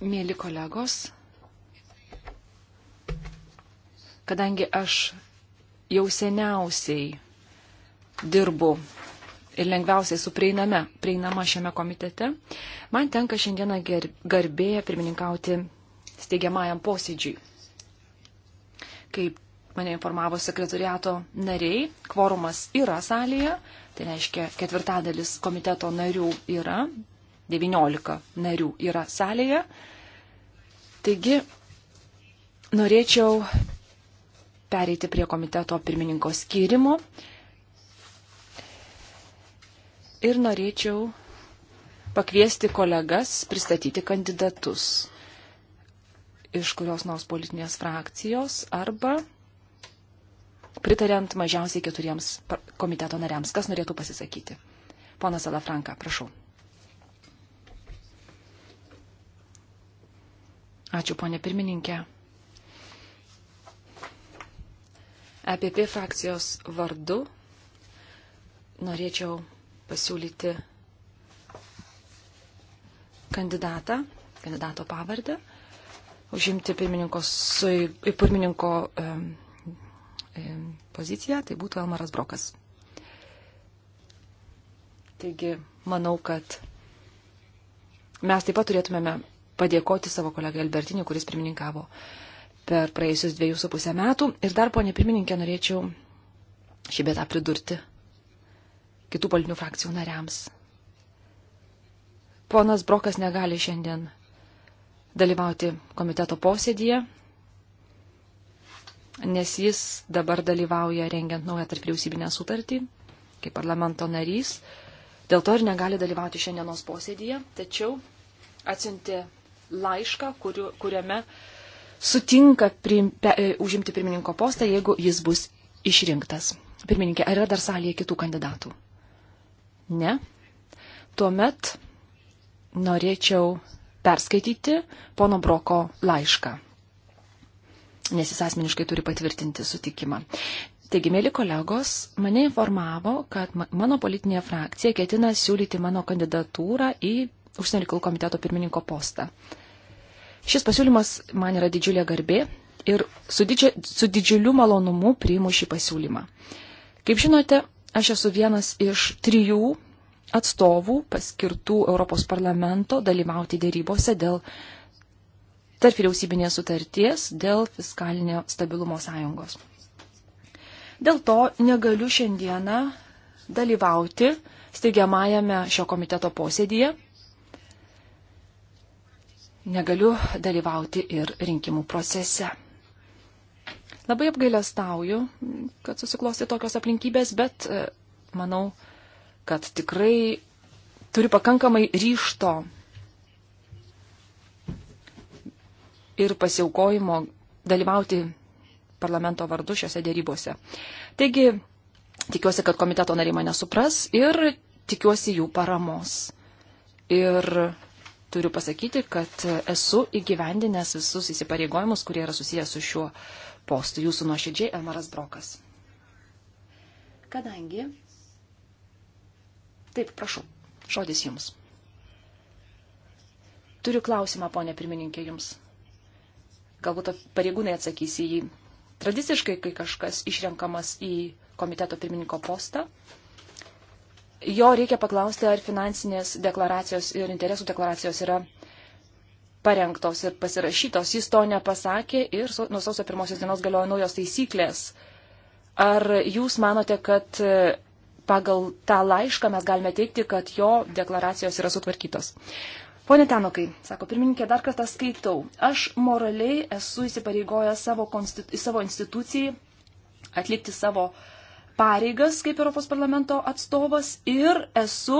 Mėly kolegos, kadangi aš jau seniausiai dirbu ir lengviausiai su prieiname, prieinama šiame komitete, man tenka šiandieną garbė pirmininkauti steigiamajam posėdžiui. Kaip mane informavo sekretariato nariai, kvorumas yra salėje, Tai reiškia, ketvirtadalis komiteto narių yra, 19 narių yra salėje. Taigi, norėčiau pereiti prie komiteto pirmininko skirimo. Ir norėčiau pakviesti kolegas pristatyti kandidatus iš kurios nors politinės frakcijos arba pritarent mažiausiai keturiems komiteto nariams. Kas norėtų pasisakyti? Ponas Alafranka, prašau. Ačiū, ponė pirmininkė. EPP frakcijos vardu norėčiau pasiūlyti kandidatą, kandidato pavardę, užimti pirmininko, pirmininko um, E, poziciją, tai būtų Elmaras Brokas. Taigi, manau, kad mes taip pat turėtumėme padėkoti savo kolegai Albertiniu, kuris pirmininkavo per praėjusius dviejus su pusę metų. Ir dar, ponė pirmininkė, norėčiau šį betą pridurti kitų politinių frakcijų nariams. Ponas Brokas negali šiandien dalyvauti komiteto posėdėje, nes jis dabar dalyvauja rengiant naują tarp vyriausybinę sutartį, kaip parlamento narys. Dėl to ir negali dalyvauti šiandienos posėdėje, tačiau atsinti laišką, kuriu, kuriame sutinka prim, pe, e, užimti pirmininko postą, jeigu jis bus išrinktas. Pirmininkė, ar yra dar salėje kitų kandidatų? Ne. Tuomet norėčiau perskaityti pono Broko laišką nes jis asmeniškai turi patvirtinti sutikimą. Taigi, mėly kolegos, mane informavo, kad mano politinė frakcija ketina siūlyti mano kandidatūrą į užsienio reikalų komiteto pirmininko postą. Šis pasiūlymas man yra didžiulė garbė ir su, didžia, su didžiuliu malonumu priimu šį pasiūlymą. Kaip žinote, aš esu vienas iš trijų atstovų paskirtų Europos parlamento dalyvauti dėrybose dėl tarp vyriausybinės sutarties dėl fiskalinio stabilumo sąjungos. Dėl to negaliu šiandieną dalyvauti steigiamajame šio komiteto posėdėje. Negaliu dalyvauti ir rinkimų procese. Labai apgailestauju, kad susiklosti tokios aplinkybės, bet e, manau, kad tikrai turiu pakankamai ryšto ir pasiaukojimo dalyvauti parlamento vardu šiuose dėrybose. Taigi, tikiuosi, kad komiteto nariai mane supras ir tikiuosi jų paramos. Ir turiu pasakyti, kad esu įgyvendinęs visus įsipareigojimus, kurie yra susijęs su šiuo postu. Jūsų nuoširdžiai Elmaras Brokas. Kadangi. Taip, prašau, žodis jums. Turiu klausimą, ponė pirmininkė, jums. Galbūt pareigūnai atsakys į jį. Tradiciškai, kai kažkas išrenkamas į komiteto pirmininko postą, jo reikia paklausti, ar finansinės deklaracijos ir interesų deklaracijos yra parengtos ir pasirašytos. Jis to nepasakė ir nuo sausio pirmosios dienos galioja naujos taisyklės. Ar jūs manote, kad e, pagal tą laišką mes galime teikti, kad jo deklaracijos yra sutvarkytos? Pone Tenokai, sako pirmininkė, dar kartą skaitau. Aš moraliai esu įsipareigojęs savo, konstitu, savo institucijai atlikti savo pareigas kaip Europos parlamento atstovas ir esu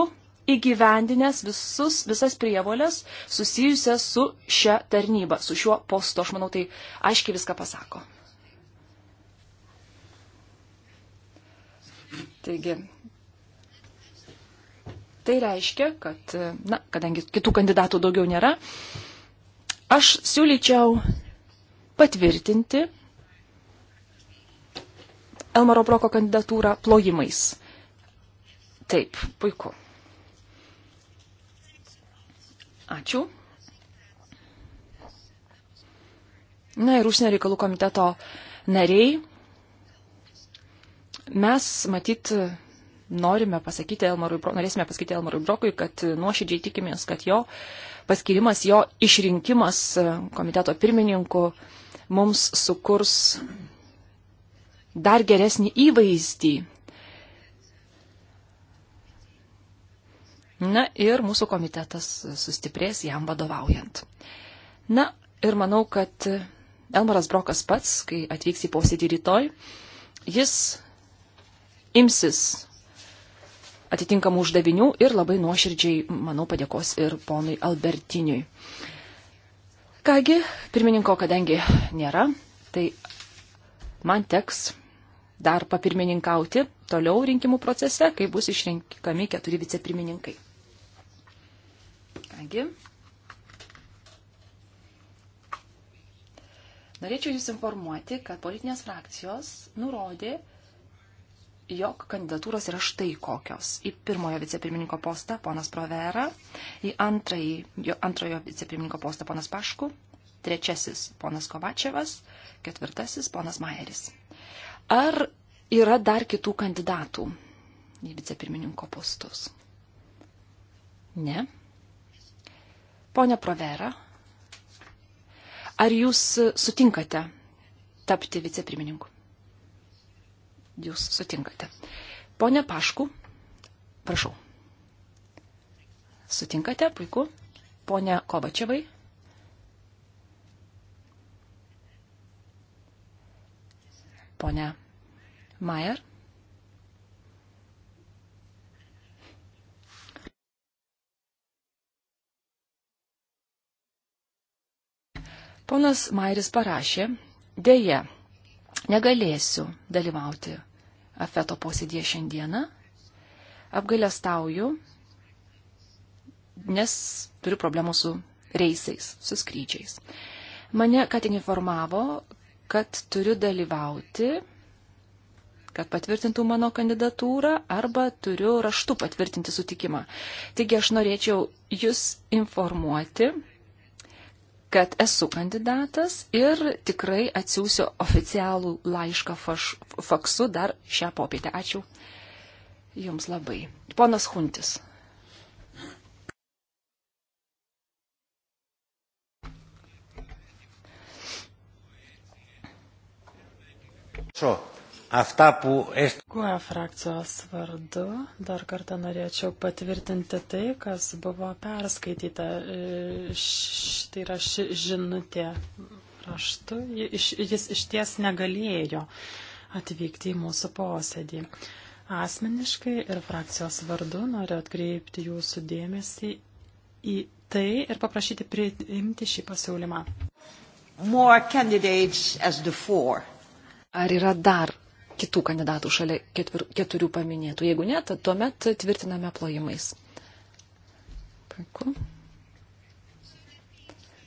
įgyvendinęs visus, visas prievolės susijusias su šia tarnyba, su šiuo postu. Aš manau, tai aiškiai viską pasako. Taigi, Tai reiškia, kad, na, kadangi kitų kandidatų daugiau nėra, aš siūlyčiau patvirtinti Elmaro Broko kandidatūrą plojimais. Taip, puiku. Ačiū. Na ir užsienio reikalų komiteto nariai. Mes, matyt, norime pasakyti Elmarui, norėsime pasakyti Elmarui Brokui, kad e, nuoširdžiai tikimės, kad jo paskirimas, jo išrinkimas e, komiteto pirmininku mums sukurs dar geresnį įvaizdį. Na ir mūsų komitetas sustiprės jam vadovaujant. Na ir manau, kad e, Elmaras Brokas pats, kai atvyks į posėdį rytoj, jis imsis atitinkamų uždavinių ir labai nuoširdžiai, manau, padėkos ir ponui Albertiniui. Kągi, pirmininko, kadangi nėra, tai man teks dar papirmininkauti toliau rinkimų procese, kai bus išrinkami keturi vicepirmininkai. Kągi. Norėčiau Jūs informuoti, kad politinės frakcijos nurodė, jog kandidatūros yra štai kokios. Į pirmojo vicepirmininko postą ponas Provera, į antrąjį, jo, antrojo vicepirmininko postą ponas Pašku, trečiasis ponas Kovačevas, ketvirtasis ponas Majeris. Ar yra dar kitų kandidatų į vicepirmininko postus? Ne. Pone Provera, ar jūs sutinkate tapti vicepirmininku? jūs sutinkate. Pone Pašku, prašau. Sutinkate, puiku. Pone Kovačiavai. Pone Majer. Ponas Mairis parašė, dėje, negalėsiu dalyvauti afeto posėdėje šiandieną. Apgailestauju, nes turiu problemų su reisais, su skrydžiais. Mane ką tik informavo, kad turiu dalyvauti, kad patvirtintų mano kandidatūrą arba turiu raštu patvirtinti sutikimą. Taigi aš norėčiau jūs informuoti, kad esu kandidatas ir tikrai atsiųsiu oficialų laišką faš, faksu dar šią popietę. Ačiū Jums labai. Ponas Huntis. Šo αυτά που Kuo frakcijos vardu dar kartą norėčiau patvirtinti tai, kas buvo perskaityta. E, tai yra ši žinutė raštu. Jis iš ties negalėjo atvykti į mūsų posėdį. Asmeniškai ir frakcijos vardu noriu atkreipti jūsų dėmesį į tai ir paprašyti priimti šį pasiūlymą. More candidates as the four. Ar yra dar kitų kandidatų šalia ketvir, keturių paminėtų. Jeigu ne, tad tuomet tvirtiname plojimais. Puiku.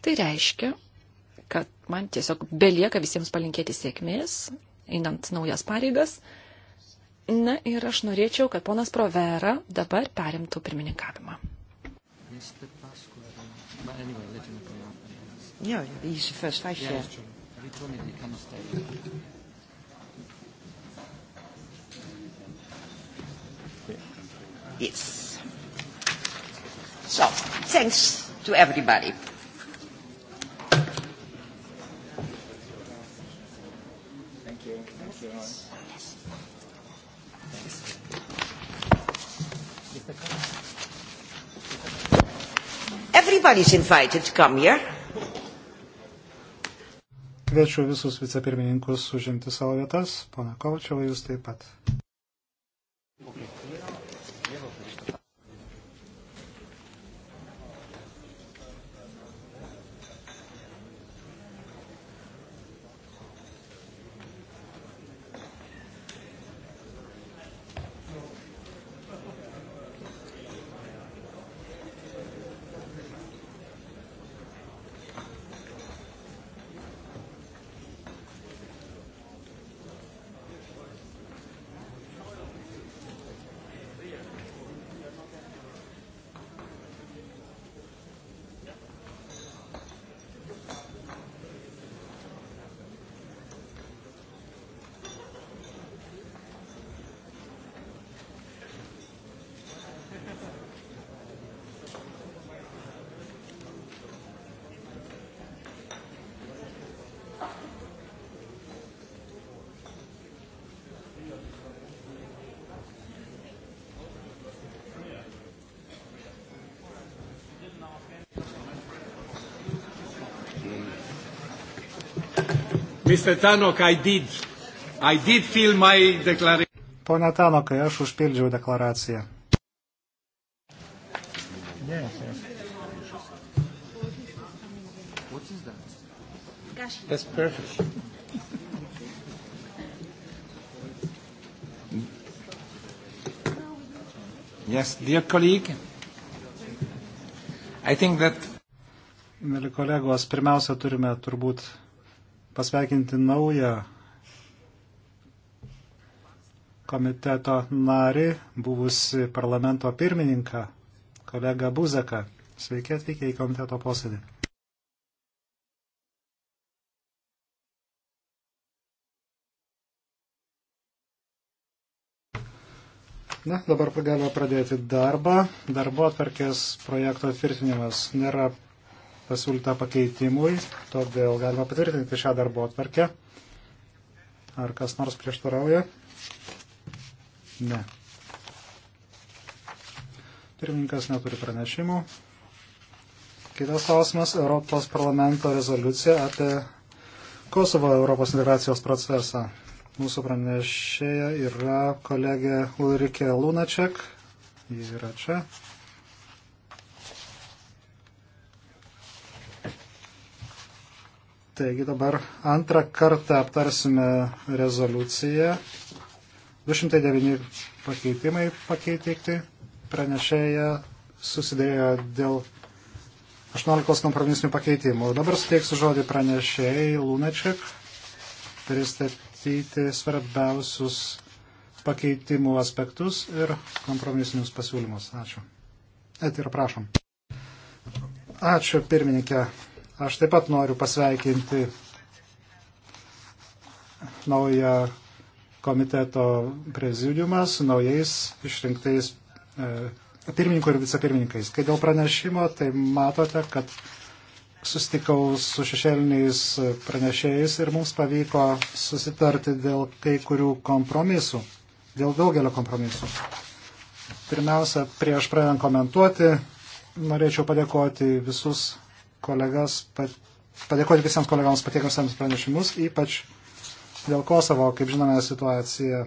Tai reiškia, kad man tiesiog belieka visiems palinkėti sėkmės, einant naujas pareigas. Na ir aš norėčiau, kad ponas Provera dabar perimtų pirmininkavimą. Yeah, he's the first vice chair. Yeah, Yes. So, thanks to everybody. Thank you. Thank you. Yes. yes. Thanks. Everybody's invited to come here. Kviečiu visus vicepirmininkus užimti savo vietas. Pana Kovačiova, jūs taip pat. Okay. Mr. Tanok, I did. I did fill my declaration. Pone Tanokai, aš užpildžiau deklaraciją. Yes, yes. What is that? That's perfect. yes, dear colleague, I think that. Mėly kolegos, pirmiausia turime turbūt pasveikinti naują komiteto narį, buvusi parlamento pirmininką, kolegą Buzeką. Sveiki atvykę į komiteto posėdį. Na, dabar galime pradėti darbą. Darbo atverkės projekto tvirtinimas. Nėra pasiūlyta pakeitimui, todėl galima patvirtinti šią darbo atvarkę. Ar kas nors prieštarauja? Ne. Pirmininkas neturi pranešimų. Kitas klausimas - Europos parlamento rezoliucija apie Kosovo Europos integracijos procesą. Mūsų pranešėja yra kolegė Ulrike Lunaček. Ji yra čia. Taigi dabar antrą kartą aptarsime rezoliuciją. 209 pakeitimai pakeitikti. Pranešėja susidėjo dėl 18 kompromisinių pakeitimų. Dabar suteiksiu žodį pranešėjai Lunačiak pristatyti svarbiausius pakeitimų aspektus ir kompromisinius pasiūlymus. Ačiū. Et ir prašom. Ačiū pirmininkė. Aš taip pat noriu pasveikinti naują komiteto prezidiumą su naujais išrinktais e, pirmininku ir vicepirmininkais. Kai dėl pranešimo, tai matote, kad sustikau su šešėliniais pranešėjais ir mums pavyko susitarti dėl kai kurių kompromisų, dėl daugelio kompromisų. Pirmiausia, prieš pradedant komentuoti, norėčiau padėkoti visus kolegas, padėkoti visiems kolegams patiekusiems pranešimus, ypač dėl Kosovo, kaip žinome, situacija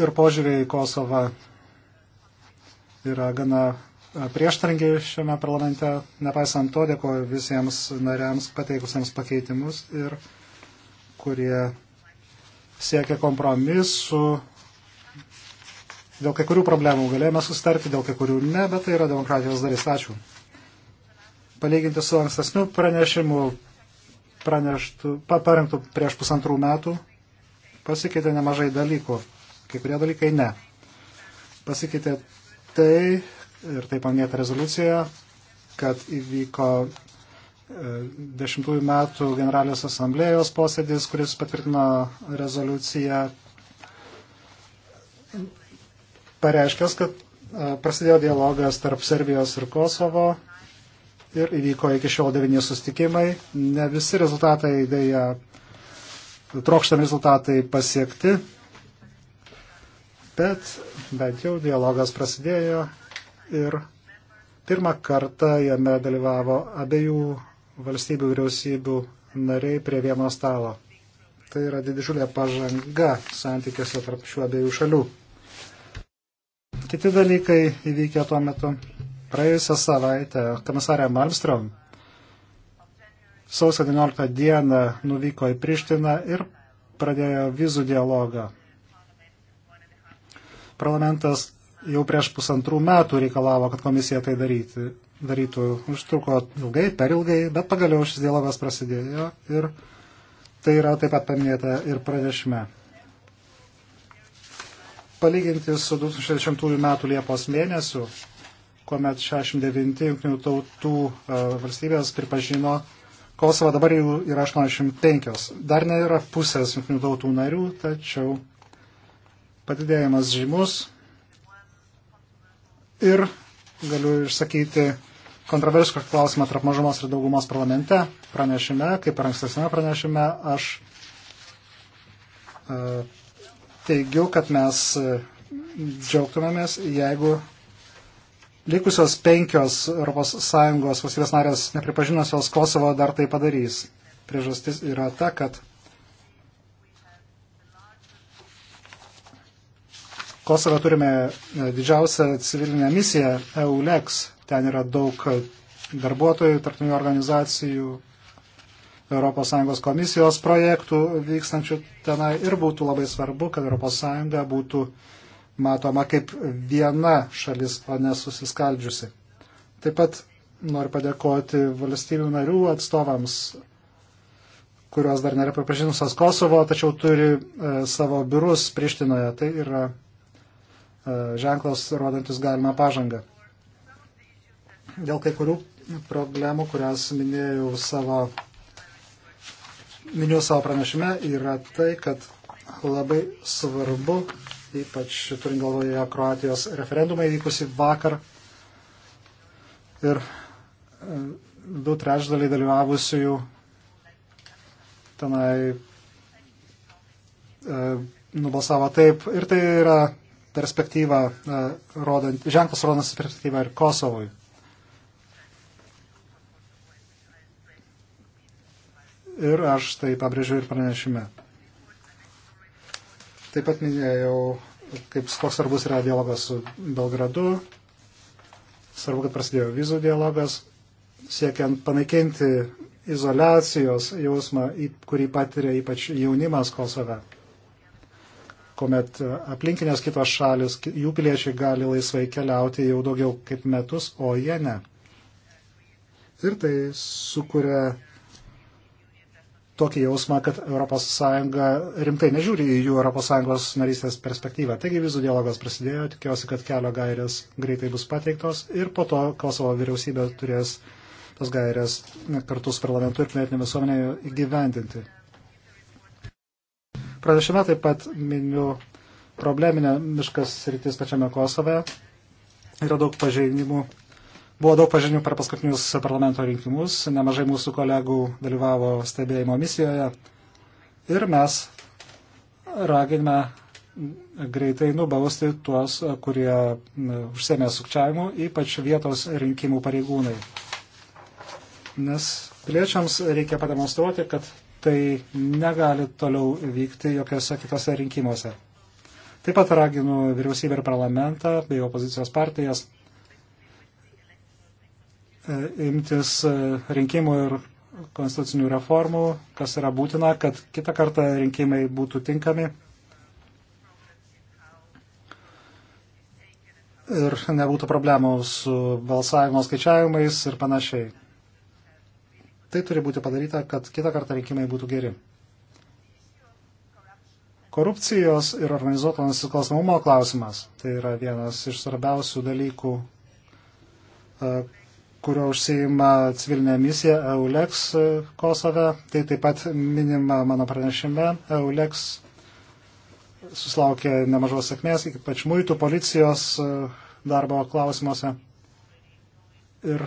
ir požiūrė į Kosovą yra gana e, prieštaringi šiame parlamente. Nepaisant to, dėkoju visiems nariams pateikusiems pakeitimus ir kurie siekia kompromisų Dėl kai kurių problemų galėjome sustarti, dėl kai kurių ne, bet tai yra demokratijos dalis. Ačiū. Palyginti su ankstesniu pranešimu, praneštų, parengtų prieš pusantrų metų, pasikeitė nemažai dalykų. Kai kurie dalykai ne. Pasikeitė tai, ir tai paminėta rezoliucijoje, kad įvyko 10 e, metų generalinės asamblėjos posėdis, kuris patvirtino rezoliuciją pareiškęs, kad e, prasidėjo dialogas tarp Serbijos ir Kosovo ir įvyko iki šiol devyni sustikimai. Ne visi rezultatai dėja, trokštami rezultatai pasiekti, bet bent jau dialogas prasidėjo ir pirmą kartą jame dalyvavo abiejų valstybių vyriausybių nariai prie vieno stalo. Tai yra didžiulė pažanga santykiuose tarp šių abiejų šalių. Kiti dalykai įvykę tuo metu. Praėjusią savaitę komisarė Malmström sausio 19 dieną nuvyko į Prištiną ir pradėjo vizų dialogą. Parlamentas jau prieš pusantrų metų reikalavo, kad komisija tai daryti, darytų. Užtruko ilgai, per ilgai, bet pagaliau šis dialogas prasidėjo ir tai yra taip pat paminėta ir pranešime palyginti su 2060 metų Liepos mėnesiu, kuomet 69 jungtinių tautų e, valstybės pripažino Kosovą, dabar jau yra 85. Dar nėra pusės jungtinių tautų narių, tačiau padidėjimas žymus. Ir galiu išsakyti kontroversišką klausimą tarp mažumos ir daugumos parlamente. Pranešime, kaip ir ankstesnėme pranešime, aš e, teigiu, kad mes e, džiaugtumėmės, jeigu likusios penkios ES valstybės narės nepripažinusios Kosovo dar tai padarys. Priežastis yra ta, kad Kosovo turime e, didžiausią civilinę misiją EULEX. Ten yra daug darbuotojų, tarptautinių organizacijų, ES komisijos projektų vykstančių tenai ir būtų labai svarbu, kad ES būtų matoma kaip viena šalis, o nesusiskaldžiusi. Taip pat noriu padėkoti valstybių narių atstovams, kurios dar nėra pripažinusios Kosovo, tačiau turi e, savo biurus Prištinoje. Tai yra e, ženklas, rodantis galimą pažangą. Dėl kai kurių problemų, kurias minėjau savo miniu savo pranešime, yra tai, kad labai svarbu, ypač turint galvoje Kroatijos referendumą įvykusi vakar ir e, du trečdaliai dalyvavusiųjų tenai e, nubalsavo taip. Ir tai yra perspektyva, e, rodant, ženklas rodantis perspektyvą ir Kosovui. Ir aš tai pabrėžiu ir pranešime. Taip pat minėjau, kaip koks svarbus yra dialogas su Belgradu. Svarbu, kad prasidėjo vizų dialogas, siekiant panaikinti izolacijos jausmą, kurį patiria ypač jaunimas Kosove, kuomet aplinkinės kitos šalis, jų piliečiai gali laisvai keliauti jau daugiau kaip metus, o jie ne. Ir tai sukuria tokį jausmą, kad ES rimtai nežiūri į jų ES narystės perspektyvą. Taigi vizų dialogas prasidėjo, tikiuosi, kad kelio gairės greitai bus pateiktos ir po to Kosovo vyriausybė turės tas gairės kartu su parlamentu ir plėtinė visuomenė įgyvendinti. Pranešime taip pat miniu probleminę miškas rytis pačiame Kosove. Yra daug pažeidimų Buvo daug pažinių per paskutinius parlamento rinkimus, nemažai mūsų kolegų dalyvavo stebėjimo misijoje ir mes raginame greitai nubausti tuos, kurie užsėmė sukčiavimu, ypač vietos rinkimų pareigūnai. Nes piliečiams reikia pademonstruoti, kad tai negali toliau vykti jokiose kitose rinkimuose. Taip pat raginu vyriausybę ir parlamentą bei opozicijos partijas E, imtis e, rinkimų ir konstitucinių reformų, kas yra būtina, kad kitą kartą rinkimai būtų tinkami ir nebūtų problemų su balsavimo skaičiavimais ir panašiai. Tai turi būti padaryta, kad kitą kartą rinkimai būtų geri. Korupcijos ir organizuoto nusikalstamumo klausimas tai yra vienas iš svarbiausių dalykų, e, kurio užsieima civilinė misija EULEX e, Kosove. Tai taip pat minima mano pranešime. EULEX susilaukė nemažos sėkmės, ypač muitų policijos e, darbo klausimuose. Ir e,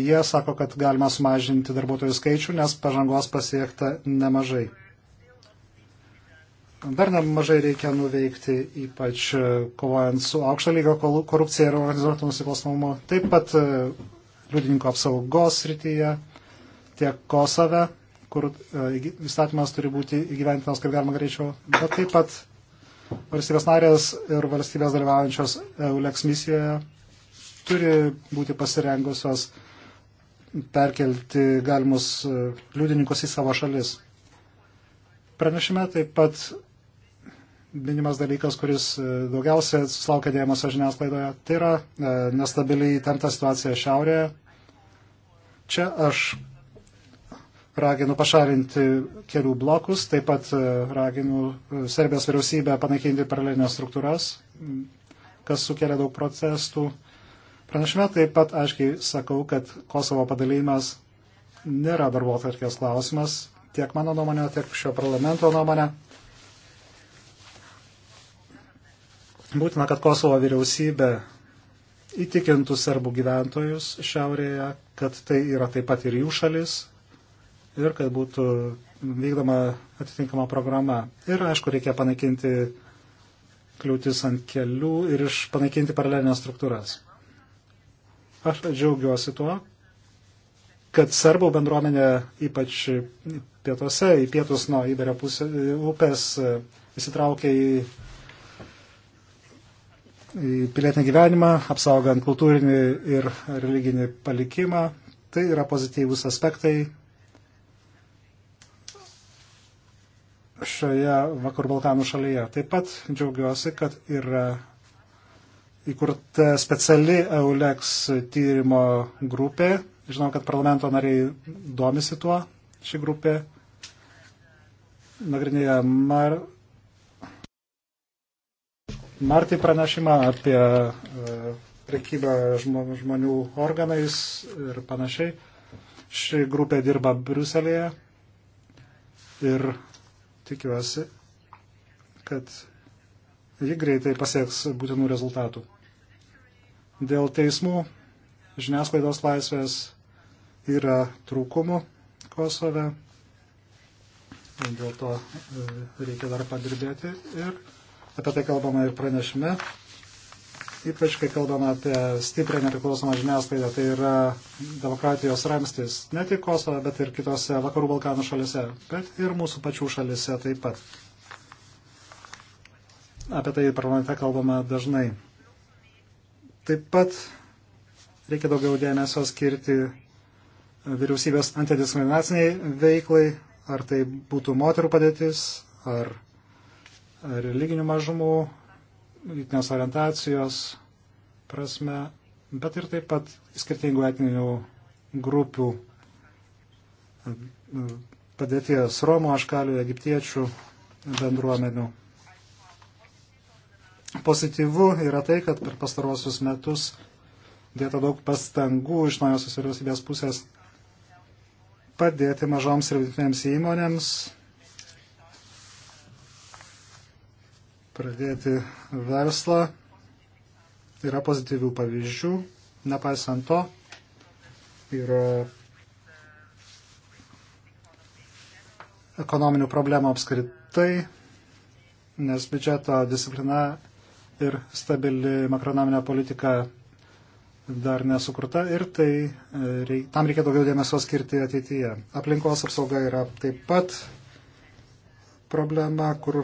jie sako, kad galima sumažinti darbuotojų skaičių, nes pažangos pasiekta nemažai dar nemažai reikia nuveikti, ypač e, kovojant su aukšto lygio korupcija ir organizuotų nusikalstamumu. Taip pat e, liudininko apsaugos srityje tiek Kosove, kur e, įstatymas turi būti įgyventinas kaip galima greičiau, bet taip pat valstybės narės ir valstybės dalyvaujančios EULEX misijoje turi būti pasirengusios perkelti galimus liudininkus į savo šalis. Pranešime taip pat minimas dalykas, kuris e, daugiausia susilaukia dėmesio žiniasklaidoje, tai yra e, nestabiliai įtempta situacija šiaurėje. Čia aš raginu pašalinti kelių blokus, taip pat e, raginu Serbijos vyriausybę panaikinti paralelinės struktūras, kas sukelia daug protestų. Pranešime taip pat aiškiai sakau, kad Kosovo padalymas nėra darbo atvarkės klausimas, tiek mano nuomonė, tiek šio parlamento nuomonė. Būtina, kad Kosovo vyriausybė įtikintų serbų gyventojus šiaurėje, kad tai yra taip pat ir jų šalis ir kad būtų vykdoma atitinkama programa. Ir, aišku, reikia panaikinti kliūtis ant kelių ir iš panaikinti paralelinės struktūras. Aš džiaugiuosi tuo, kad serbų bendruomenė, ypač pietuose, į pietus nuo Iberio pusė, upės, e, įsitraukė į į pilietinį gyvenimą, apsaugant kultūrinį ir religinį palikimą. Tai yra pozityvūs aspektai šioje Vakarų Balkanų šalyje. Taip pat džiaugiuosi, kad yra įkurta speciali EULEX tyrimo grupė. Žinau, kad parlamento nariai domisi tuo, ši grupė nagrinėja mar, Martai pranešimą apie e, prekybą žmonių organais ir panašiai. Ši grupė dirba Bruselėje ir tikiuosi, kad ji greitai pasieks būtinų rezultatų. Dėl teismų žiniasklaidos laisvės yra trūkumų Kosove. Dėl to e, reikia dar padirbėti ir Apie tai kalbama ir pranešime. Ypač, kai kalbame apie stiprią nepriklausomą žiniasklaidą, tai yra demokratijos ramstis ne tik Kosovo, bet ir kitose vakarų Balkanų šalise, bet ir mūsų pačių šalise taip pat. Apie tai parlamente kalbame dažnai. Taip pat reikia daugiau dėmesio skirti vyriausybės antidiskriminaciniai veiklai, ar tai būtų moterų padėtis, ar religinių mažumų, lytinės orientacijos prasme, bet ir taip pat skirtingų etninių grupių padėties Romų, Aškalių, Egiptiečių bendruomenių. Pozityvu yra tai, kad per pastaruosius metus dėta daug pastangų iš naujosios vyriausybės pusės padėti mažoms ir vidutinėms įmonėms pradėti verslą. Yra pozityvių pavyzdžių, nepaisant to, yra ekonominių problemų apskritai, nes biudžeto disciplina ir stabili makronominė politika dar nesukurta ir tai, e, reik, tam reikia daugiau dėmesio skirti ateityje. Aplinkos apsauga yra taip pat problema, kur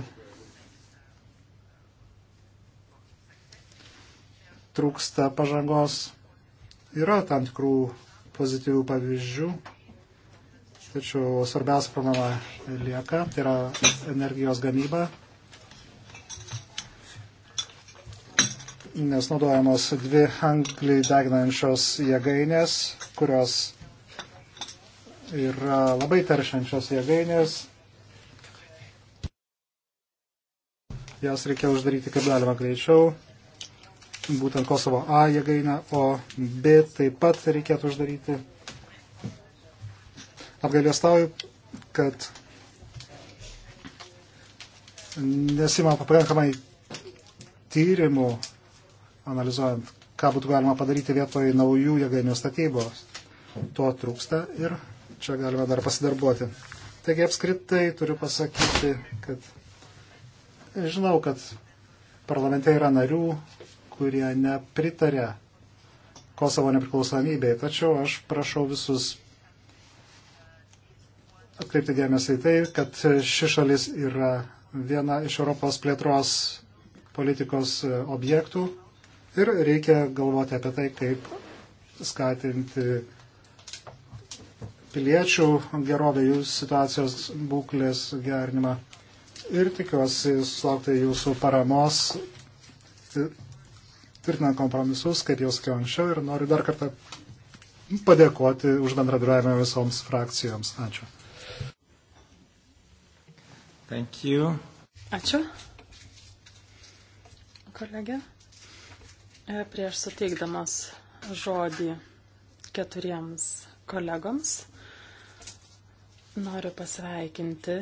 trūksta pažangos. Yra tam tikrų pozityvių pavyzdžių, tačiau svarbiausia problema lieka, tai yra energijos gamyba, nes naudojamos dvi anglį deginančios jėgainės, kurios yra labai teršiančios jėgainės. Jas reikia uždaryti kaip galima greičiau būtent Kosovo A jėgainę, o B taip pat reikėtų uždaryti. Apgailėstauju, kad nesima pakankamai tyrimų analizuojant, ką būtų galima padaryti vietoj naujų jėgainių statybos. Tuo trūksta ir čia galime dar pasidarbuoti. Taigi apskritai turiu pasakyti, kad žinau, kad parlamente yra narių, kurie nepritarė Kosovo nepriklausomybei. Tačiau aš prašau visus atkreipti dėmesį į tai, kad ši šalis yra viena iš Europos plėtros politikos objektų ir reikia galvoti apie tai, kaip skatinti piliečių gerovę, jų situacijos būklės gerinimą. Ir tikiuosi sulaukti jūsų paramos tvirtinant kompromisus, kaip jau sakiau anksčiau, ir noriu dar kartą padėkoti už bendradarbiavimą visoms frakcijoms. Ačiū. Thank you. Ačiū. Kolegė, e, prieš suteikdamas žodį keturiems kolegoms, noriu pasveikinti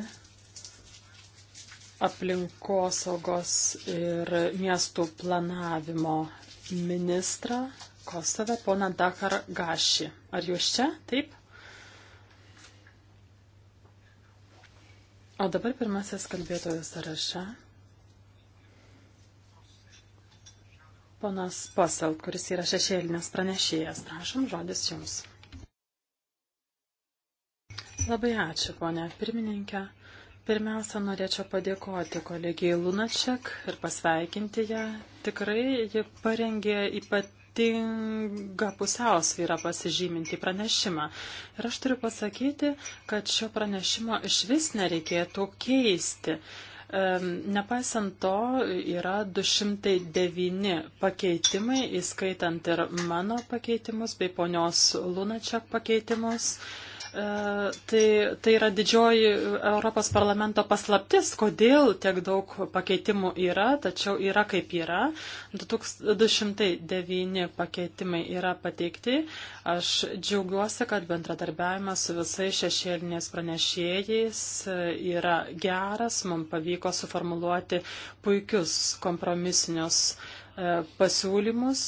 aplinkosaugos ir miestų planavimo ministrą Kosovę, poną Dakar Gašį. Ar jūs čia? Taip? O dabar pirmasis kalbėtojų sąraše. Ponas Poselt, kuris yra šešėlinės pranešėjas. Prašom, žodis jums. Labai ačiū, ponė pirmininkė. Pirmiausia, norėčiau padėkoti kolegijai Lunaček ir pasveikinti ją. Tikrai ji parengė ypatingą pusiausvyrą pasižyminti pranešimą. Ir aš turiu pasakyti, kad šio pranešimo iš vis nereikėtų keisti. Nepaisant to, yra 209 pakeitimai, įskaitant ir mano pakeitimus bei ponios Lunačiak pakeitimus. E, tai, tai yra didžioji Europos parlamento paslaptis, kodėl tiek daug pakeitimų yra, tačiau yra kaip yra. 209 pakeitimai yra pateikti. Aš džiaugiuosi, kad bendradarbiavimas su visais šešėlinės pranešėjais yra geras. Mums pavyko suformuluoti puikius kompromisinius e, pasiūlymus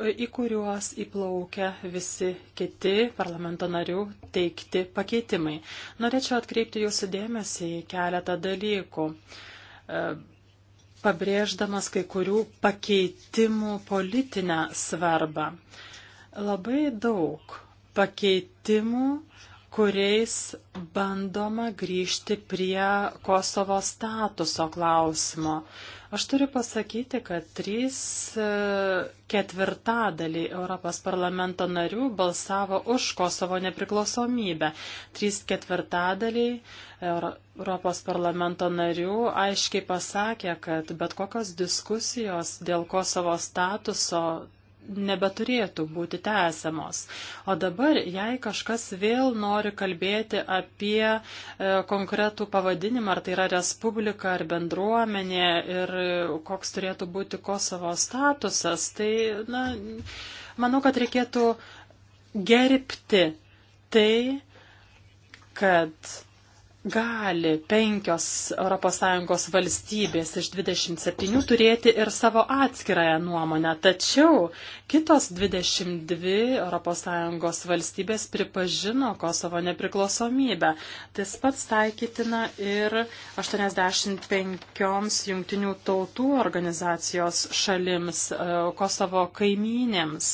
į kuriuos įplaukia visi kiti parlamento narių teikti pakeitimai. Norėčiau atkreipti jūsų dėmesį į keletą dalykų, e, pabrėždamas kai kurių pakeitimų politinę svarbą. Labai daug pakeitimų kuriais bandoma grįžti prie Kosovo statuso klausimo. Aš turiu pasakyti, kad trys e, ketvirtadaliai Europos parlamento narių balsavo už Kosovo nepriklausomybę. Trys ketvirtadaliai Europos parlamento narių aiškiai pasakė, kad bet kokios diskusijos dėl Kosovo statuso nebeturėtų būti tęsiamos. O dabar, jei kažkas vėl nori kalbėti apie e, konkretų pavadinimą, ar tai yra respublika ar bendruomenė ir koks turėtų būti Kosovo statusas, tai na, manau, kad reikėtų gerbti tai, kad gali penkios ES valstybės iš 27 turėti ir savo atskirąją nuomonę, tačiau kitos 22 ES valstybės pripažino Kosovo nepriklausomybę. Tas pats taikytina ir 85 jungtinių tautų organizacijos šalims, e, Kosovo kaimynėms.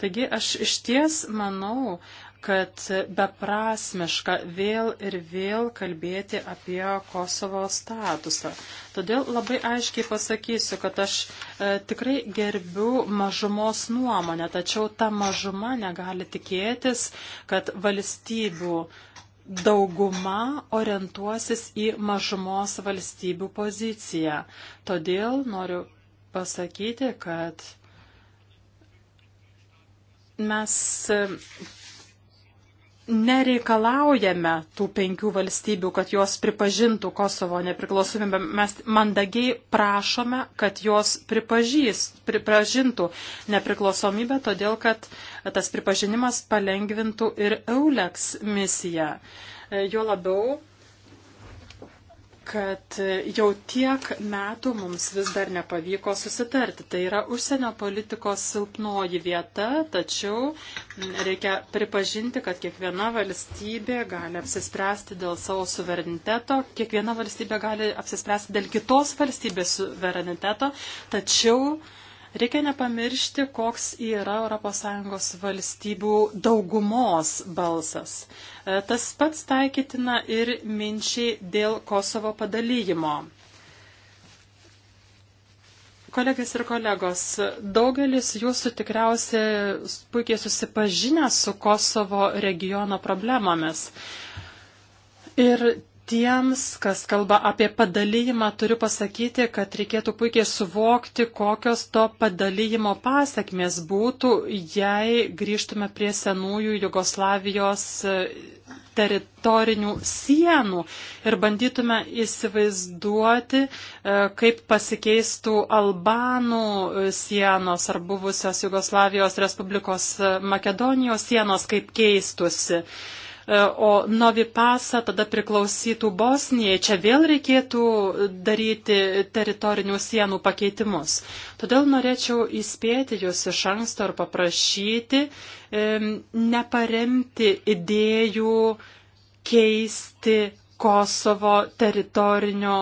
Taigi aš iš ties manau, kad beprasmiška vėl ir vėl kalbėti apie Kosovo statusą. Todėl labai aiškiai pasakysiu, kad aš e, tikrai gerbiu mažumos nuomonę, tačiau ta mažuma negali tikėtis, kad valstybių dauguma orientuosis į mažumos valstybių poziciją. Todėl noriu pasakyti, kad mes nereikalaujame tų penkių valstybių, kad jos pripažintų Kosovo nepriklausomybę. Mes mandagiai prašome, kad jos pripažys, pripažintų nepriklausomybę, todėl kad tas pripažinimas palengvintų ir EULEX misiją. E, jo labiau, kad jau tiek metų mums vis dar nepavyko susitarti. Tai yra užsienio politikos silpnoji vieta, tačiau mm, reikia pripažinti, kad kiekviena valstybė gali apsispręsti dėl savo suvereniteto, kiekviena valstybė gali apsispręsti dėl kitos valstybės suvereniteto, tačiau uh, Reikia nepamiršti, koks yra ES valstybių daugumos balsas. E, tas pats taikytina ir minčiai dėl Kosovo padalyjimo. Kolegės ir kolegos, daugelis jūsų tikriausiai puikiai susipažinę su Kosovo regiono problemomis. Ir tiems, kas kalba apie padalyjimą, turiu pasakyti, kad reikėtų puikiai suvokti, kokios to padalyjimo pasiekmės būtų, jei grįžtume prie senųjų Jugoslavijos e, teritorinių sienų ir bandytume įsivaizduoti, e, kaip pasikeistų Albanų e, sienos ar buvusios Jugoslavijos Respublikos Makedonijos sienos, kaip keistusi. Uh, E, o Novi Pasa tada priklausytų Bosnijai. Čia vėl reikėtų daryti teritorinių sienų pakeitimus. Todėl norėčiau įspėti jūs iš anksto ir paprašyti e, neparemti idėjų keisti Kosovo teritorinio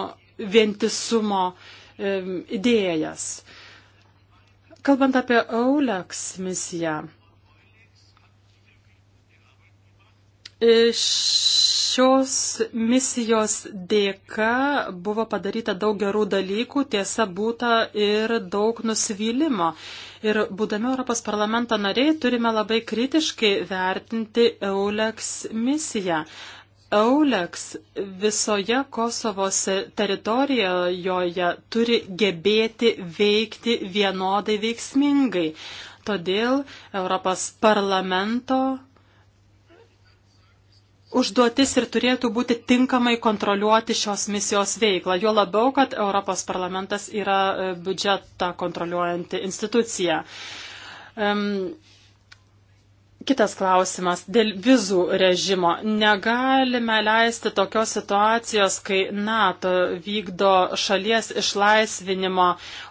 vientisumo e, idėjas. Kalbant apie Eulex misiją, E, šios misijos dėka buvo padaryta daug gerų dalykų, tiesa būta ir daug nusivylimo. Ir būdami Europos parlamento nariai turime labai kritiškai vertinti EULEX misiją. EULEX visoje Kosovo teritorijoje turi gebėti veikti vienodai veiksmingai. Todėl Europos parlamento užduotis ir turėtų būti tinkamai kontroliuoti šios misijos veiklą. Jo labiau, kad Europos parlamentas yra e, biudžetą kontroliuojanti institucija. Um, Kitas klausimas dėl vizų režimo. Negalime leisti tokios situacijos, kai NATO vykdo šalies išlaisvinimo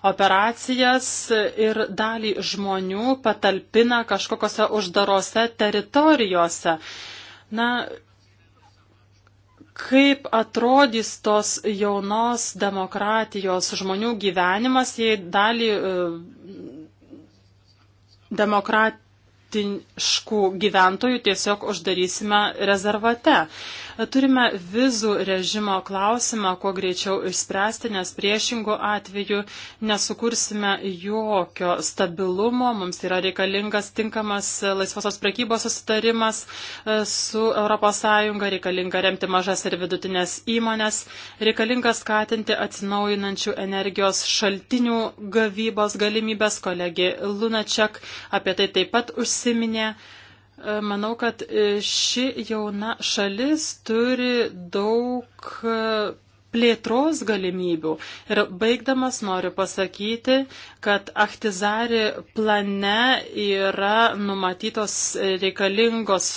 operacijas ir dalį žmonių patalpina kažkokiose uždarose teritorijose. Na, kaip atrodys tos jaunos demokratijos žmonių gyvenimas, jei dalį e, demokratiniškų gyventojų tiesiog uždarysime rezervate. Turime vizų režimo klausimą kuo greičiau išspręsti, nes priešingų atveju nesukursime jokio stabilumo. Mums yra reikalingas tinkamas laisvosios prekybos susitarimas e, su ES, reikalinga remti mažas ir vidutinės įmonės, reikalinga skatinti atsinaujinančių energijos šaltinių gavybos galimybės. Kolegė Lunačiak apie tai taip pat užsiminė. Manau, kad e, ši jauna šalis turi daug e, plėtros galimybių. Ir baigdamas noriu pasakyti, kad Achtizari plane yra numatytos reikalingos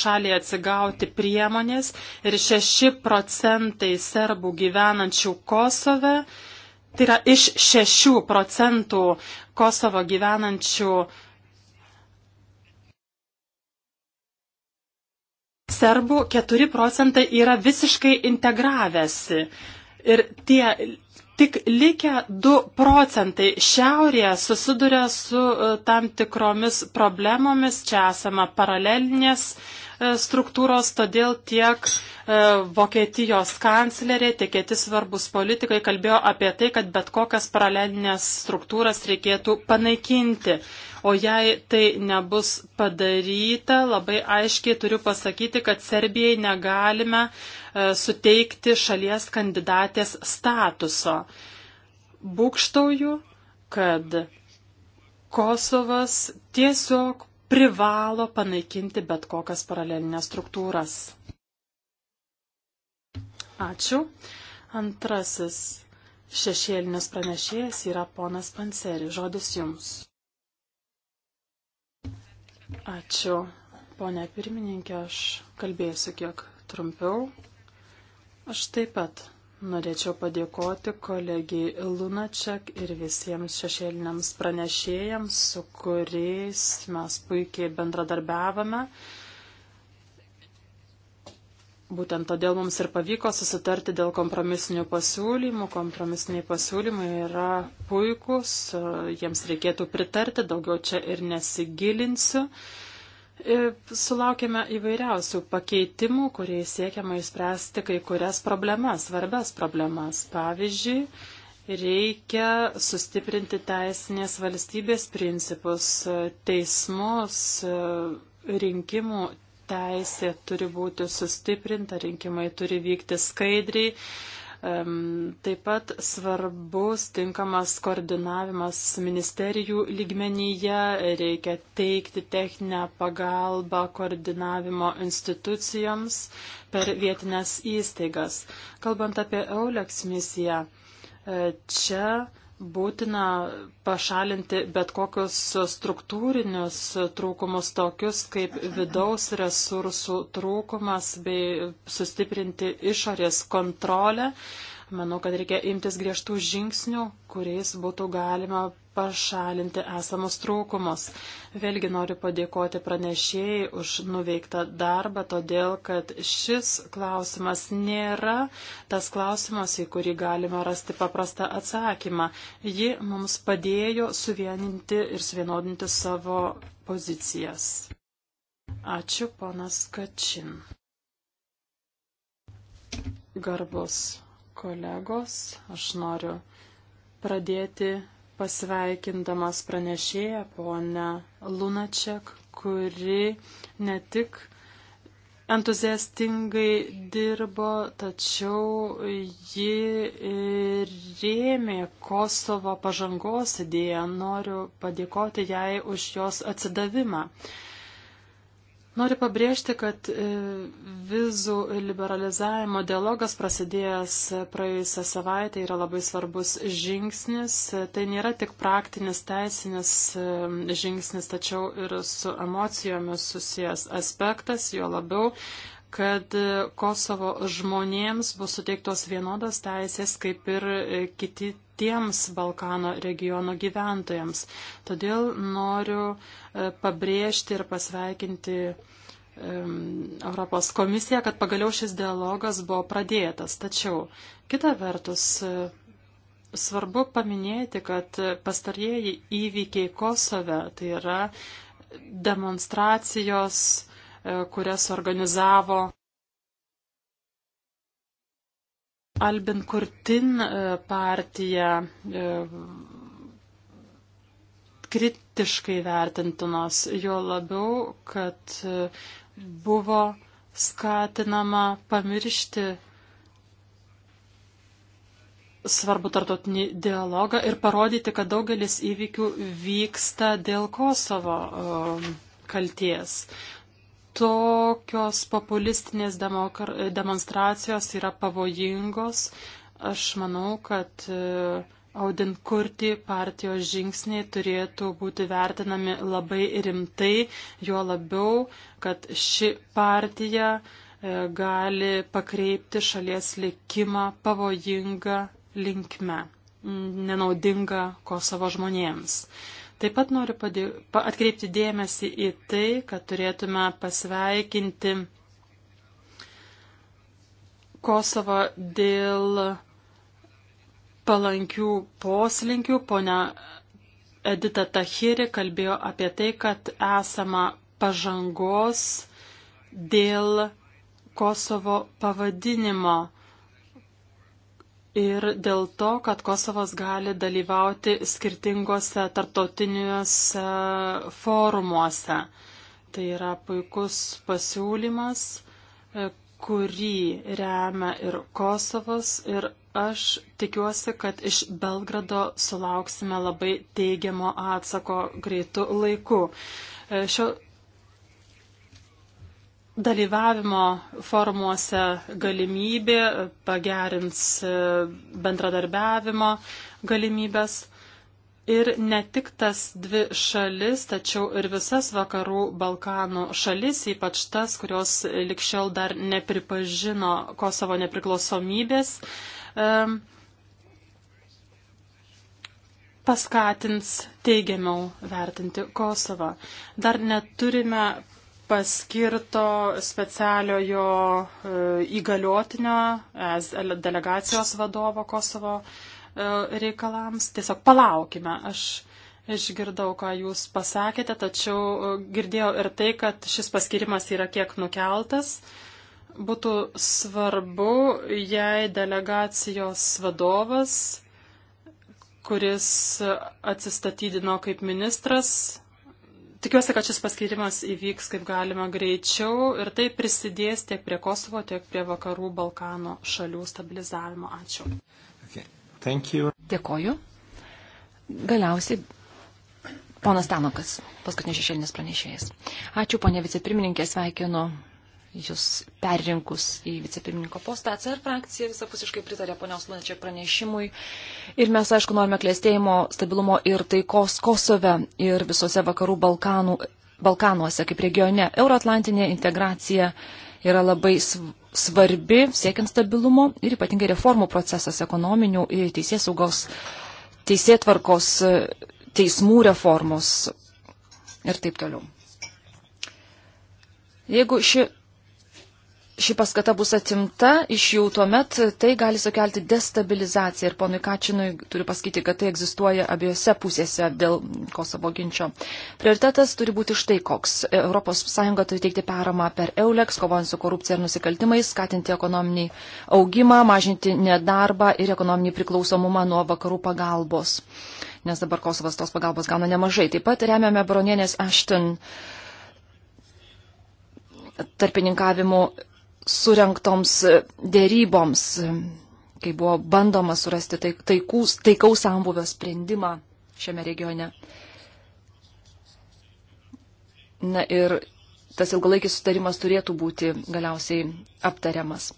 šaliai atsigauti priemonės ir 6 procentai serbų gyvenančių Kosove, tai yra iš 6 procentų Kosovo gyvenančių uh, serbų 4 procentai yra visiškai integravęsi. Ir tie tik likę 2 procentai šiaurėje susiduria su e, tam tikromis problemomis. Čia esama paralelinės E, struktūros, todėl tiek e, Vokietijos kanclerė, tiek kiti svarbus politikai kalbėjo apie tai, kad bet kokias paralelinės struktūras reikėtų panaikinti. O jei tai nebus padaryta, labai aiškiai turiu pasakyti, kad Serbijai negalime e, suteikti šalies kandidatės statuso. Būkštauju, kad Kosovas tiesiog privalo panaikinti bet kokias paralelinės struktūras. Ačiū. Antrasis šešėlinis pranešėjas yra ponas Panseri. Žodis jums. Ačiū, ponė pirmininkė, aš kalbėsiu kiek trumpiau. Aš taip pat Norėčiau padėkoti kolegijai Lunaček ir visiems šešėliniams pranešėjams, su kuriais mes puikiai bendradarbiavame. Būtent todėl mums ir pavyko susitarti dėl kompromisinių pasiūlymų. Kompromisiniai pasiūlymai yra puikūs, jiems reikėtų pritarti, daugiau čia ir nesigilinsiu. Uh, E, sulaukėme įvairiausių pakeitimų, kuriais siekiama įspręsti kai kurias problemas, svarbias problemas. Pavyzdžiui, reikia sustiprinti teisinės valstybės principus, teismus, e, rinkimų teisė turi būti sustiprinta, rinkimai turi vykti skaidriai, Taip pat svarbus tinkamas koordinavimas ministerijų lygmenyje, reikia teikti techninę pagalbą koordinavimo institucijoms per vietinės įstaigas. Kalbant apie EULEX misiją, e, čia būtina pašalinti bet kokius struktūrinius trūkumus, tokius kaip vidaus resursų trūkumas, bei sustiprinti išorės kontrolę. Manau, kad reikia imtis griežtų žingsnių, kuriais būtų galima pašalinti esamus trūkumus. Vėlgi noriu padėkoti pranešėjai už nuveiktą darbą, todėl kad šis klausimas nėra tas klausimas, į kurį galima rasti paprastą atsakymą. Ji mums padėjo suvieninti ir suvienodinti savo pozicijas. Ačiū, ponas Kačin. Garbus kolegos, aš noriu pradėti pasveikindamas pranešėją ponę Lunaček, kuri ne tik entuziastingai dirbo, tačiau ji rėmė Kosovo pažangos idėją. Noriu padėkoti jai už jos atsidavimą. Noriu pabrėžti, kad e, vizų liberalizavimo dialogas prasidėjęs praėjusią savaitę yra labai svarbus žingsnis. Tai nėra tik praktinis teisinis e, žingsnis, tačiau ir su emocijomis susijęs aspektas, jo labiau, kad e, Kosovo žmonėms bus suteiktos vienodos teisės kaip ir kiti kitiems Balkano regiono gyventojams. Todėl noriu e, pabrėžti ir pasveikinti Europos komisiją, kad pagaliau šis dialogas buvo pradėtas. Tačiau, kita vertus, e, svarbu paminėti, kad pastarieji įvykiai Kosove, tai yra demonstracijos, e, kurias organizavo Albin Kurtin e, partija e, kritiškai vertintinos, jo labiau, kad e, buvo skatinama pamiršti svarbu tartotinį dialogą ir parodyti, kad daugelis įvykių vyksta dėl Kosovo kalties tokios populistinės demonstracijos yra pavojingos. Aš manau, kad e, Audin Kurti partijos žingsniai turėtų būti vertinami labai rimtai, juo labiau, kad ši partija e, gali pakreipti šalies likimą pavojingą linkme, nenaudingą Kosovo žmonėms. Taip pat noriu padė... atkreipti dėmesį į tai, kad turėtume pasveikinti Kosovą dėl palankių poslinkių. Pone Edita Tahiri kalbėjo apie tai, kad esama pažangos dėl Kosovo pavadinimo ir dėl to, kad Kosovas gali dalyvauti skirtingose tarptautiniuose forumuose. Tai yra puikus pasiūlymas, e, kurį remia ir Kosovas, ir aš tikiuosi, kad iš Belgrado sulauksime labai teigiamo atsako greitų laikų. E, šio dalyvavimo formuose galimybė pagerins e, bendradarbiavimo galimybės. Ir ne tik tas dvi šalis, tačiau ir visas vakarų Balkanų šalis, ypač tas, kurios likščiau dar nepripažino Kosovo nepriklausomybės, e, paskatins teigiamiau vertinti Kosovą. Dar neturime paskirto specialiojo e, įgaliotinio delegacijos vadovo Kosovo e, reikalams. Tiesiog palaukime. Aš išgirdau, ką jūs pasakėte, tačiau e, girdėjau ir tai, kad šis paskirimas yra kiek nukeltas. Būtų svarbu, jei delegacijos vadovas kuris atsistatydino kaip ministras, Tikiuosi, kad šis paskirimas įvyks kaip galima greičiau ir tai prisidės tiek prie Kosovo, tiek prie vakarų Balkano šalių stabilizavimo. Ačiū. Okay. Dėkoju. Galiausiai ponas Tanokas, paskutinis šešėlinis pranešėjas. Ačiū, ponė vicepirmininkė, sveikinu jūs perrinkus į vicepirmininko postą. CR frakcija visapusiškai pritarė ponios Lunačiak pranešimui. Ir mes, aišku, norime klėstėjimo, stabilumo ir taikos Kosove ir visose vakarų Balkanų, Balkanuose kaip regione. Euroatlantinė integracija yra labai svarbi siekiant stabilumo ir ypatingai reformų procesas ekonominių ir teisės saugos, teisėtvarkos, teismų reformos ir taip toliau. Jeigu ši ši paskata bus atimta iš jų, tuomet tai gali sukelti destabilizaciją. Ir ponui Kačinui turiu pasakyti, kad tai egzistuoja abiejose pusėse dėl Kosovo ginčio. Prioritetas turi būti štai koks. ES turi teikti paramą per EULEX, kovojant su korupcija ir nusikaltimais, skatinti ekonominį augimą, mažinti nedarbą ir ekonominį priklausomumą nuo vakarų pagalbos. Nes dabar Kosovas tos pagalbos gauna nemažai. Taip pat remiame baronienės Ashton tarpininkavimu surinktoms dėryboms, kai buvo bandoma surasti taikaus, taikaus sambuvio sprendimą šiame regione. Na ir tas ilgalaikis sutarimas turėtų būti galiausiai aptariamas.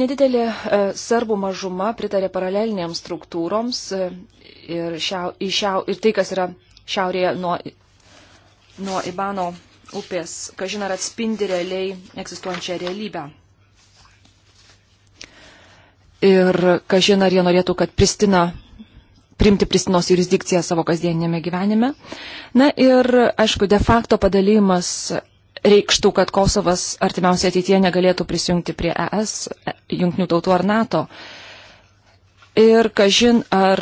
Nedidelė e, serbų mažuma pritarė paralelinėms struktūroms e, ir, šiau, šiau, ir tai, kas yra šiaurėje nuo, nuo Ibano upės, kažin ar atspindi realiai egzistuojančią realybę. Ir kažin ar jie norėtų, kad Pristina priimti Pristinos jurisdikciją savo kasdieninėme gyvenime. Na ir, aišku, de facto padalymas reikštų, kad Kosovas artimiausia ateitie negalėtų prisijungti prie ES, Junktinių tautų ar NATO. Ir kažin ar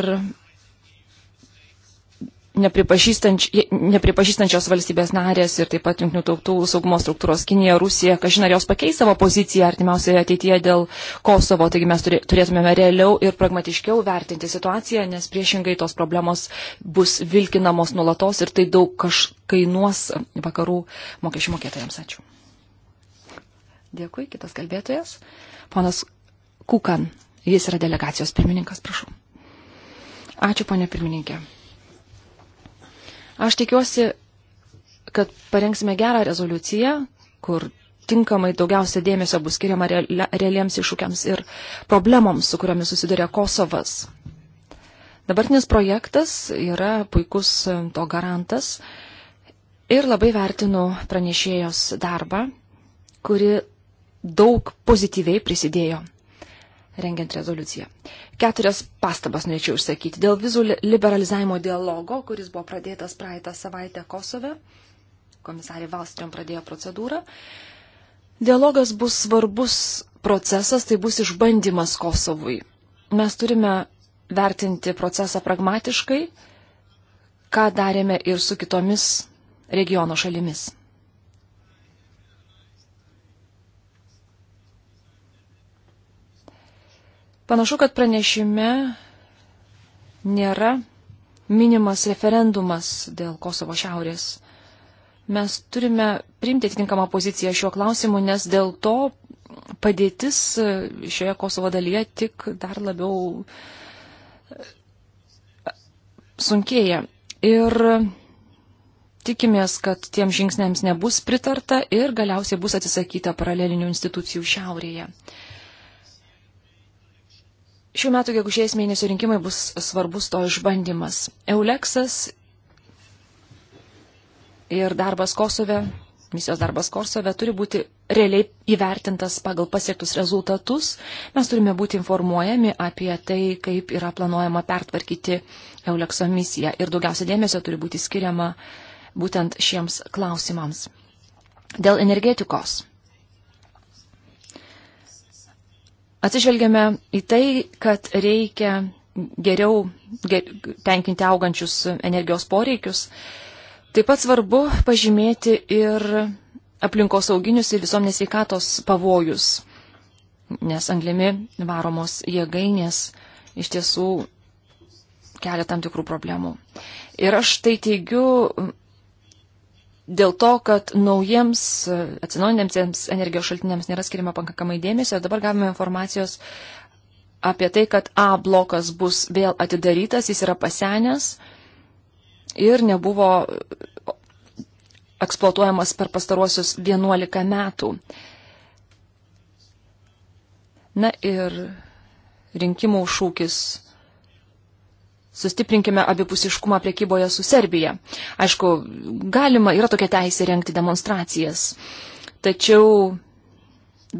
nepripažįstančios valstybės narės ir taip pat jungtinių tautų saugumo struktūros Kinija, Rusija, kažin ar jos pakeis savo poziciją artimiausioje ateityje dėl Kosovo, taigi mes turėtumėme realiau ir pragmatiškiau vertinti situaciją, nes priešingai tos problemos bus vilkinamos nulatos ir tai daug kaž kainuos vakarų mokesčių mokėtojams. Ačiū. Dėkui, kitas kalbėtojas. Ponas Kukan, jis yra delegacijos pirmininkas, prašau. Ačiū, ponė pirmininkė. Aš tikiuosi, kad parengsime gerą rezoliuciją, kur tinkamai daugiausia dėmesio bus skiriama realiems iššūkiams ir problemoms, su kuriomis susiduria Kosovas. Dabartinis projektas yra puikus e, to garantas ir labai vertinu pranešėjos darbą, kuri daug pozityviai prisidėjo rengiant rezoliuciją. Keturias pastabas norėčiau išsakyti dėl vizų liberalizavimo dialogo, kuris buvo pradėtas praeitą savaitę Kosove. Komisarė Valstrom pradėjo procedūrą. Dialogas bus svarbus procesas, tai bus išbandymas Kosovui. Mes turime vertinti procesą pragmatiškai, ką darėme ir su kitomis regiono šalimis. Panašu, kad pranešime nėra minimas referendumas dėl Kosovo šiaurės. Mes turime priimti atitinkamą poziciją šiuo klausimu, nes dėl to padėtis šioje Kosovo dalyje tik dar labiau sunkėja. Ir tikimės, kad tiem žingsniams nebus pritarta ir galiausiai bus atsisakyta paralelinių institucijų šiaurėje. Šių metų gegužės mėnesio rinkimai bus svarbus to išbandymas. Euleksas ir darbas Kosove, misijos darbas Kosove turi būti realiai įvertintas pagal pasiektus rezultatus. Mes turime būti informuojami apie tai, kaip yra planuojama pertvarkyti Eulekso misiją ir daugiausia dėmesio turi būti skiriama būtent šiems klausimams. Dėl energetikos. Atsižvelgiame į tai, kad reikia geriau ger, tenkinti augančius energijos poreikius. Taip pat svarbu pažymėti ir aplinkosauginius ir visuomenės veikatos pavojus, nes anglimi varomos jėgainės iš tiesų kelia tam tikrų problemų. Ir aš tai teigiu dėl to, kad naujiems e, atsinaujinantiems energijos šaltiniams nėra skirima pakankamai dėmesio. Dabar gavome informacijos apie tai, kad A blokas bus vėl atidarytas, jis yra pasenęs ir nebuvo eksploatuojamas per pastaruosius 11 metų. Na ir rinkimų šūkis sustiprinkime abipusiškumą priekyboje su Serbija. Aišku, galima, yra tokia teisė renkti demonstracijas. Tačiau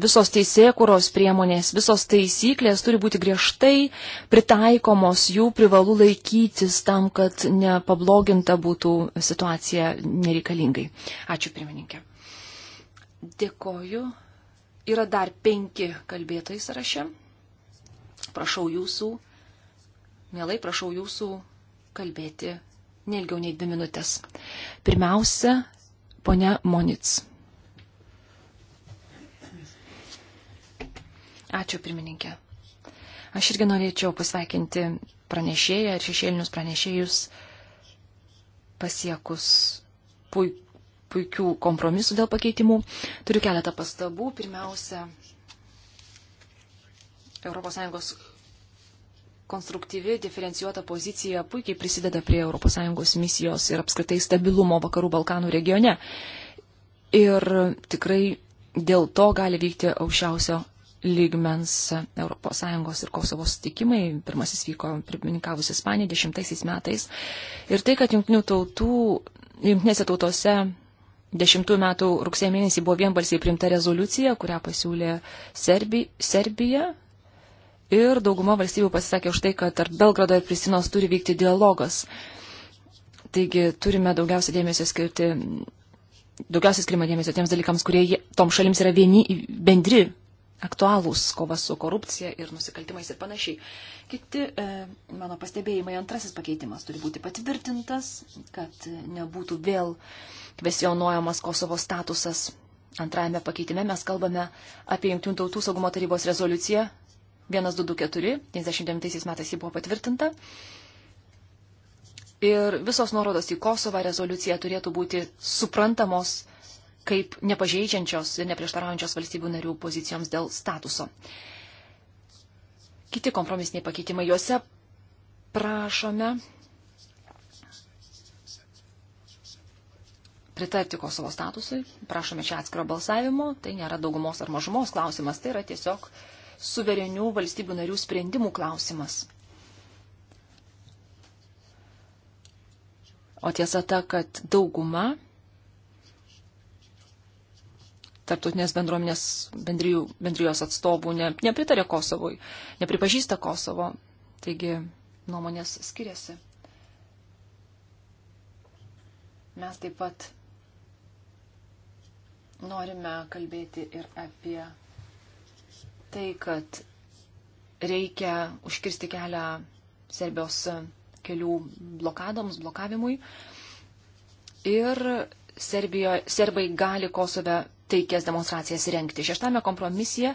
visos teisėkuros priemonės, visos taisyklės turi būti griežtai pritaikomos, jų privalu laikytis tam, kad nepabloginta būtų situacija nereikalingai. Ačiū, pirmininkė. Dėkoju. Yra dar penki kalbėtojai sąraše. Prašau jūsų Mielai prašau jūsų kalbėti nelgiau nei dvi minutės. Pirmiausia, ponia Monic. Ačiū, pirmininkė. Aš irgi norėčiau pasveikinti pranešėją ir šešėlinius pranešėjus pasiekus puik, puikių kompromisų dėl pakeitimų. Turiu keletą pastabų. Pirmiausia, ES konstruktyvi, diferencijuota pozicija puikiai prisideda prie ES misijos ir apskritai stabilumo vakarų Balkanų regione. Ir tikrai dėl to gali vykti aukščiausio lygmens ES ir Kosovo sutikimai. Pirmasis vyko pirmininkavus Ispanija dešimtaisiais metais. Ir tai, kad jungtinių tautų, jungtinėse tautose dešimtų metų rugsėjo mėnesį buvo vienbalsiai primta rezoliucija, kurią pasiūlė Serbi, Serbija, ir dauguma valstybių pasisakė už tai, kad tarp Belgrado ir Pristinos turi vykti dialogas. Taigi turime daugiausia dėmesio skirti, daugiausia skirimo dėmesio tiems dalykams, kurie tom šalims yra vieni, bendri, aktualūs, kova su korupcija ir nusikaltimais ir panašiai. Kiti e, mano pastebėjimai, antrasis pakeitimas turi būti patvirtintas, kad nebūtų vėl kvesionuojamas Kosovo statusas Antrajame pakeitime mes kalbame apie Junktinių tautų saugumo tarybos rezoliuciją 1224, 99 metais ji buvo patvirtinta. Ir visos nuorodos į Kosovą rezoliuciją turėtų būti suprantamos kaip nepažeidžiančios ir neprieštaraujančios valstybių narių pozicijoms dėl statuso. Kiti kompromisiniai pakeitimai juose prašome pritarti Kosovo statusui, prašome čia atskiro balsavimo, tai nėra daugumos ar mažumos klausimas, tai yra tiesiog uh, suverenių valstybių narių sprendimų klausimas. O tiesa ta, kad dauguma tarptautinės bendruomenės bendrijų, bendrijos atstovų ne, nepritarė Kosovui, nepripažįsta Kosovo. Taigi nuomonės skiriasi. Mes taip pat norime kalbėti ir apie tai, kad reikia užkirsti kelią Serbijos kelių blokadoms, blokavimui. Ir Serbijo, serbai gali Kosove taikės demonstracijas rengti. Šeštame kompromisija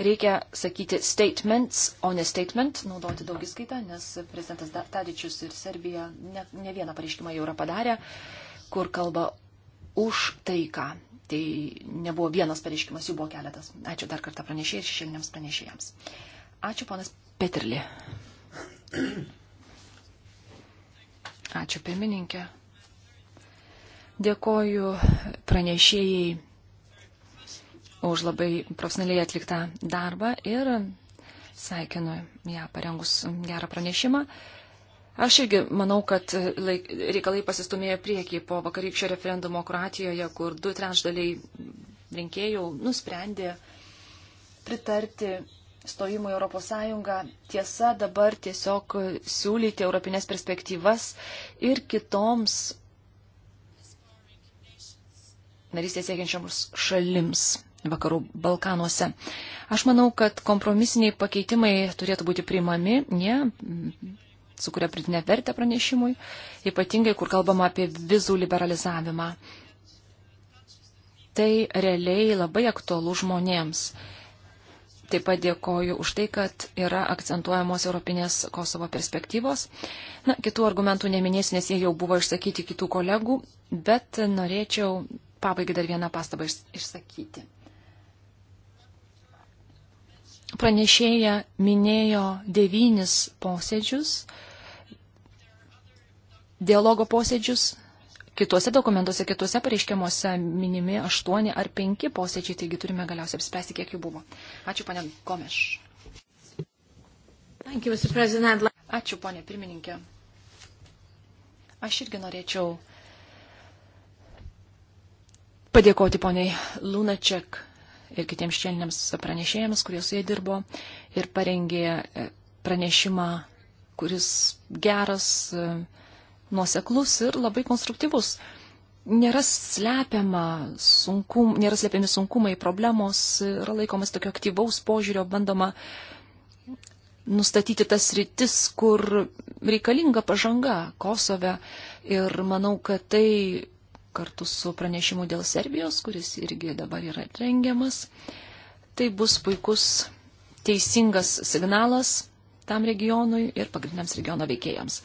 reikia sakyti statements, o ne statement, naudoti daugiskaitą, nes prezidentas Tadičius ir Serbija ne, ne vieną pareiškimą jau yra padarę, kur kalba už taiką. Tai nebuvo vienas pareiškimas, jų buvo keletas. Ačiū dar kartą pranešėjai ir šešėliniams pranešėjams. Ačiū, ponas Peterli. Ačiū, pirmininkė. Dėkoju pranešėjai už labai profesionaliai atliktą darbą ir sveikinu ją parengus gerą pranešimą. Aš irgi manau, kad e, laik, reikalai pasistumėjo priekį po vakarykščio referendumo Kroatijoje, kur du trečdaliai rinkėjų nusprendė pritarti stojimui Europos Sąjungą. Tiesa, dabar tiesiog siūlyti europinės perspektyvas ir kitoms narystės siekiančiams šalims vakarų Balkanuose. Aš manau, kad kompromisiniai pakeitimai turėtų būti priimami, jie sukuria pritinę vertę pranešimui, ypatingai kur kalbama apie vizų liberalizavimą. Tai realiai labai aktualu žmonėms. Taip pat dėkoju už tai, kad yra akcentuojamos Europinės Kosovo perspektyvos. Na, kitų argumentų neminėsiu, nes jie jau buvo išsakyti kitų kolegų, bet norėčiau pabaigai dar vieną pastabą išsakyti. Pranešėja minėjo devynis posėdžius, dialogo posėdžius. Kituose dokumentuose, kituose pareiškimuose minimi 8 ar 5 posėdžiai, taigi turime galiausiai apspręsti, kiek jų buvo. Ačiū, ponė Gomeš. Ačiū, ponė pirmininkė. Aš irgi norėčiau padėkoti poniai Lunaček ir kitiems šiandienams pranešėjams, kurie su jie dirbo ir parengė pranešimą, kuris geras, nuoseklus ir labai konstruktyvus. Nėra slepiama sunkum, nėra slepiami sunkumai, problemos, yra laikomas tokio aktyvaus požiūrio, bandoma nustatyti tas rytis, kur reikalinga pažanga Kosove. Ir manau, kad tai kartu su pranešimu dėl Serbijos, kuris irgi dabar yra rengiamas, tai bus puikus teisingas signalas tam regionui ir pagrindiniams regiono veikėjams.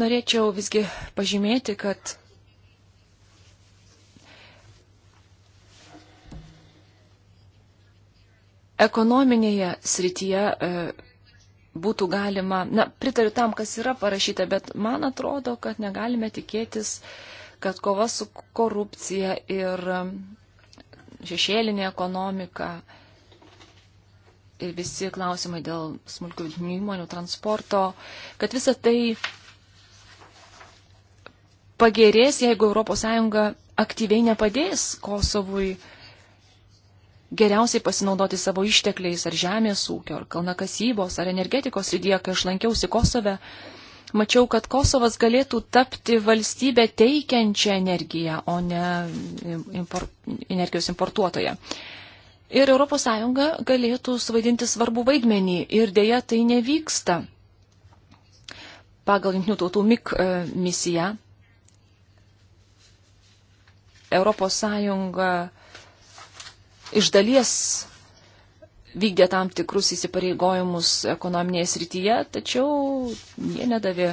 Norėčiau visgi pažymėti, kad ekonominėje srityje e, būtų galima, na, pritariu tam, kas yra parašyta, bet man atrodo, kad negalime tikėtis, kad kova su korupcija ir e, šešėlinė ekonomika ir visi klausimai dėl smulkių įmonių transporto, kad visa tai pagerės, jeigu ES aktyviai nepadės Kosovui geriausiai pasinaudoti savo ištekliais ar žemės ūkio, ar kalnakasybos, ar energetikos rydyje, kai aš lankiausi Kosove, mačiau, kad Kosovas galėtų tapti valstybę teikiančią energiją, o ne import, energijos importuotoją. Ir ES galėtų suvaidinti svarbų vaidmenį ir dėja tai nevyksta. Pagal Junktinių tautų MIK e, misiją ES iš dalies vykdė tam tikrus įsipareigojimus ekonominėje srityje, tačiau jie nedavė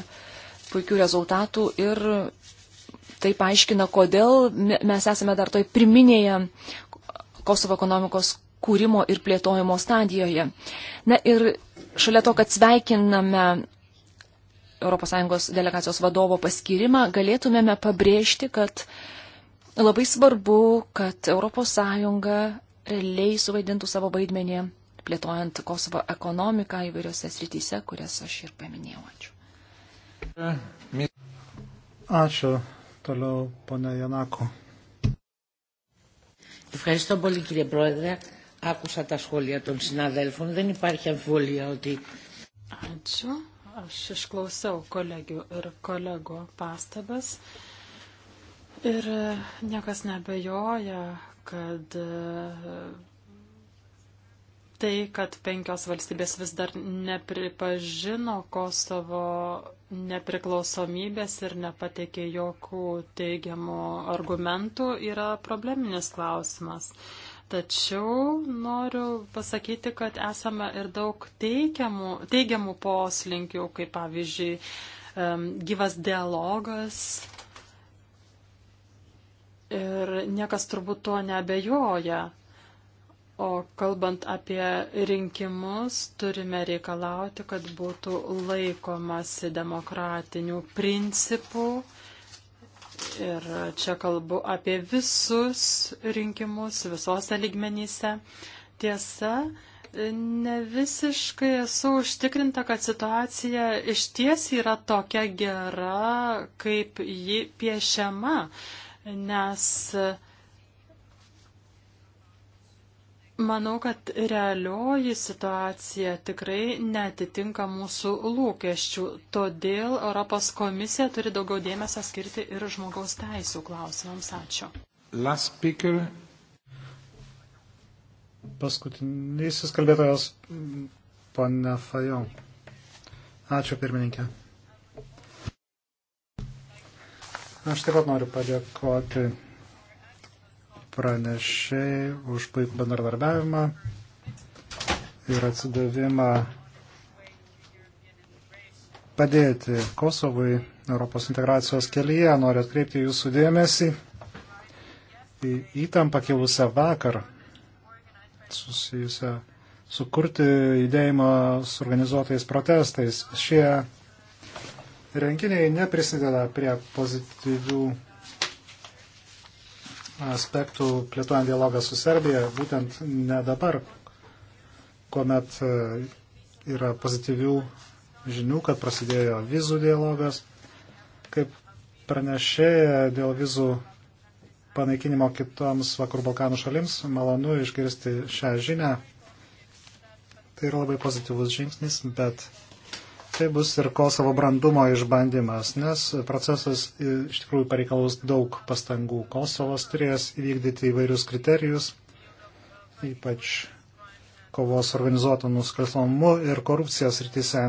puikių rezultatų ir tai paaiškina, kodėl mes esame dar toj pirminėje Kosovo ekonomikos kūrimo ir plėtojimo stadijoje. Na ir šalia to, kad sveikiname ES delegacijos vadovo paskirimą, galėtumėme pabrėžti, kad uh, Labai svarbu, kad ES realiai suvaidintų savo vaidmenį, plėtojant Kosovo ekonomiką įvairiose srityse, kurias aš ir paminėjau. Ačiū. Ačiū. Toliau, pana Janako. Ευχαριστώ πολύ κύριε Πρόεδρε. Άκουσα τα σχόλια των συναδέλφων. Δεν υπάρχει αμφιβολία ότι... Ačiū. Aš išklausiau kolegių ir kolego pastabas. Uh, Ir e, niekas nebejoja, kad e, tai, kad penkios valstybės vis dar nepripažino Kosovo nepriklausomybės ir nepateikė jokių teigiamų argumentų, yra probleminis klausimas. Tačiau noriu pasakyti, kad esame ir daug teigiamų, teigiamų poslinkių, kaip pavyzdžiui, gyvas dialogas Ir niekas turbūt tuo nebejoja. O kalbant apie rinkimus, turime reikalauti, kad būtų laikomasi demokratinių principų. Ir čia kalbu apie visus rinkimus visose lygmenyse. Tiesa, ne visiškai esu užtikrinta, kad situacija iš ties yra tokia gera, kaip ji piešiama. Uh, nes manau, kad realioji situacija tikrai netitinka mūsų lūkesčių. Todėl Europos komisija turi daugiau dėmesio skirti ir žmogaus teisų klausimams. Ačiū. Last speaker. Paskutinysis kalbėtojas, pana Fajon. Ačiū pirmininkė. Aš taip pat noriu padėkoti pranešėjai už puikų bendradarbiavimą ir atsidavimą padėti Kosovui Europos integracijos kelyje. Noriu atkreipti jūsų dėmesį į įtampą kilusią vakar susijusią sukurti judėjimą su organizuotais protestais. Šie Renkiniai neprisideda prie pozityvių aspektų plėtojant dialogą su Serbija, būtent ne dabar, kuomet e, yra pozityvių žinių, kad prasidėjo vizų dialogas. Kaip pranešėja dėl vizų panaikinimo kitoms Vakarų Balkanų šalims, malonu išgirsti šią žinę. Tai yra labai pozityvus žingsnis, bet Tai bus ir Kosovo brandumo išbandymas, nes procesas iš tikrųjų pareikalaus daug pastangų. Kosovas turės įvykdyti įvairius kriterijus, ypač kovos organizuotų nusikalstamumu ir korupcijos rytise.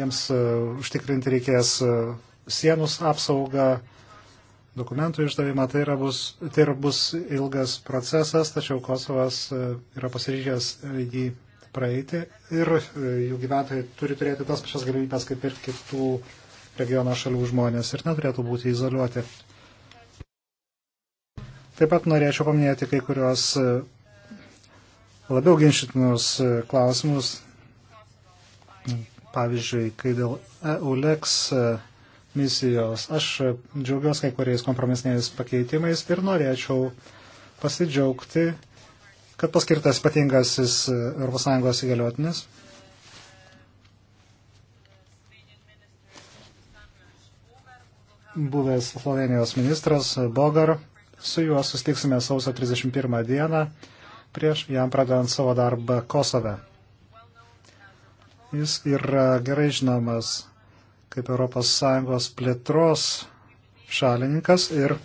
Jiems e, užtikrinti reikės e, sienus apsaugą, dokumentų išdavimą. Tai yra bus, tai yra bus ilgas procesas, tačiau Kosovas e, yra pasiryžęs jį praeiti ir e, jų gyventojai turi turėti tas pačias galimybės kaip ir kitų regiono šalių žmonės ir neturėtų būti izoliuoti. Taip pat norėčiau paminėti kai kurios e, labiau ginčytinus e, klausimus. Pavyzdžiui, kai dėl EULEX misijos aš džiaugiuosi kai kuriais kompromisiniais pakeitimais ir norėčiau pasidžiaugti kad paskirtas patingasis ES įgaliotinis. Buvęs Slovenijos ministras Bogar, su juo sustiksime sausio 31 dieną prieš jam pradant savo darbą Kosove. Jis yra gerai žinomas kaip ES plėtros šalininkas ir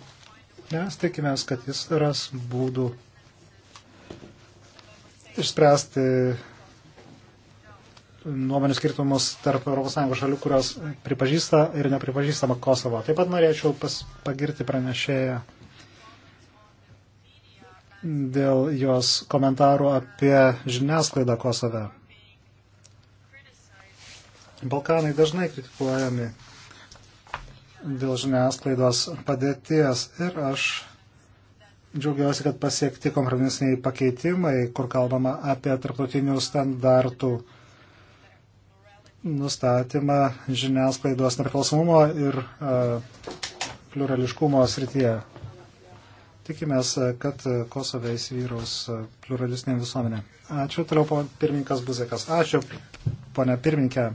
mes tikimės, kad jis ras būdų išspręsti nuomonių skirtumus tarp ES šalių, kurios pripažįsta ir nepripažįstama Kosovo. Taip pat norėčiau pas, pagirti pranešėją dėl jos komentarų apie žiniasklaidą Kosove. Balkanai dažnai kritikuojami dėl žiniasklaidos padėties ir aš džiaugiuosi, kad pasiekti kompromisiniai pakeitimai, kur kalbama apie tarptautinių standartų nustatymą žiniasklaidos nepriklausomumo ir e, plurališkumo srityje. Tikimės, kad Kosove įsivyraus pluralistinė visuomenė. Ačiū, toliau pirmininkas Buzekas. Ačiū, ponia pirmininkė.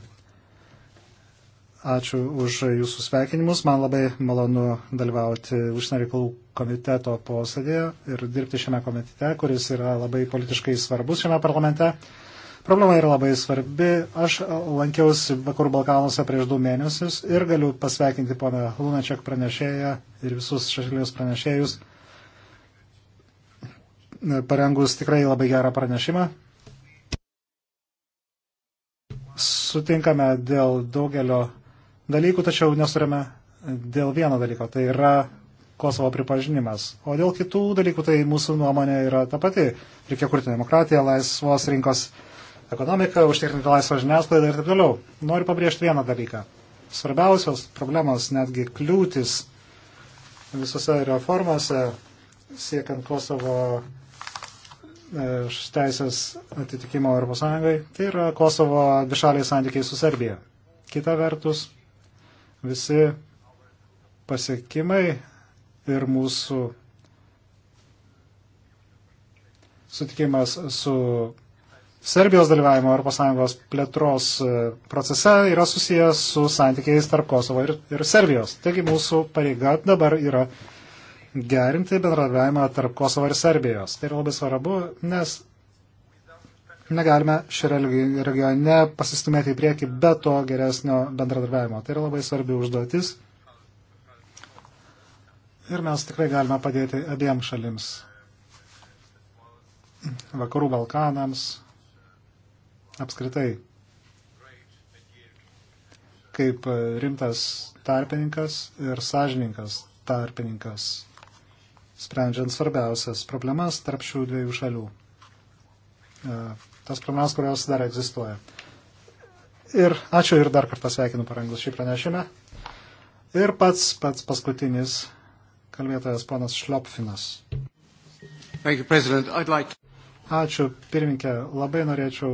Ačiū už jūsų sveikinimus. Man labai malonu dalyvauti užsienio reikalų komiteto posėdėje ir dirbti šiame komitete, kuris yra labai politiškai svarbus šiame parlamente. Problema yra labai svarbi. Aš lankiausi Vakarų Balkanuose prieš du mėnesius ir galiu pasveikinti poną Lunačiak pranešėją ir visus šešėlius pranešėjus, parengus tikrai labai gerą pranešimą. Sutinkame dėl daugelio dalykų, tačiau nesurėme dėl vieno dalyko, tai yra Kosovo pripažinimas. O dėl kitų dalykų tai mūsų nuomonė yra ta pati. Reikia kurti demokratiją, laisvos rinkos ekonomiką, užtikrinti laisvą žiniasklaidą ir taip toliau. Noriu pabrėžti vieną dalyką. Svarbiausios problemos, netgi kliūtis visose reformose siekiant Kosovo e, teisės atitikimo Europos Sąjungai, tai yra Kosovo dvišaliai santykiai su Serbija. Kita vertus, Visi pasiekimai ir mūsų sutikimas su Serbijos dalyvavimo ES plėtros e, procese yra susijęs su santykiais tarp Kosovo ir, ir Serbijos. Taigi mūsų pareiga dabar yra gerinti bendradarbiavimą tarp Kosovo ir Serbijos. Tai yra labai svarbu, nes negalime šiame regione pasistumėti į priekį be to geresnio bendradarbiavimo. Tai yra labai svarbi užduotis. Ir mes tikrai galime padėti abiem šalims. Vakarų Balkanams apskritai. Kaip rimtas tarpininkas ir sąžininkas tarpininkas, sprendžiant svarbiausias problemas tarp šių dviejų šalių tas problemas, kurios dar egzistuoja. Ir ačiū ir dar kartą sveikinu parengus šį pranešimą. Ir pats, pats paskutinis kalbėtojas ponas Šlopfinas. Like... Ačiū, pirmininkė. Labai norėčiau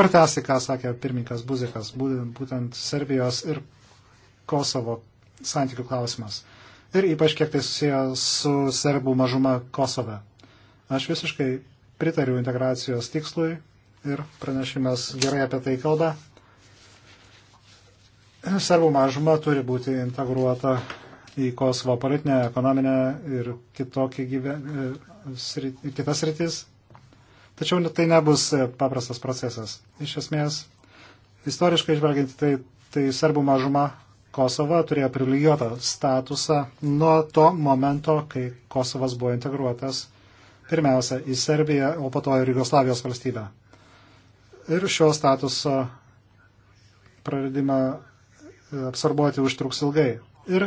partęsti, ką sakė pirmininkas Buzikas, būtent Serbijos ir Kosovo santykių klausimas. Ir ypač kiek tai susiję su serbų mažuma Kosove. Aš visiškai pritariu integracijos tikslui ir pranešimas gerai apie tai kalba. Serbų mažuma turi būti integruota į Kosovo politinę, ekonominę ir gyven... E, kitas rytis. Tačiau tai nebus e, paprastas procesas. Iš esmės, istoriškai žvelgiant, tai, tai serbų mažuma Kosova turėjo privilegijuotą statusą nuo to momento, kai Kosovas buvo integruotas pirmiausia į Serbiją, o po to ir Jugoslavijos valstybę ir šio statuso praradimą e, absorbuoti užtruks ilgai. Ir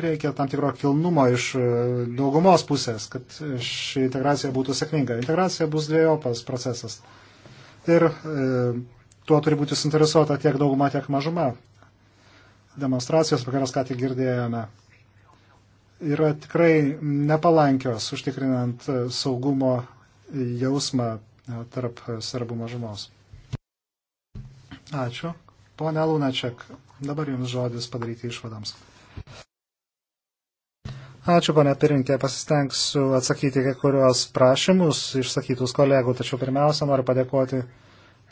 reikia tam tikro kilnumo iš e, daugumos pusės, kad ši integracija būtų sėkminga. Integracija bus dviejopas procesas. Ir e, tuo turi būti suinteresuota tiek dauguma, tiek mažuma. Demonstracijos, apie kurias ką tik girdėjome, yra tikrai nepalankios užtikrinant e, saugumo jausmą E, tarp serbų mažumos. Ačiū. Pone Lunačiak, dabar jums žodis padaryti išvadams. Ačiū, pane pirinkė, pasistengsiu atsakyti kai kuriuos prašymus išsakytus kolegų, tačiau pirmiausia noriu padėkoti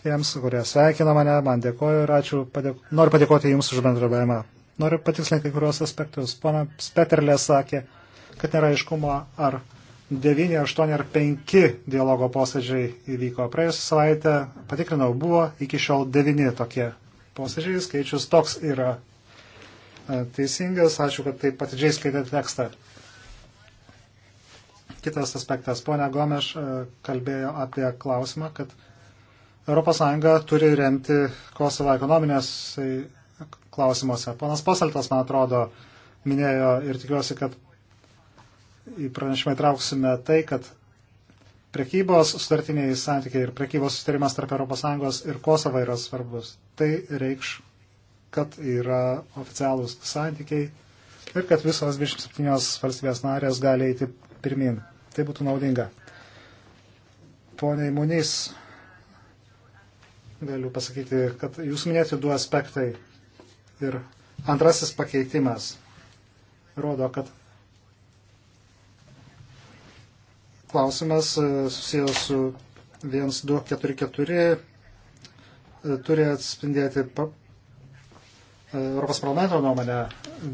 tiems, kurie sveikina mane, man dėkoju ir ačiū, padėk... noriu padėkoti jums už bendradarbiavimą. Noriu patikslinti kai kuriuos aspektus. Pana Speterlė sakė, kad nėra aiškumo, ar 9, 8 ar 5 dialogo posėdžiai įvyko praėjusią savaitę. Patikrinau, buvo iki šiol 9 tokie posėdžiai, skaičius toks yra e, teisingas. Ačiū, kad taip patidžiai skaitėt tekstą. Kitas aspektas. Pone Gomeš e, kalbėjo apie klausimą, kad ES turi remti Kosovo ekonominės e, klausimuose. Ponas Poseltas, man atrodo, minėjo ir tikiuosi, kad į pranešimą įtrauksime tai, kad prekybos sutartiniai santykiai ir prekybos sutarimas tarp ES ir Kosovo yra svarbus. Tai reikš, kad yra oficialūs santykiai ir kad visos 27 valstybės narės gali eiti pirmin. Tai būtų naudinga. Pone Imunys, galiu pasakyti, kad jūs minėti du aspektai ir antrasis pakeitimas rodo, kad klausimas e, susijęs su 1244 e, turi atspindėti pa, e, Europos parlamento nuomonę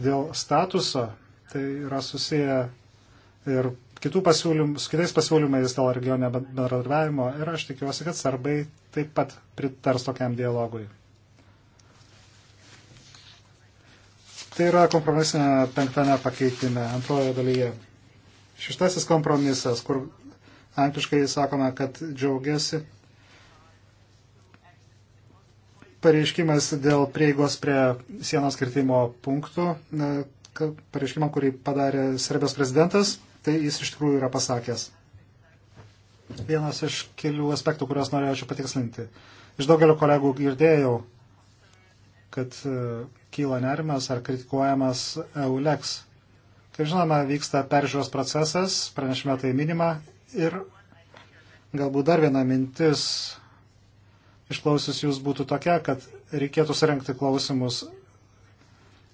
dėl statuso. Tai yra susiję ir kitų pasiūlymų, su kitais pasiūlymais dėl regioninio bendradarbiavimo ir aš tikiuosi, kad sarbai taip pat pritars tokiam dialogui. Tai yra kompromisinė penktame pakeitime, antrojo dalyje. Šeštasis kompromisas, kur angliškai sakome, kad džiaugiasi pareiškimas dėl prieigos prie sienos kirtimo punktų, pareiškimą, kurį padarė Serbijos prezidentas, tai jis iš tikrųjų yra pasakęs. Vienas iš kelių aspektų, kuriuos norėčiau patikslinti. Iš daugelio kolegų girdėjau, kad e, kyla nerimas ar kritikuojamas EULEX Kaip žinoma, vyksta peržiūros procesas, pranešime tai minima ir galbūt dar viena mintis išklausius jūs būtų tokia, kad reikėtų surenkti klausimus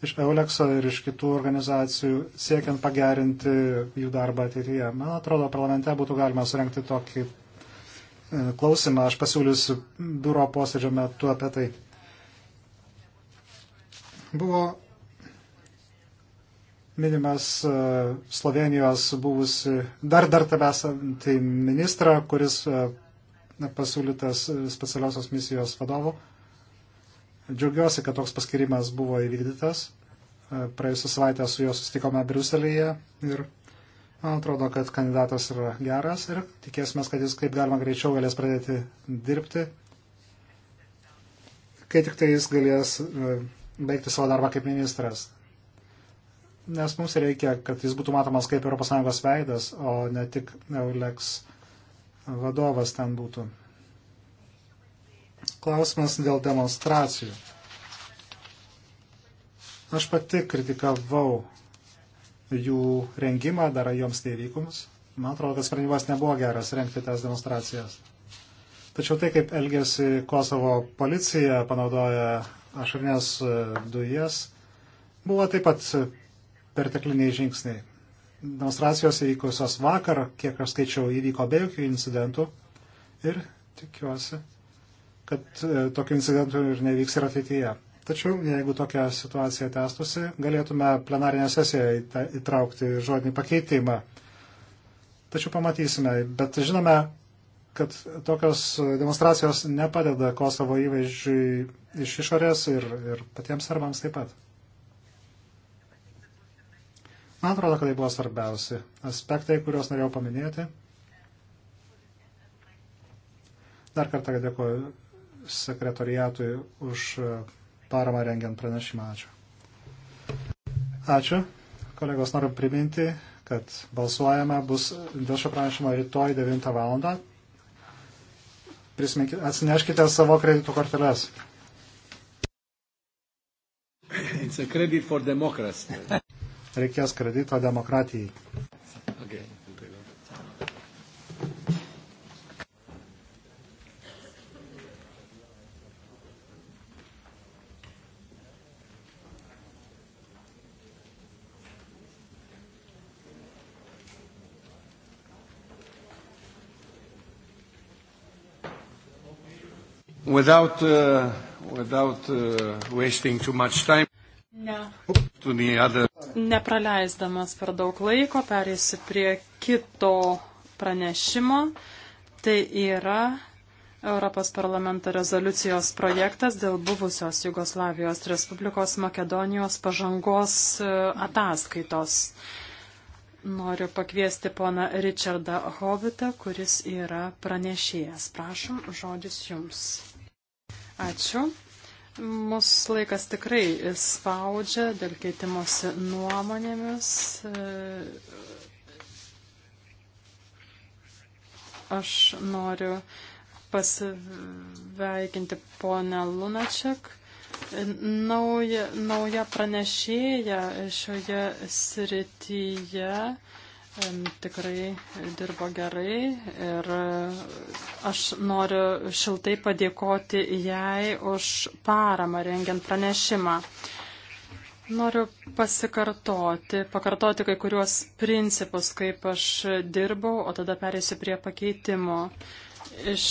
iš Eulekso ir iš kitų organizacijų, siekiant pagerinti jų darbą ateityje. Man atrodo, parlamente būtų galima surenkti tokį e, klausimą. Aš pasiūlysiu biuro posėdžio metu apie tai. Buvo minimas e, Slovenijos buvusi, dar dar tebesantį ministrą, kuris e, pasiūlytas e, specialiosios misijos vadovu. Džiaugiuosi, kad toks paskirimas buvo įvykdytas. Praėjusią savaitę su juo susitikome Briuselėje ir man atrodo, kad kandidatas yra geras ir tikėsime, kad jis kaip galima greičiau galės pradėti dirbti, kai tik tai jis galės baigti savo darbą kaip ministras nes mums reikia, kad jis būtų matomas kaip ES veidas, o ne tik Eulex vadovas ten būtų. Klausimas dėl demonstracijų. Aš pati kritikavau jų rengimą, dar joms nevykumus. Man atrodo, kad sprendimas nebuvo geras rengti tas demonstracijas. Tačiau tai, kaip elgėsi Kosovo policija, panaudoja ašarnės dujas, buvo taip pat pertekliniai žingsniai. Demonstracijos įvykusios vakar, kiek aš skaičiau, įvyko be jokių incidentų ir tikiuosi, kad e, tokių incidentų ir nevyks ir ateityje. Tačiau, jeigu tokia situacija tęstusi, galėtume plenarinę sesiją įtraukti žodinį pakeitimą. Tačiau pamatysime. Bet žinome, kad tokios demonstracijos nepadeda Kosovo įvaizdžiui iš išorės ir, ir patiems serbams taip pat. Man atrodo, kad tai buvo svarbiausi aspektai, kuriuos norėjau paminėti. Dar kartą dėkoju sekretoriatui už paramą rengiant pranešimą. Ačiū. Ačiū. Kolegos, noriu priminti, kad balsuojama bus dėl šio pranešimo rytoj 9 val. Prisiminkite, atsineškite savo kreditų korteles. It's a credit for democracy reikės kredito demokratijai. Okay. Without, uh, without uh, wasting too much time. No. To the other nepraleisdamas per daug laiko, perėsiu prie kito pranešimo. Tai yra Europos parlamento rezoliucijos projektas dėl buvusios Jugoslavijos Respublikos Makedonijos pažangos e, ataskaitos. Noriu pakviesti poną Richardą Hovitą, kuris yra pranešėjas. Prašom, žodis jums. Ačiū. Mūsų laikas tikrai spaudžia dėl keitimosi nuomonėmis. Aš noriu pasveikinti ponę Lunačiak, nauja, nauja pranešėja šioje srityje. Tikrai dirbo gerai ir aš noriu šiltai padėkoti jai už paramą rengiant pranešimą. Noriu pasikartoti, pakartoti kai kuriuos principus, kaip aš dirbau, o tada perėsiu prie pakeitimo. Iš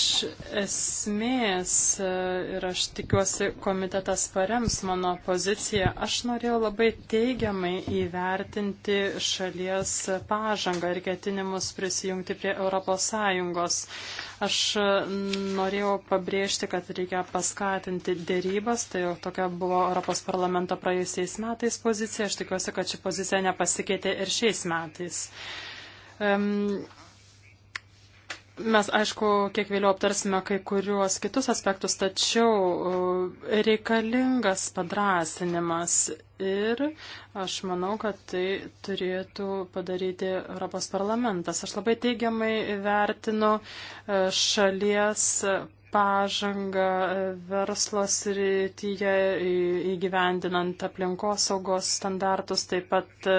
esmės, e, ir aš tikiuosi, komitetas parems mano poziciją, aš norėjau labai teigiamai įvertinti šalies pažangą ir ketinimus prisijungti prie ES. Aš norėjau pabrėžti, kad reikia paskatinti dėrybas, tai jau tokia buvo Europos parlamento praėjusiais metais pozicija, aš tikiuosi, kad ši pozicija nepasikeitė ir šiais metais. Um, Mes, aišku, kiek vėliau aptarsime kai kuriuos kitus aspektus, tačiau e, reikalingas padrasinimas ir aš manau, kad tai turėtų padaryti Europos parlamentas. Aš labai teigiamai vertinu e, šalies pažangą e, verslo srityje įgyvendinant aplinkosaugos standartus, taip pat e,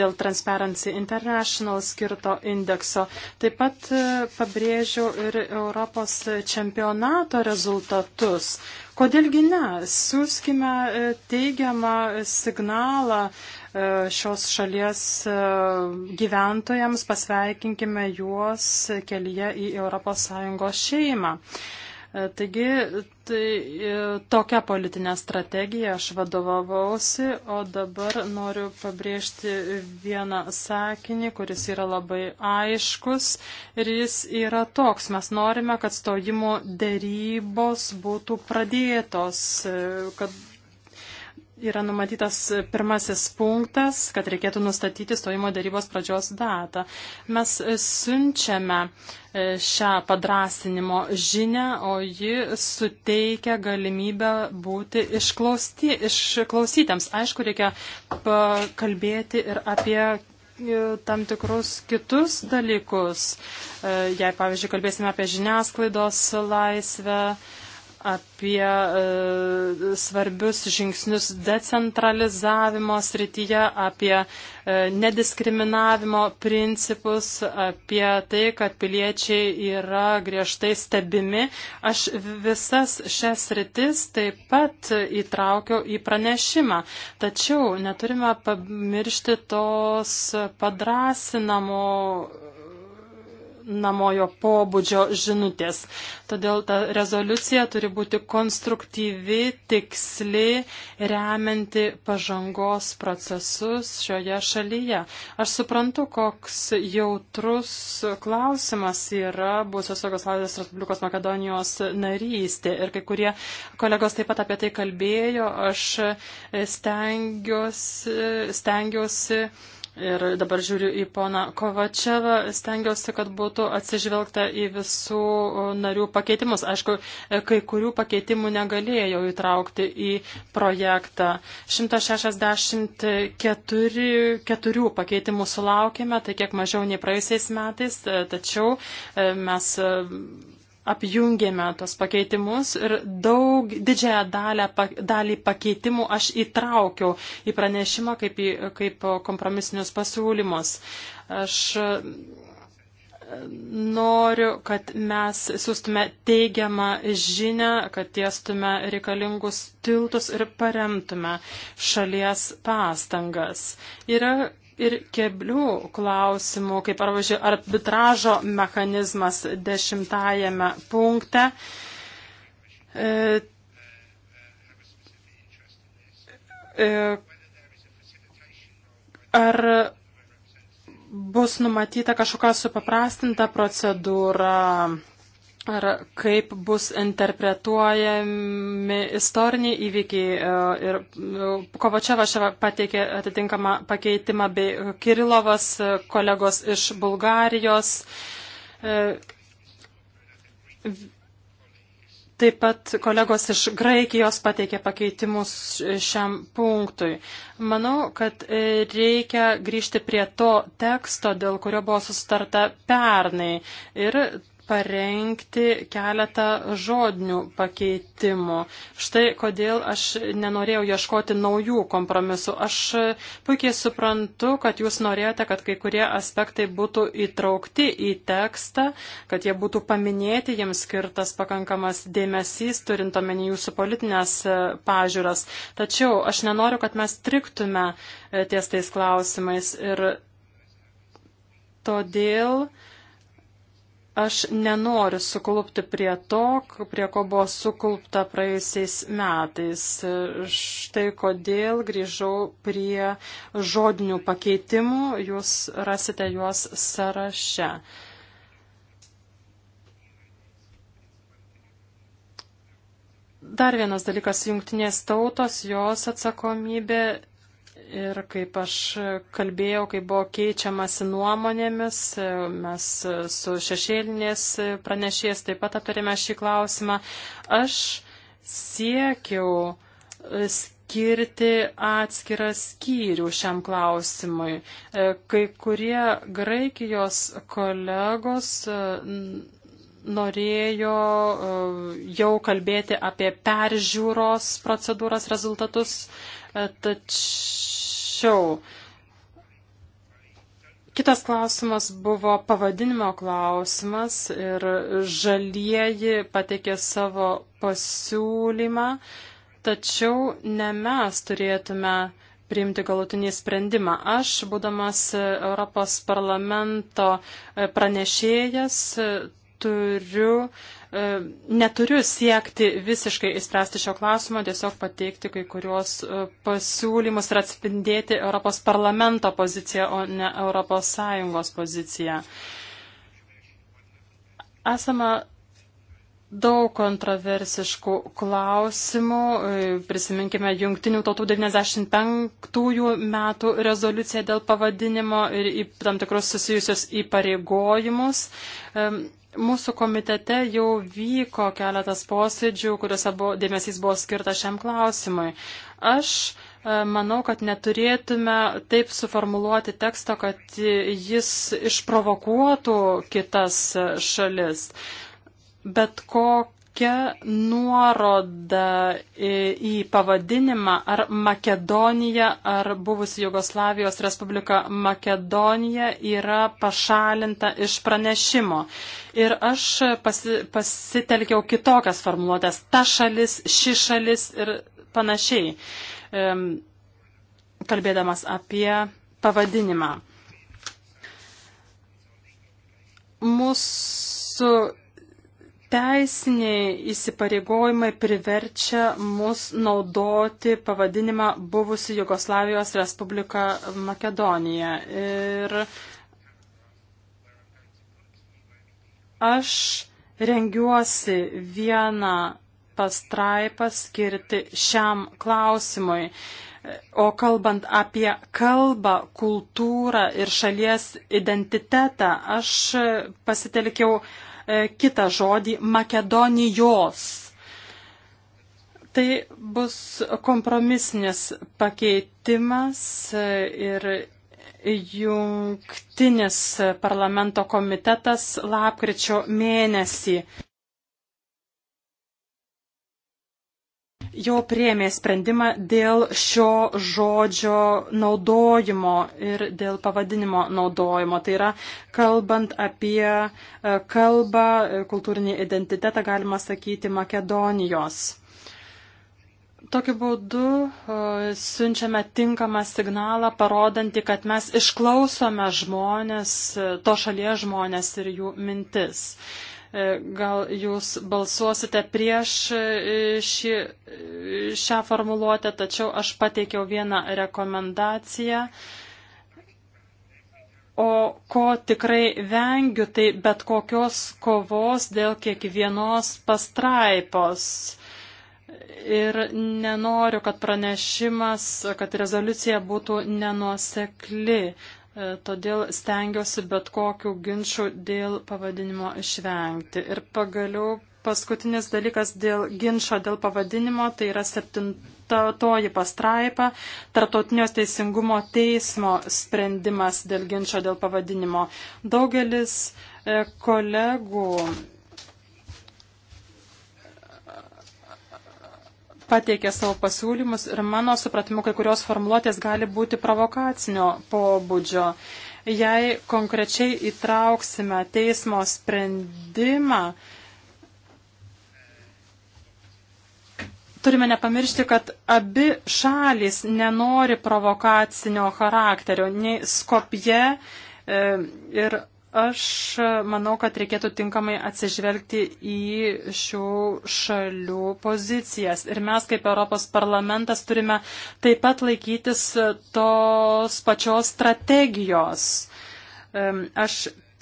dėl Transparency International skirto indekso. Taip pat e, pabrėžiau ir Europos čempionato rezultatus. Kodėlgi ne? Siūskime teigiamą signalą šios šalies gyventojams, pasveikinkime juos kelyje į ES šeimą. E, taigi, tai e, tokia politinė strategija aš vadovavausi, o dabar noriu pabrėžti vieną sakinį, kuris yra labai aiškus ir jis yra toks. Mes norime, kad stojimo dėrybos būtų pradėtos, e, kad yra numatytas pirmasis punktas, kad reikėtų nustatyti stojimo darybos pradžios datą. Mes siunčiame e, šią padrasinimo žinę, o ji suteikia galimybę būti išklausti, išklausytėms. Aišku, reikia kalbėti ir apie e, tam tikrus kitus dalykus. E, jei, pavyzdžiui, kalbėsime apie žiniasklaidos laisvę, apie e, svarbius žingsnius decentralizavimo srityje, apie e, nediskriminavimo principus, apie tai, kad piliečiai yra griežtai stebimi. Aš visas šias sritis taip pat įtraukiau į pranešimą. Tačiau neturime pamiršti tos padrasinamo namojo pobūdžio žinutės. Todėl ta rezoliucija turi būti konstruktyvi, tiksli, remianti pažangos procesus šioje šalyje. Aš suprantu, koks jautrus klausimas yra buvusios Jugoslavijos Respublikos Makedonijos narystė. Ir kai kurie kolegos taip pat apie tai kalbėjo, aš stengiuosi, stengiuosi Ir dabar žiūriu į poną Kovačevą, stengiausi, kad būtų atsižvelgta į visų narių pakeitimus. Aišku, e, kai kurių pakeitimų negalėjau įtraukti į projektą. 164 pakeitimų sulaukėme, tai kiek mažiau nei praėjusiais metais, e, tačiau e, mes apjungėme tos pakeitimus ir daug didžiąją dalę, dalį pakeitimų aš įtraukiau į pranešimą kaip, į, kaip kompromisinius pasiūlymus. Aš e, noriu, kad mes siūstume teigiamą žinę, kad tiestume reikalingus tiltus ir paremtume šalies pastangas. Yra ir keblių klausimų, kaip pavyzdžiui, arbitražo mechanizmas dešimtajame punkte. E, e, ar bus numatyta kažkokia supaprastinta procedūra? ar kaip bus interpretuojami istoriniai įvykiai. E, ir e, Kovačevas pateikė atitinkamą pakeitimą, bei Kirilovas, e, kolegos iš Bulgarijos. Taip pat kolegos iš Graikijos pateikė pakeitimus šiam punktui. Manau, kad reikia grįžti prie to teksto, dėl kurio buvo sustarta pernai. Ir parengti keletą žodinių pakeitimų. Štai kodėl aš nenorėjau ieškoti naujų kompromisų. Aš puikiai suprantu, kad jūs norėjote, kad kai kurie aspektai būtų įtraukti į tekstą, kad jie būtų paminėti, jiems skirtas pakankamas dėmesys, turint omeny jūsų politinės pažiūras. Tačiau aš nenoriu, kad mes triktume e, ties tais klausimais ir todėl, uh, Aš nenoriu suklupti prie to, prie ko buvo suklupta praėjusiais metais. Štai kodėl grįžau prie žodinių pakeitimų, jūs rasite juos sąraše. Dar vienas dalykas - jungtinės tautos, jos atsakomybė Ir kaip aš kalbėjau, kai buvo keičiamasi nuomonėmis, mes su šešėlinės pranešėjas taip pat aptarėme šį klausimą. Aš siekiau skirti atskirą skyrių šiam klausimui. Kai kurie Graikijos kolegos norėjo e, jau kalbėti apie peržiūros procedūros rezultatus E, tačiau kitas klausimas buvo pavadinimo klausimas ir žalieji pateikė savo pasiūlymą, tačiau ne mes turėtume priimti galutinį sprendimą. Aš, būdamas Europos parlamento pranešėjas, turiu E, neturiu siekti visiškai įspręsti šio klausimo, tiesiog pateikti kai kurios e, pasiūlymus ir atspindėti Europos parlamento poziciją, o ne Europos Sąjungos poziciją. Esama daug kontroversiškų klausimų. E, prisiminkime Junktinių tautų 95 metų rezoliuciją dėl pavadinimo ir tam tikrus susijusius įpareigojimus. Mūsų komitete jau vyko keletas posėdžių, kuriuose buvo, dėmesys buvo skirtas šiam klausimui. Aš e, manau, kad neturėtume taip suformuluoti teksto, kad jis išprovokuotų kitas e, šalis. Bet kokia jokia nuoroda į pavadinimą ar Makedonija ar buvusi Jugoslavijos Respublika Makedonija yra pašalinta iš pranešimo. Ir aš pasi, pasitelkiau kitokias formuluotės - ta šalis, ši šalis ir panašiai, kalbėdamas apie pavadinimą. Mūsų teisiniai įsipareigojimai priverčia mus naudoti pavadinimą buvusi Jugoslavijos Respublika Makedonija. Ir aš rengiuosi vieną pastraipą skirti šiam klausimui. O kalbant apie kalbą, kultūrą ir šalies identitetą, aš pasitelkiau E, kitą žodį Makedonijos. Tai bus kompromisnis pakeitimas e, ir jungtinis parlamento komitetas lapkričio mėnesį jau priemė sprendimą dėl šio žodžio naudojimo ir dėl pavadinimo naudojimo. Tai yra, kalbant apie e, kalbą, e, kultūrinį identitetą, galima sakyti, Makedonijos. Tokiu būdu e, siunčiame tinkamą signalą, parodantį, kad mes išklausome žmonės, to šalies žmonės ir jų mintis. E, gal jūs balsuosite prieš e, šį, e, šią formuluotę, tačiau aš pateikiau vieną rekomendaciją. O ko tikrai vengiu, tai bet kokios kovos dėl kiekvienos pastraipos. Ir nenoriu, kad pranešimas, kad rezoliucija būtų nenuosekli. E, todėl stengiuosi bet kokių ginčių dėl pavadinimo išvengti. Ir pagaliau paskutinis dalykas dėl ginčio dėl pavadinimo, tai yra septintoji pastraipa, tartautinio teisingumo teismo sprendimas dėl ginčio dėl pavadinimo. Daugelis e, kolegų pateikė savo pasiūlymus ir mano supratimu, kai kurios formuluotės gali būti provokacinio pobūdžio. Jei konkrečiai įtrauksime teismo sprendimą, turime nepamiršti, kad abi šalis nenori provokacinio charakterio, nei Skopje e, ir Aš manau, kad reikėtų tinkamai atsižvelgti į šių šalių pozicijas. Ir mes kaip Europos parlamentas turime taip pat laikytis tos pačios strategijos. Aš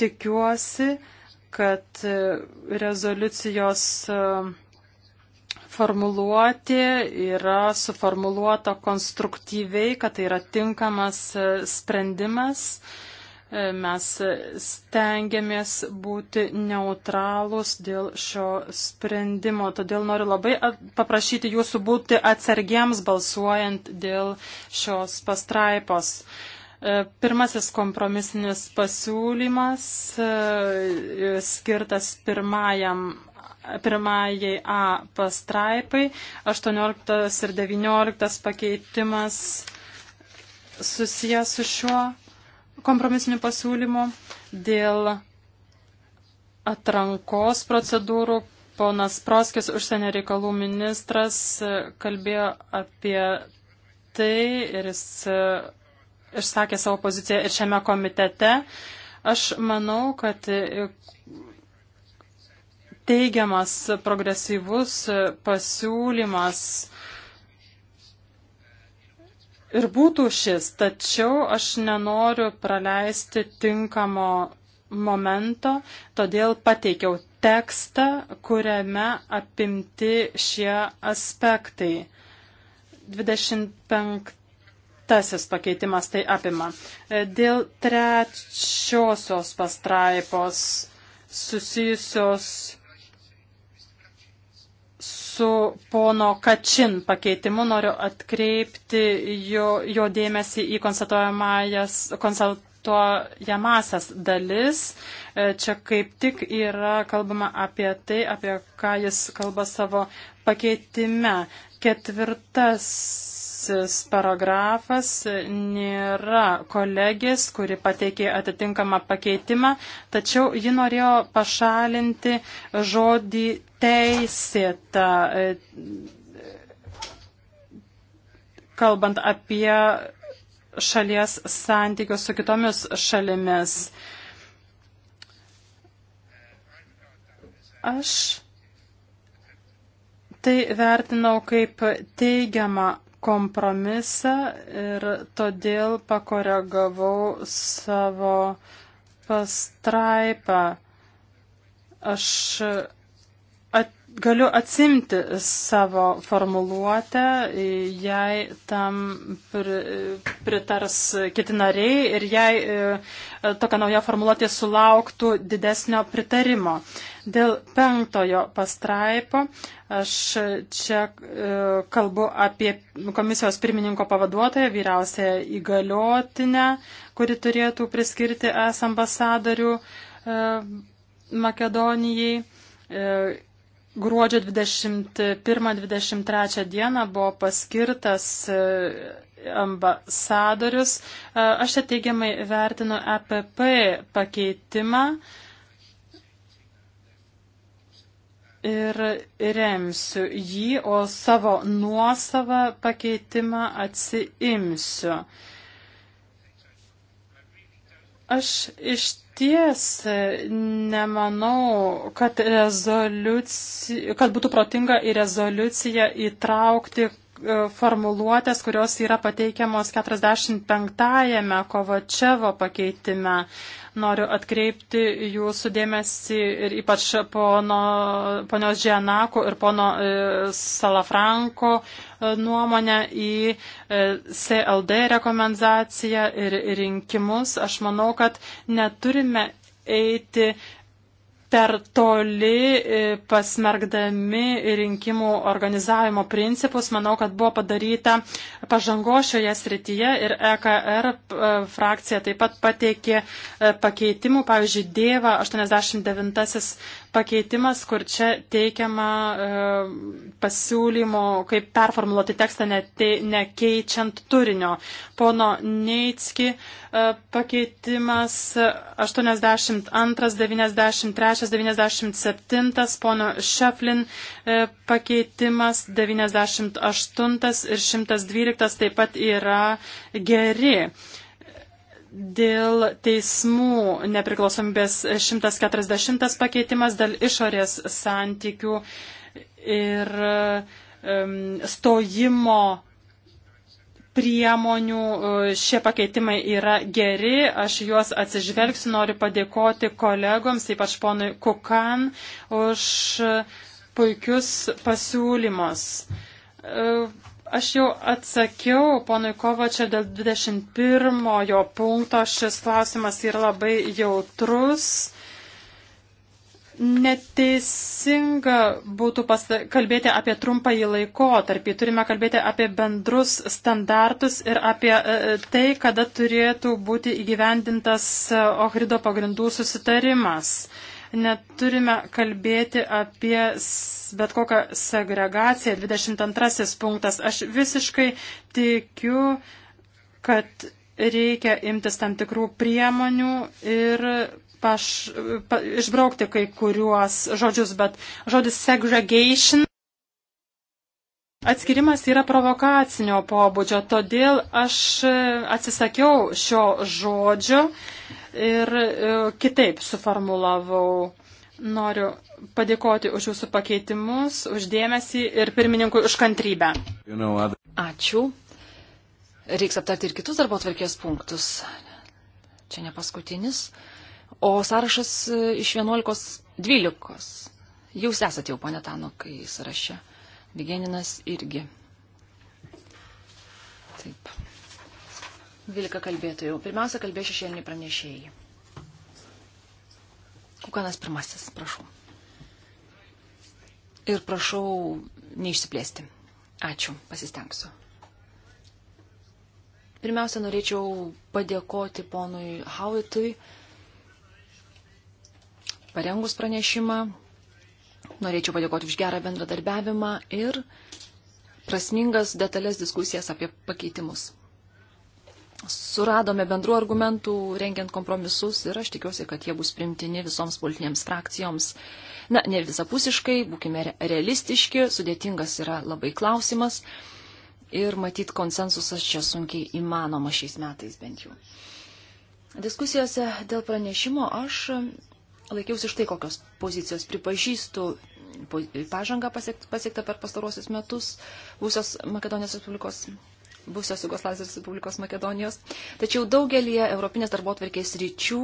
tikiuosi, kad rezoliucijos formuluoti yra suformuluota konstruktyviai, kad tai yra tinkamas e, sprendimas. Mes stengiamės būti neutralūs dėl šio sprendimo, todėl noriu labai paprašyti jūsų būti atsargiems balsuojant dėl šios pastraipos. E, pirmasis kompromisinis pasiūlymas e, skirtas pirmajam pirmajai A pastraipai, 18 ir 19 pakeitimas susijęs su šiuo kompromisinių pasiūlymų dėl atrankos procedūrų. Ponas Proskis, užsienio reikalų ministras, kalbėjo apie tai ir jis e, išsakė savo poziciją ir šiame komitete. Aš manau, kad e, teigiamas progresyvus e, pasiūlymas uh, ir būtų šis, tačiau aš nenoriu praleisti tinkamo momento, todėl pateikiau tekstą, kuriame apimti šie aspektai. 25 tasis pakeitimas tai apima. Dėl trečiosios pastraipos susijusios su pono Kačin pakeitimu. Noriu atkreipti jo, jo dėmesį į konstatuojamasias dalis. E, čia kaip tik yra kalbama apie tai, apie ką jis kalba savo pakeitime. Ketvirtas paragrafas nėra kolegės, kuri pateikė atitinkamą pakeitimą, tačiau ji norėjo pašalinti žodį teisėta, e, kalbant apie šalies santykius su kitomis šalimis. Aš tai vertinau kaip teigiamą kompromisą ir todėl pakoregavau savo pastraipą. Aš at, galiu atsimti savo formuluotę, jei tam pritars kiti nariai ir jei e, tokia nauja formuluotė sulauktų didesnio pritarimo. Dėl penktojo pastraipo Aš čia e, kalbu apie komisijos pirmininko pavaduotoją, vyriausią įgaliotinę, kuri turėtų priskirti es ambasadorių e, Makedonijai. E, gruodžio 21-23 dieną buvo paskirtas ambasadorius. Aš čia teigiamai vertinu EPP pakeitimą. ir remsiu jį, o savo nuosavą pakeitimą atsiimsiu. Aš iš ties nemanau, kad, kad būtų protinga į rezoliuciją įtraukti E, formuluotės, kurios yra pateikiamos 45-ame Kovačevo pakeitime. Noriu atkreipti jūsų dėmesį ir ypač pono, ponios Džianako ir pono e, Salafranko e, nuomonę į CLD rekomendaciją ir rinkimus. Aš manau, kad neturime eiti per toli e, pasmergdami rinkimų organizavimo principus. Manau, kad buvo padaryta pažango šioje srityje ir EKR e, frakcija taip pat pateikė e, pakeitimų. Pavyzdžiui, Dėva 89 pakeitimas, kur čia teikiama e, pasiūlymo, kaip performuluoti tekstą nete, nekeičiant turinio. Pono Neitski e, pakeitimas 82, 93, 97, pono Šeflin e, pakeitimas 98 ir 112 taip pat yra geri. E, Dėl teismų nepriklausomybės 140 pakeitimas, dėl išorės santykių ir um, stojimo priemonių e, šie pakeitimai yra geri, aš juos atsižvelgsiu, noriu padėkoti kolegoms, ypač ponui Kukan, už puikius pasiūlymus. Uh, Aš jau atsakiau ponui Kovačia dėl 21 punkto. Šis klausimas yra labai jautrus. Neteisinga būtų pasta, kalbėti apie trumpąjį laikotarpį. Turime kalbėti apie bendrus standartus ir apie e, e, tai, kada turėtų būti įgyvendintas e, Ohrido pagrindų susitarimas. Uh, neturime kalbėti apie bet kokią segregaciją. 22 punktas. Aš visiškai tikiu, kad reikia imtis tam tikrų priemonių ir paš, pa, išbraukti kai kuriuos žodžius, bet žodis segregation Atskirimas yra provokacinio pobūdžio, todėl aš e, atsisakiau šio žodžio ir e, kitaip suformulavau. Noriu padėkoti už jūsų pakeitimus, uždėmesį ir pirmininkui už kantrybę. Ačiū. Reiks aptarti ir kitus darbo atvarkės punktus. Čia ne paskutinis. O sąrašas e, iš 11.12. Jūs esate jau, pane Tano, kai sąraše. Vigeninas irgi. Taip. 12 kalbėtojų. Pirmiausia, kalbės šešėlinį pranešėjai. Kukanas pirmasis, prašau. Ir prašau neišsiplėsti. Ačiū, pasistengsiu. Pirmiausia, norėčiau padėkoti ponui Hauitui parengus pranešimą, Norėčiau padėkoti už gerą bendradarbiavimą ir prasmingas detalės diskusijas apie pakeitimus. Suradome bendrų argumentų, rengiant kompromisus ir aš tikiuosi, kad jie bus primtini visoms politinėms frakcijoms. Na, ne visapusiškai, būkime realistiški, sudėtingas yra labai klausimas ir matyt konsensusas čia sunkiai įmanoma šiais metais bent jau. Diskusijose dėl pranešimo aš laikiausi štai kokios pozicijos. Pripažįstu pažangą pasiektą per pastarosius metus Būsios Makedonijos Respublikos buvusios Jugoslavijos Respublikos Makedonijos. Tačiau daugelie Europinės darbo atverkės ryčių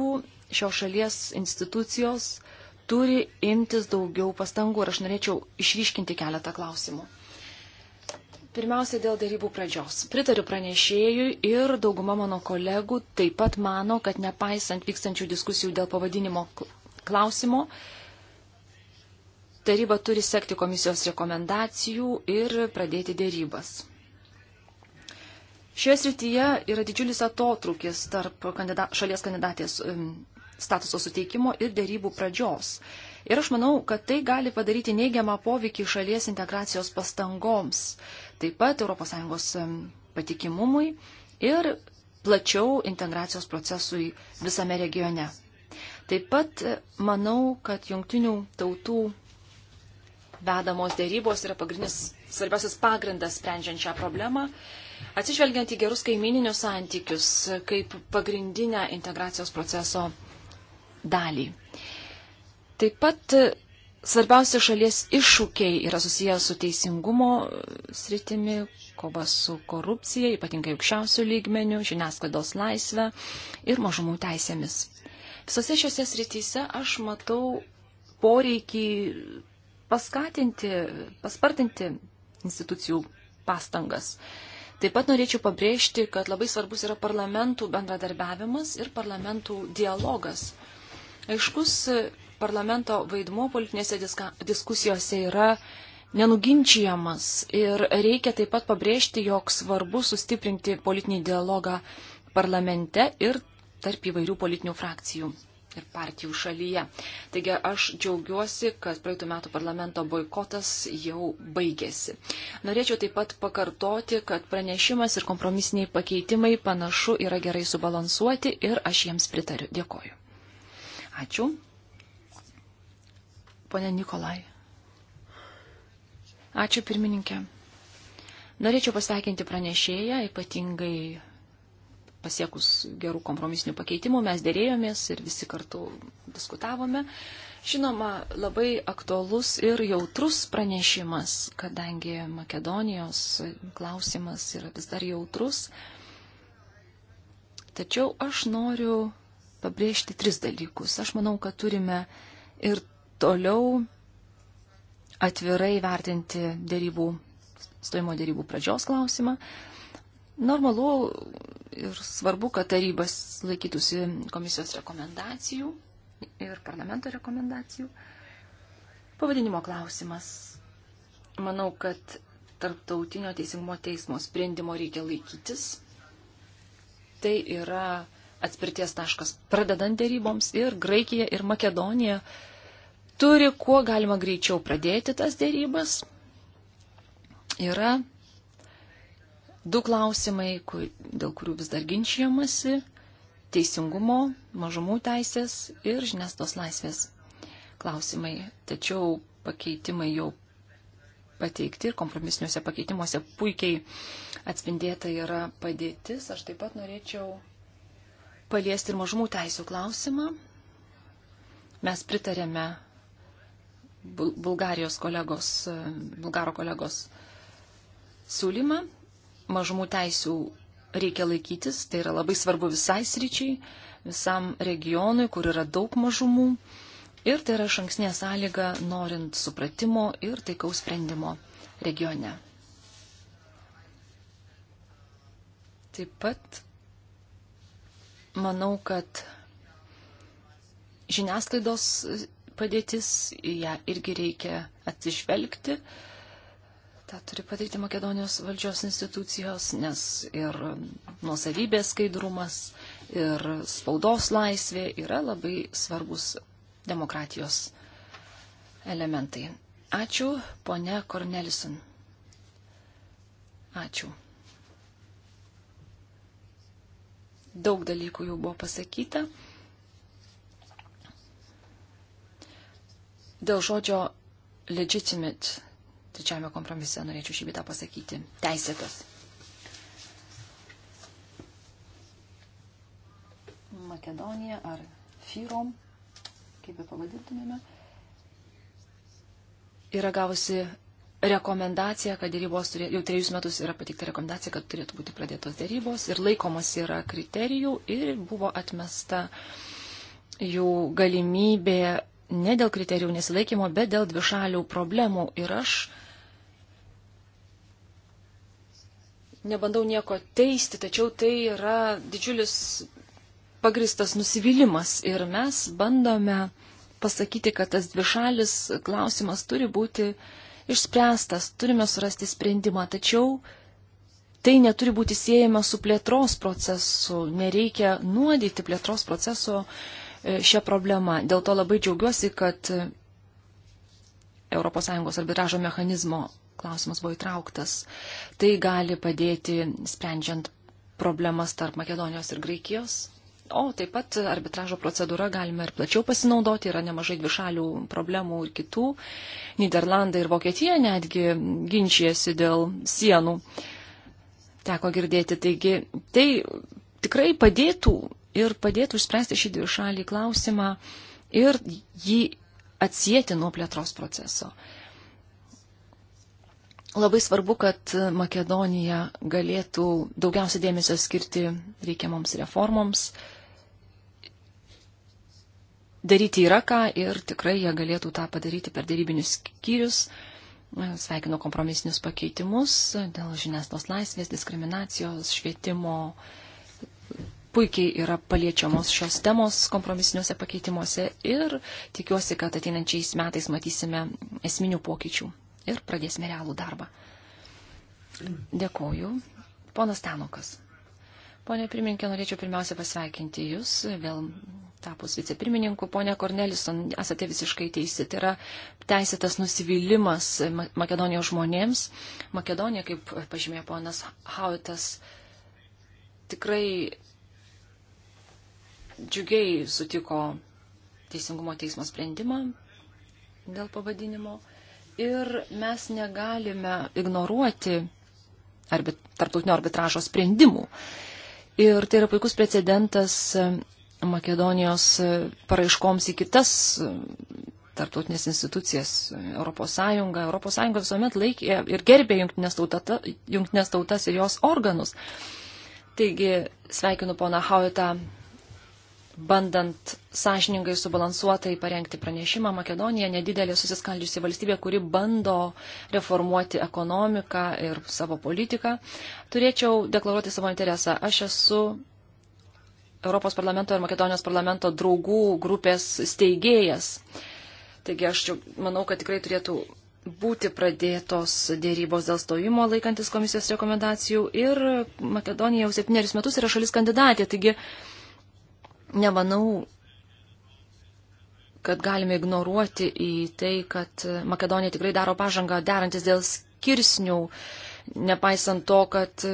šios šalies institucijos turi imtis daugiau pastangų ir aš norėčiau išryškinti keletą klausimų. Pirmiausia, dėl darybų pradžios. Pritariu pranešėjui ir dauguma mano kolegų taip pat mano, kad nepaisant vykstančių diskusijų dėl pavadinimo klausimo. Taryba turi sekti komisijos rekomendacijų ir pradėti dėrybas. Šioje srityje yra didžiulis atotrukis tarp kandida šalies kandidatės statuso suteikimo ir dėrybų pradžios. Ir aš manau, kad tai gali padaryti neigiamą poveikį šalies integracijos pastangoms, taip pat ES patikimumui ir plačiau integracijos procesui visame regione. Taip pat e, manau, kad jungtinių tautų vedamos dėrybos yra pagrindinis svarbiausias pagrindas sprendžiant šią problemą, atsižvelgiant į gerus kaimininius santykius e, kaip pagrindinę integracijos proceso dalį. Taip pat e, svarbiausi šalies iššūkiai yra susijęs su teisingumo sritimi, kova su korupcija, ypatingai aukščiausių lygmenių, žiniasklaidos laisvė ir mažumų teisėmis. Visose šiose srityse aš matau poreikį paskatinti, paspartinti institucijų pastangas. Taip pat norėčiau pabrėžti, kad labai svarbus yra parlamentų bendradarbiavimas ir parlamentų dialogas. Aiškus parlamento vaidmo politinėse diskusijose yra nenuginčiamas ir reikia taip pat pabrėžti, jog svarbu sustiprinti politinį dialogą parlamente ir tarp įvairių politinių frakcijų ir partijų šalyje. Taigi aš džiaugiuosi, kad praeitų metų parlamento boikotas jau baigėsi. Norėčiau taip pat pakartoti, kad pranešimas ir kompromisiniai pakeitimai panašu yra gerai subalansuoti ir aš jiems pritariu. Dėkoju. Ačiū. Pone Nikolai. Ačiū pirmininkė. Norėčiau pasveikinti pranešėją, ypatingai pasiekus gerų kompromisinių pakeitimų, mes dėrėjomės ir visi kartu diskutavome. Žinoma, labai aktuolus ir jautrus pranešimas, kadangi Makedonijos klausimas yra vis dar jautrus. Tačiau aš noriu pabrėžti tris dalykus. Aš manau, kad turime ir toliau atvirai vertinti dėrybų, stojimo dėrybų pradžios klausimą. Normalu ir svarbu, kad tarybas laikytųsi komisijos rekomendacijų ir parlamento rekomendacijų. Pavadinimo klausimas. Manau, kad tarptautinio teisingumo teismo sprendimo reikia laikytis. Tai yra atspirties taškas pradedant dėryboms ir Graikija ir Makedonija turi kuo galima greičiau pradėti tas dėrybas. Yra Du klausimai, kur, dėl kurių vis dar ginčiamasi - teisingumo, mažumų teisės ir žiniasklaidos laisvės klausimai. Tačiau pakeitimai jau pateikti ir kompromisiniuose pakeitimuose puikiai atspindėta yra padėtis. Aš taip pat norėčiau paliesti ir mažumų teisų klausimą. Mes pritarėme Bulgarijos kolegos, Bulgaro kolegos siūlymą mažumų teisių reikia laikytis, tai yra labai svarbu visai sryčiai, visam regionui, kur yra daug mažumų. Ir tai yra šanksnė sąlyga norint supratimo ir taikaus sprendimo regione. Taip pat manau, kad žiniasklaidos padėtis, į ją irgi reikia atsižvelgti. Uh, Ta turi padaryti Makedonijos valdžios institucijos, nes ir nuosavybės skaidrumas, ir spaudos laisvė yra labai svarbus demokratijos elementai. Ačiū, ponia Cornelison. Ačiū. Daug dalykų jau buvo pasakyta. Dėl žodžio legitimate trečiame kompromise norėčiau šį bitą pasakyti. Teisėtos. Makedonija ar Fyrom, kaip be pavadintumėme, yra gavusi rekomendacija, kad dėrybos turė, jau trejus metus yra patikta rekomendacija, kad turėtų būti pradėtos dėrybos ir laikomas yra kriterijų ir buvo atmesta jų galimybė ne dėl kriterijų nesilaikymo, bet dėl dvišalių problemų. Ir aš nebandau nieko teisti, tačiau tai yra didžiulis pagristas nusivylimas. Ir mes bandome pasakyti, kad tas dvišalis klausimas turi būti išspręstas, turime surasti sprendimą. Tačiau tai neturi būti siejama su plėtros procesu, nereikia nuodyti plėtros proceso E, šią problemą. Dėl to labai džiaugiuosi, kad ES arbitražo mechanizmo klausimas buvo įtrauktas. Tai gali padėti sprendžiant problemas tarp Makedonijos ir Graikijos. O taip pat arbitražo procedūra galime ir plačiau pasinaudoti, yra nemažai dvišalių problemų ir kitų. Niderlandai ir Vokietija netgi ginčijasi dėl sienų. Teko girdėti, taigi tai tikrai padėtų ir padėtų išspręsti šį dvišalį klausimą ir jį atsijėti nuo plėtros proceso. Labai svarbu, kad Makedonija galėtų daugiausia dėmesio skirti reikiamoms reformoms. Daryti yra ką ir tikrai jie galėtų tą padaryti per darybinius skyrius. Sveikinu kompromisinius pakeitimus dėl žiniasklaidos laisvės, diskriminacijos, švietimo, puikiai yra paliečiamos šios temos kompromisiniuose pakeitimuose ir tikiuosi, kad ateinančiais metais matysime esminių pokyčių ir pradėsime realų darbą. Dėkoju. Ponas Tanukas. Pone pirmininkė, norėčiau pirmiausia pasveikinti Jūs vėl tapus vicepirmininku. Pone Kornelison, esate visiškai teisi. Tai yra teisėtas nusivylimas Makedonijos žmonėms. Makedonija, kaip pažymėjo ponas Hautas, tikrai džiugiai sutiko Teisingumo teismo sprendimą dėl pavadinimo. Ir mes negalime ignoruoti arbit, tarptautinio arbitražo sprendimų. Ir tai yra puikus precedentas Makedonijos paraiškoms į kitas tarptautinės institucijas, Europos Sąjunga. Europos Sąjunga visuomet laikė ir gerbė jungtinės, tautata, jungtinės tautas ir jos organus. Taigi sveikinu poną Haujotą bandant sąžiningai subalansuotai parengti pranešimą, Makedonija nedidelė susiskaldžiusi valstybė, kuri bando reformuoti ekonomiką ir savo politiką. Turėčiau deklaruoti savo interesą. Aš esu Europos parlamento ir Makedonijos parlamento draugų grupės steigėjas. Taigi aš manau, kad tikrai turėtų būti pradėtos dėrybos dėl stojimo laikantis komisijos rekomendacijų ir Makedonija jau septynerius metus yra šalis kandidatė. Taigi nemanau, kad galime ignoruoti į tai, kad Makedonija tikrai daro pažangą derantis dėl skirsnių, nepaisant to, kad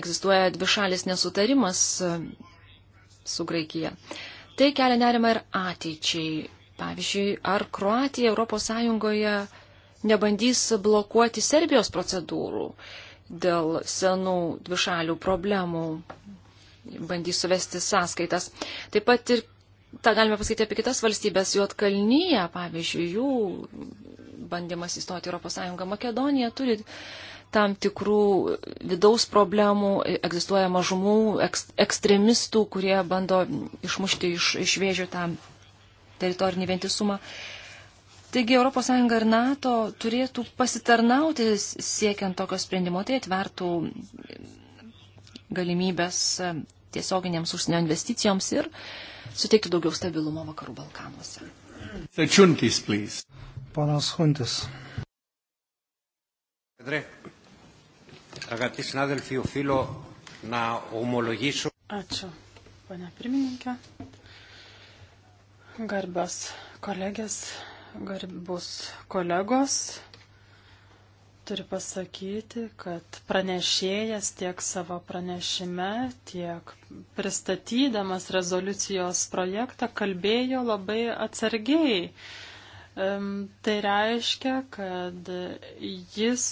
egzistuoja dvišalis nesutarimas su Graikija. Tai kelia nerima ir ateičiai. Pavyzdžiui, ar Kroatija ES nebandys blokuoti Serbijos procedūrų dėl senų dvišalių problemų, bandys suvesti sąskaitas. Taip pat ir tą galime pasakyti apie kitas valstybės, Juotkalnyje, pavyzdžiui, jų bandymas įstoti Europos Sąjungą, Makedonija turi tam tikrų vidaus problemų, egzistuoja mažumų, ek, ekstremistų, kurie bando išmušti iš, iš vėžių tą teritorinį vientisumą. Taigi ES ir NATO turėtų pasitarnauti siekiant tokio sprendimo, tai atvertų galimybės tiesioginėms užsienio investicijoms ir suteiktų daugiau stabilumo vakarų Balkanuose. Čiuntis, please. Ponas Huntis. Ačiū, ponia pirmininkė. Garbios kolegės, garbus kolegos turiu pasakyti, kad pranešėjas tiek savo pranešime, tiek pristatydamas rezoliucijos projektą kalbėjo labai atsargiai. Tai reiškia, kad jis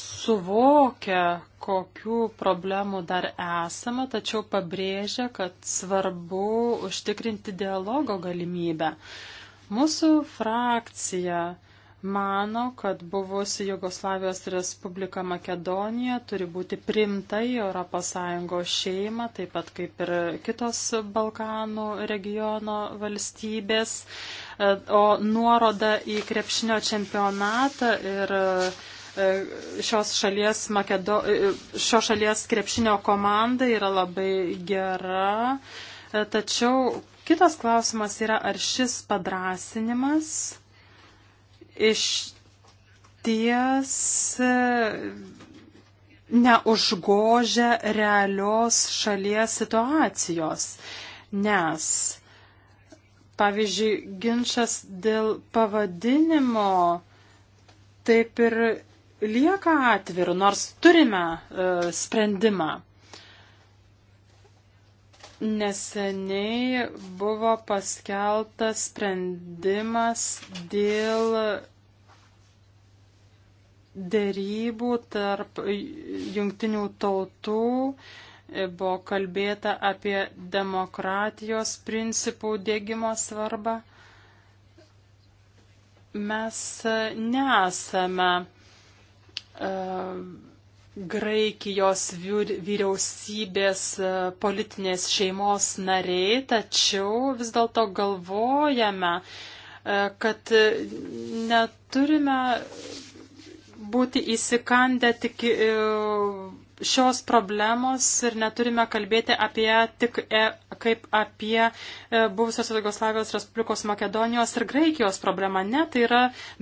suvokia, kokių problemų dar esama, tačiau pabrėžia, kad svarbu užtikrinti dialogo galimybę. Mūsų frakcija mano, kad buvusi Jugoslavijos Respublika Makedonija turi būti primta į ES šeimą, taip pat kaip ir kitos Balkanų regiono valstybės. E, o nuoroda į krepšinio čempionatą ir e, šios šalies, Makedo, e, šios šalies krepšinio komanda yra labai gera. Tačiau kitas klausimas yra, ar šis padrasinimas iš ties e, neužgožia realios šalies situacijos, nes, pavyzdžiui, ginčas dėl pavadinimo taip ir lieka atviru, nors turime e, sprendimą. Neseniai buvo paskeltas sprendimas dėl dėrybų tarp jungtinių tautų buvo kalbėta apie demokratijos principų dėgymo svarbą. Mes nesame uh, Graikijos vyriausybės e, politinės šeimos nariai, tačiau vis dėlto galvojame, e, kad neturime būti įsikandę tik e, šios problemos ir neturime kalbėti apie tik e, kaip apie e, buvusios Jugoslavijos Respublikos Makedonijos ir Graikijos problemą. Ne, tai yra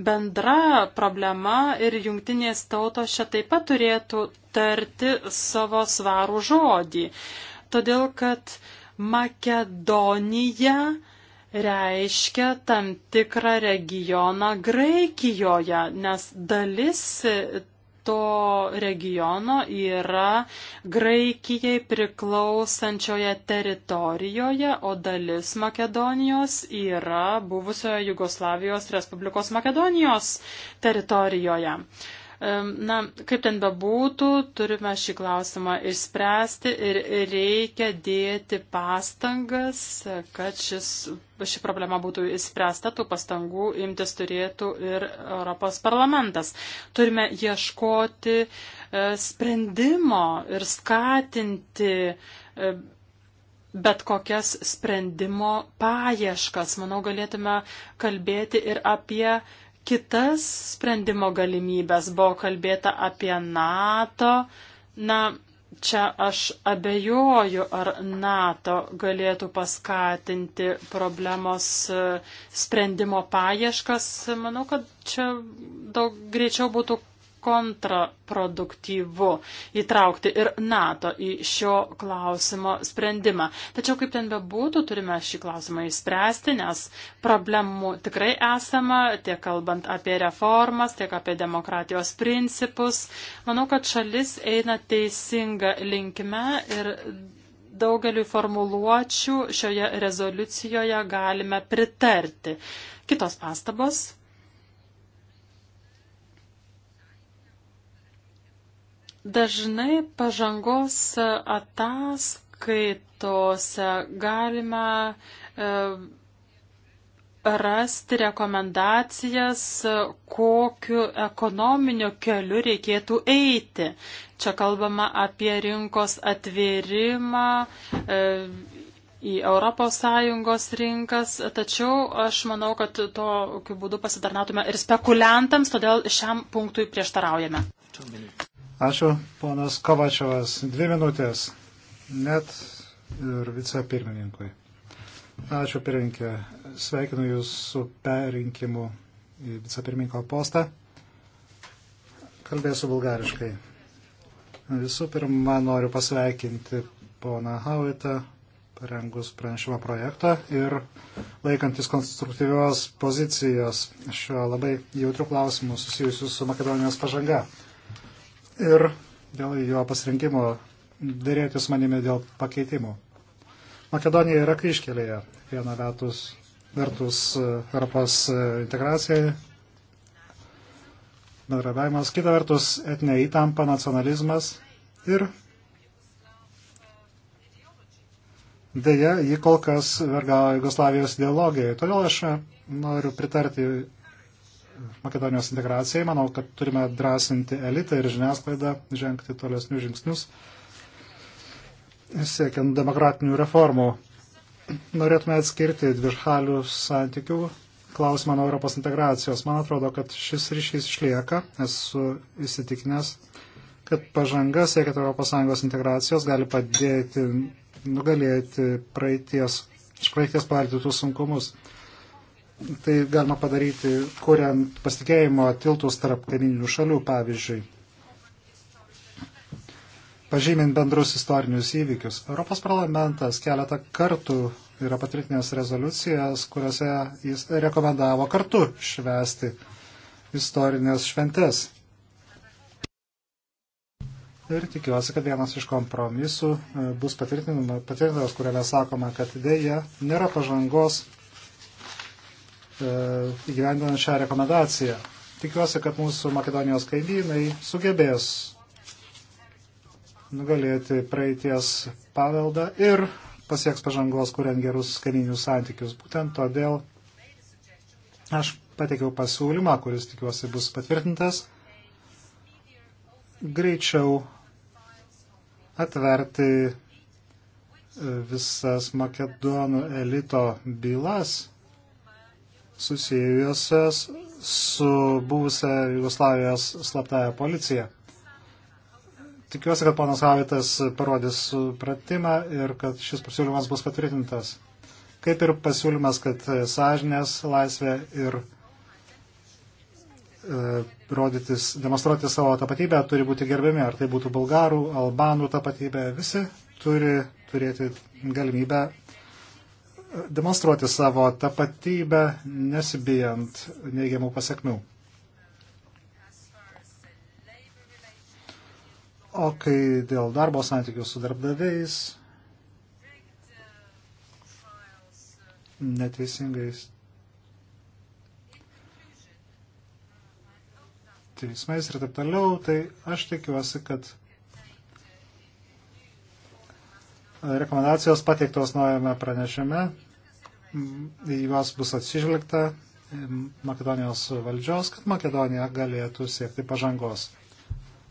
bendra problema ir jungtinės tautos čia taip pat turėtų tarti savo svarų žodį. Todėl, kad Makedonija reiškia tam tikrą regioną Graikijoje, nes dalis to regiono yra Graikijai priklausančioje teritorijoje, o dalis Makedonijos yra buvusioje Jugoslavijos Respublikos Makedonijos teritorijoje. Na, kaip ten bebūtų, turime šį klausimą išspręsti ir reikia dėti pastangas, kad šis, ši problema būtų išspręsta, tų pastangų imtis turėtų ir Europos parlamentas. Turime ieškoti e, sprendimo ir skatinti e, bet kokias sprendimo paieškas. Manau, galėtume kalbėti ir apie kitas sprendimo galimybės. Buvo kalbėta apie NATO. Na, čia aš abejoju, ar NATO galėtų paskatinti problemos e, sprendimo paieškas. Manau, kad čia daug greičiau būtų kontraproduktyvu įtraukti ir NATO į šio klausimo sprendimą. Tačiau kaip ten bebūtų, turime šį klausimą įspręsti, nes problemų tikrai esama, tiek kalbant apie reformas, tiek apie demokratijos principus. Manau, kad šalis eina teisinga linkme ir daugeliu formuluočių šioje rezoliucijoje galime pritarti. Kitos pastabos? Dažnai pažangos ataskaitose galima e, rasti rekomendacijas, kokiu ekonominiu keliu reikėtų eiti. Čia kalbama apie rinkos atvėrimą, e, į ES rinkas, tačiau aš manau, kad tokiu būdu pasitarnautume ir spekuliantams, todėl šiam punktui prieštaraujame. Ačiū, ponas Kovačiovas. Dvi minutės. Net ir vicepirmininkui. Ačiū, pirmininkė. Sveikinu Jūs su perrinkimu į vicepirmininko postą. Kalbėsiu bulgariškai. Visų pirma, noriu pasveikinti poną Havitą, parengus pranešimo projektą ir laikantis konstruktyvios pozicijos šiuo labai jautriu klausimu susijusiu su Makedonijos pažanga ir dėl jo pasirinkimo dėrėti su manimi dėl pakeitimų. Makedonija yra kryškelėje. Viena vertus, vertus e, Europos e, integracija, bendravimas, kita vertus etinė įtampa, nacionalizmas ir dėja jį kol kas vergavo Jugoslavijos ideologijai. Todėl aš noriu pritarti Makedonijos integracijai. Manau, kad turime drąsinti elitą ir žiniasklaidą žengti tolesnius žingsnius, siekiant demokratinių reformų. Norėtume atskirti dvišalių santykių klausimą nuo Europos integracijos. Man atrodo, kad šis ryšys išlieka. Esu įsitikinęs, kad pažanga siekiant ES integracijos gali padėti nugalėti praeities, iš praeities partytų sunkumus. Tai galima padaryti, kuriant pasitikėjimo tiltus tarp kaiminių šalių, pavyzdžiui, pažymint bendrus istorinius įvykius. Europos parlamentas keletą kartų yra patvirtinęs rezoliucijas, kuriuose jis rekomendavo kartu švesti istorinės šventes. Ir tikiuosi, kad vienas iš kompromisų e, bus patvirtinamas, kuriame sakoma, kad dėja nėra pažangos E, įgyvendinant šią rekomendaciją. Tikiuosi, kad mūsų Makedonijos kaimynai sugebės nugalėti praeities paveldą ir pasieks pažangos, kuriant gerus kaiminius santykius. Būtent todėl aš pateikiau pasiūlymą, kuris tikiuosi bus patvirtintas, greičiau atverti visas makedonų elito bylas susijusias su buvusia Jugoslavijos slaptaja policija. Tikiuosi, kad ponas Havitas parodys supratimą ir kad šis pasiūlymas bus patvirtintas. Kaip ir pasiūlymas, kad sąžinės laisvė ir e, rodytis, demonstruoti savo tapatybę turi būti gerbiami, ar tai būtų bulgarų, albanų tapatybė, visi turi turėti galimybę demonstruoti savo tapatybę, nesibijant neigiamų pasiekmių. O kai dėl darbo santykių su darbdaviais, neteisingais teismais ir taip toliau, tai aš tikiuosi, kad Rekomendacijos pateiktos naujame pranešime, juos bus atsižvelgta Makedonijos valdžios, kad Makedonija galėtų siekti pažangos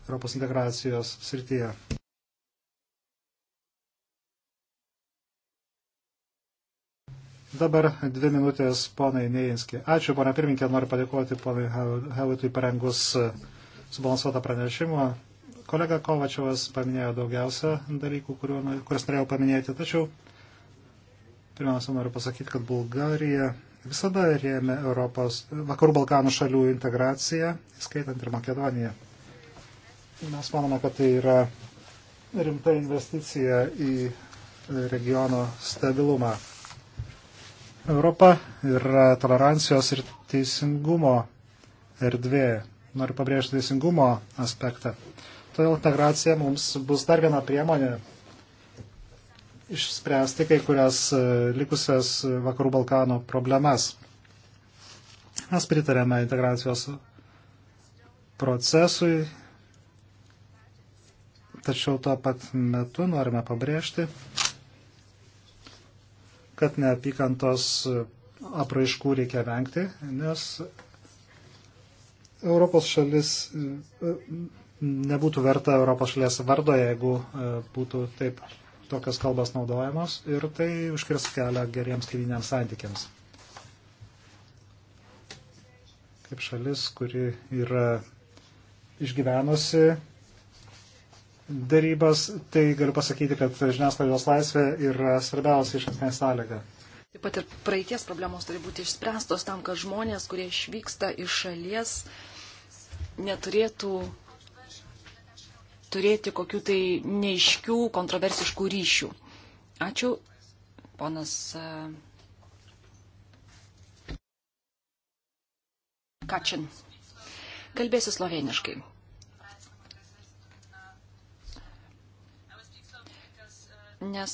Europos integracijos srityje. Dabar dvi minutės ponai Neinski. Ačiū, ponia pirminkė, noriu padėkoti ponai Havitui parengus subalansuotą pranešimą. Kolega Kovačiovas paminėjo daugiausia dalykų, kuriuos norėjau paminėti, tačiau pirmiausia noriu pasakyti, kad Bulgarija visada rėmė Europos, vakarų Balkanų šalių integraciją, skaitant ir Makedoniją. Mes manome, kad tai yra rimta investicija į regiono stabilumą. Europa yra tolerancijos ir teisingumo erdvė. Noriu pabrėžti teisingumo aspektą. Todėl integracija mums bus dar viena priemonė išspręsti kai kurias e, likusias e, Vakarų Balkanų problemas. Mes pritarėme integracijos procesui, tačiau tuo pat metu norime pabrėžti, kad neapykantos apraiškų reikia vengti, nes Europos šalis e, nebūtų verta Europos šalies vardo, jeigu e, būtų taip tokios kalbas naudojamos ir tai užkirs kelią geriems kaiminiams santykiams. Kaip šalis, kuri yra išgyvenusi darybas, tai galiu pasakyti, kad žiniasklaidos laisvė yra svarbiausia iš esmės sąlyga. Taip pat ir praeities problemos turi būti išspręstos tam, kad žmonės, kurie išvyksta iš šalies, neturėtų turėti kokių tai neiškių, kontroversiškų ryšių. Ačiū, ponas. E, Kačin. Kalbėsiu sloveniškai. Nes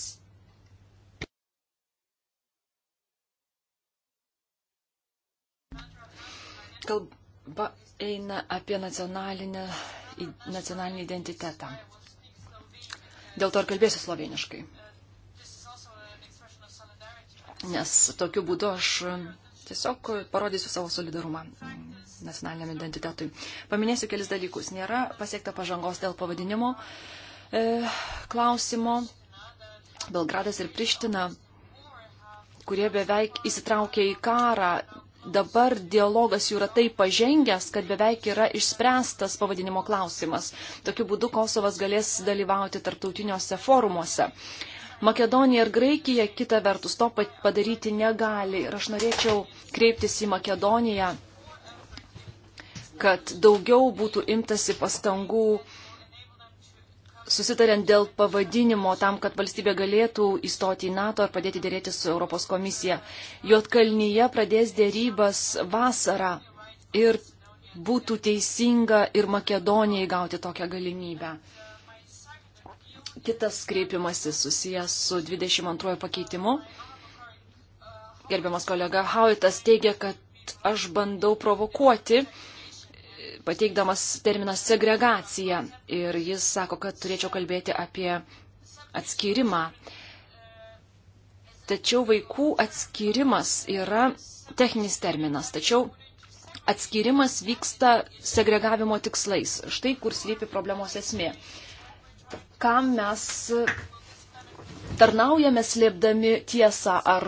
kalba eina apie nacionalinę nacionalinį identitetą. Dėl to ir kalbėsiu sloveniškai. Nes tokiu būdu aš tiesiog parodysiu savo solidarumą nacionaliniam identitetui. Paminėsiu kelis dalykus. Nėra pasiekta pažangos dėl pavadinimo e, klausimo. Belgradas ir Priština, kurie beveik įsitraukė į karą, dabar dialogas jau yra taip pažengęs, kad beveik yra išspręstas pavadinimo klausimas. Tokiu būdu Kosovas galės dalyvauti tarptautiniuose forumuose. Makedonija ir Graikija kita vertus to padaryti negali. Ir aš norėčiau kreiptis į Makedoniją, kad daugiau būtų imtasi pastangų uh, susitariant dėl pavadinimo tam, kad valstybė galėtų įstoti į NATO ir padėti dėrėti su Europos komisija. Jotkalnyje pradės dėrybas vasarą ir būtų teisinga ir Makedonijai gauti tokią galimybę. Kitas kreipimasis susijęs su 22 pakeitimu. Gerbiamas kolega Hauitas teigia, kad aš bandau provokuoti uh, pateikdamas terminą segregacija ir jis sako, kad turėčiau kalbėti apie atskirimą. Tačiau vaikų atskirimas yra techninis terminas, tačiau atskirimas vyksta segregavimo tikslais. Štai kur slypi problemos esmė. Kam mes tarnaujame slėpdami tiesą ar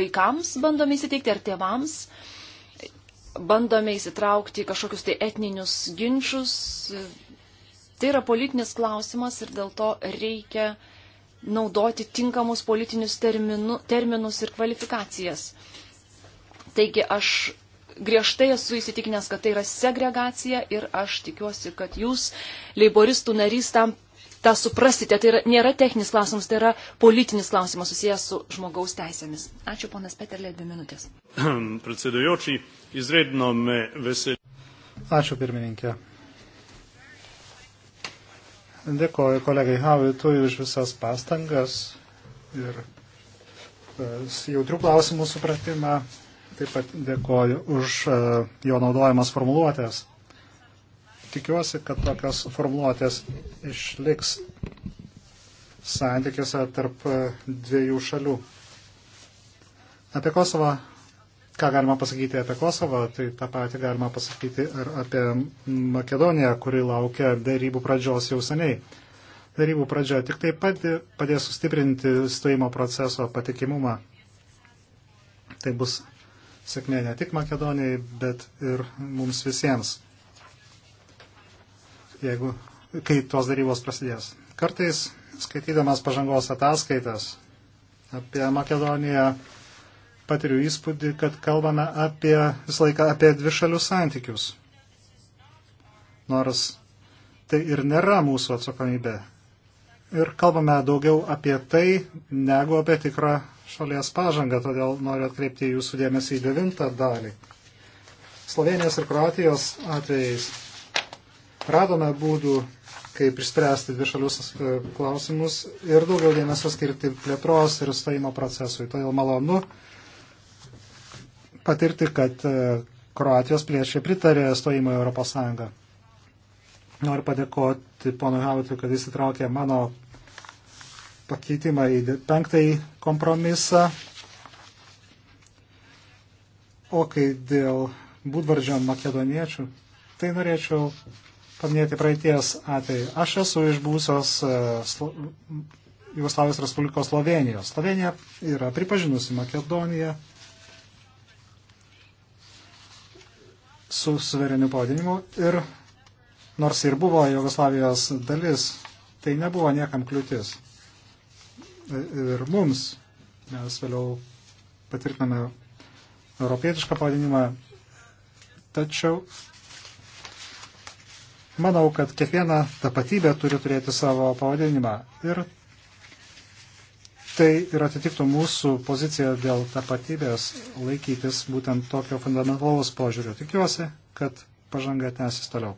vaikams bandome įsiteikti, ar tėvams? Uh, bandome įsitraukti į kažkokius tai etninius ginčius. Tai yra politinis klausimas ir dėl to reikia naudoti tinkamus politinius terminu, terminus ir kvalifikacijas. Taigi aš griežtai esu įsitikinęs, kad tai yra segregacija ir aš tikiuosi, kad jūs, leiboristų narys, tam tą suprasite. Tai yra, nėra techninis klausimas, tai yra politinis klausimas susijęs su žmogaus teisėmis. Ačiū, ponas Peterlė, dvi minutės. Prasidėjočiai. Izredno me veseli. Ačiū pirmininkė. Dėkoju kolegai Havitui už visas pastangas ir e, jautrių klausimų supratimą. Taip pat dėkoju už e, jo naudojamas formuluotės. Tikiuosi, kad tokios formuluotės išliks santykiuose tarp e, dviejų šalių. Apie Kosovą ką galima pasakyti apie Kosovą, tai tą patį galima pasakyti ir apie Makedoniją, kuri laukia darybų pradžios jau seniai. Darybų pradžia tik taip pat padės sustiprinti stojimo proceso patikimumą. Tai bus sėkmė ne tik Makedonijai, bet ir mums visiems, jeigu, kai tos darybos prasidės. Kartais, skaitydamas pažangos ataskaitas apie Makedoniją, patiriu įspūdį, kad kalbame apie, visą laiką apie dvišalius santykius. Nors tai ir nėra mūsų atsakomybė. Ir kalbame daugiau apie tai, negu apie tikrą šalies pažangą, todėl noriu atkreipti jūsų dėmesį į devintą dalį. Slovenijos ir Kroatijos atvejais radome būdų, kaip išspręsti dvišalius e, klausimus ir daugiau dėmesio skirti plėtros ir stojimo procesui. Todėl malonu, patirti, kad e, Kroatijos priešai pritarė stojimo į Europos Sąjungą. Noriu padėkoti ponui Hautui, kad jis įtraukė mano pakeitimą į penktąjį kompromisą. O kai dėl būdvardžio makedoniečių, tai norėčiau paminėti praeities atvejį. Aš esu iš būsios e, Slo... Jugoslavijos Respublikos Slovenijos. Slovenija yra pripažinusi Makedoniją su suvereniu pavadinimu ir nors ir buvo Jugoslavijos dalis, tai nebuvo niekam kliūtis. Ir mums, mes vėliau patvirtiname europietišką pavadinimą, tačiau manau, kad kiekviena tapatybė turi turėti savo pavadinimą. Ir tai ir atitiktų mūsų poziciją dėl tapatybės laikytis būtent tokio fundamentalaus požiūrio. Tikiuosi, kad pažanga tęsis toliau.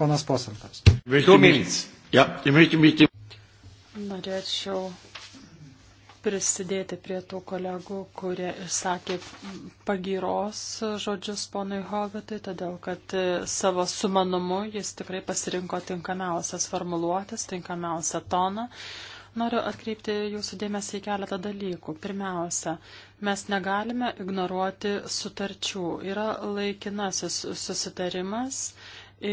Ponas Posantas. Norėčiau prisidėti prie tų kolegų, kurie išsakė pagyros žodžius ponui Hovitui, todėl kad savo sumanumu jis tikrai pasirinko tinkamiausias formuluotės, tinkamiausią toną. Uh, Noriu atkreipti jūsų dėmesį į keletą dalykų. Pirmiausia, mes negalime ignoruoti sutarčių. Yra laikinasis susitarimas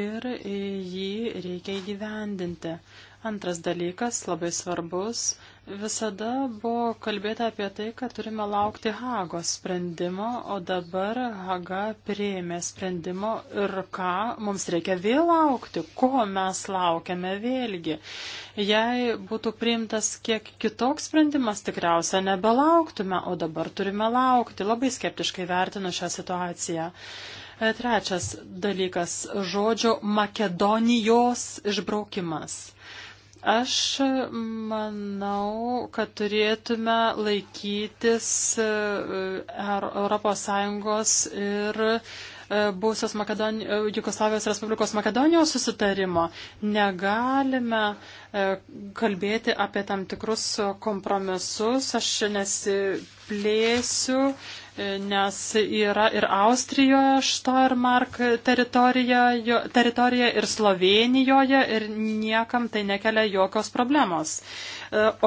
ir jį reikia įgyvendinti. Antras dalykas, labai svarbus, Visada buvo kalbėta apie tai, kad turime laukti Hagos sprendimo, o dabar Haga prieėmė sprendimo ir ką mums reikia vėl laukti, ko mes laukiame vėlgi. Jei būtų priimtas kiek kitoks sprendimas, tikriausia nebelauktume, o dabar turime laukti. Labai skeptiškai vertinu šią situaciją. E, trečias dalykas - žodžio Makedonijos išbraukimas. Aš manau, kad turėtume laikytis ES ir E, buvusios Makedon... E, Jugoslavijos Respublikos Makedonijos susitarimo. Negalime e, kalbėti apie tam tikrus kompromisus. Aš nesiplėsiu, nes yra ir Austrijoje Štoermark teritorija, teritorija ir Slovenijoje ir niekam tai nekelia jokios problemos.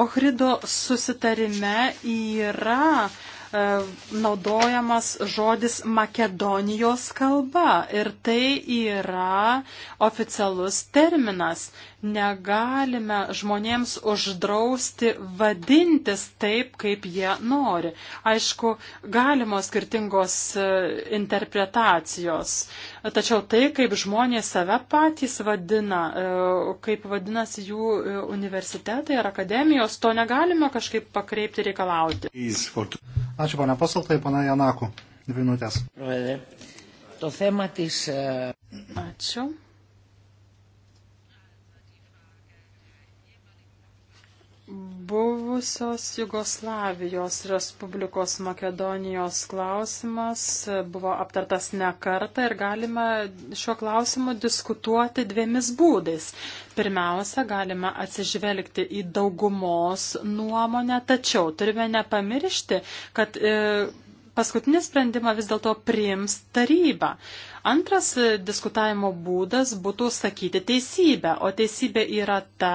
Ohrido susitarime yra E, naudojamas žodis Makedonijos kalba ir tai yra oficialus terminas. Negalime žmonėms uždrausti vadintis taip, kaip jie nori. Aišku, galimos skirtingos e, interpretacijos, tačiau tai, kaip žmonės save patys vadina, e, kaip vadinasi jų e, universitetai ar akademijos, to negalime kažkaip pakreipti reikalauti. Ačiū, ponia Pasaltai, ponia Janaku. Dvi minutės. Ačiū. buvusios Jugoslavijos Respublikos Makedonijos klausimas buvo aptartas ne kartą ir galima šiuo klausimu diskutuoti dviemis būdais. Pirmiausia, galima atsižvelgti į daugumos nuomonę, tačiau turime nepamiršti, kad e, paskutinį sprendimą vis dėlto priims taryba. Antras diskutavimo būdas būtų sakyti teisybę, o teisybė yra ta,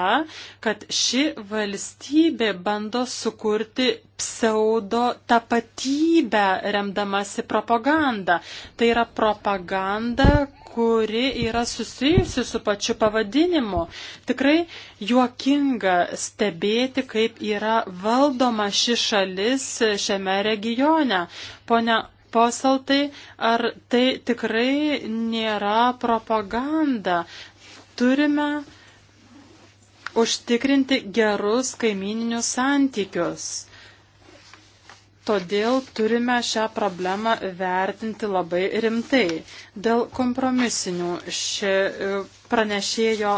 kad ši valstybė bando sukurti pseudo tapatybę remdamasi propagandą. Tai yra propaganda, kuri yra susijusi su pačiu pavadinimu. Tikrai juokinga stebėti, kaip yra valdoma ši šalis šiame regione. Pone posaltai, ar tai tikrai nėra propaganda. Turime užtikrinti gerus kaimininius santykius. Todėl turime šią problemą vertinti labai rimtai. Dėl kompromisinių ši e, pranešėjo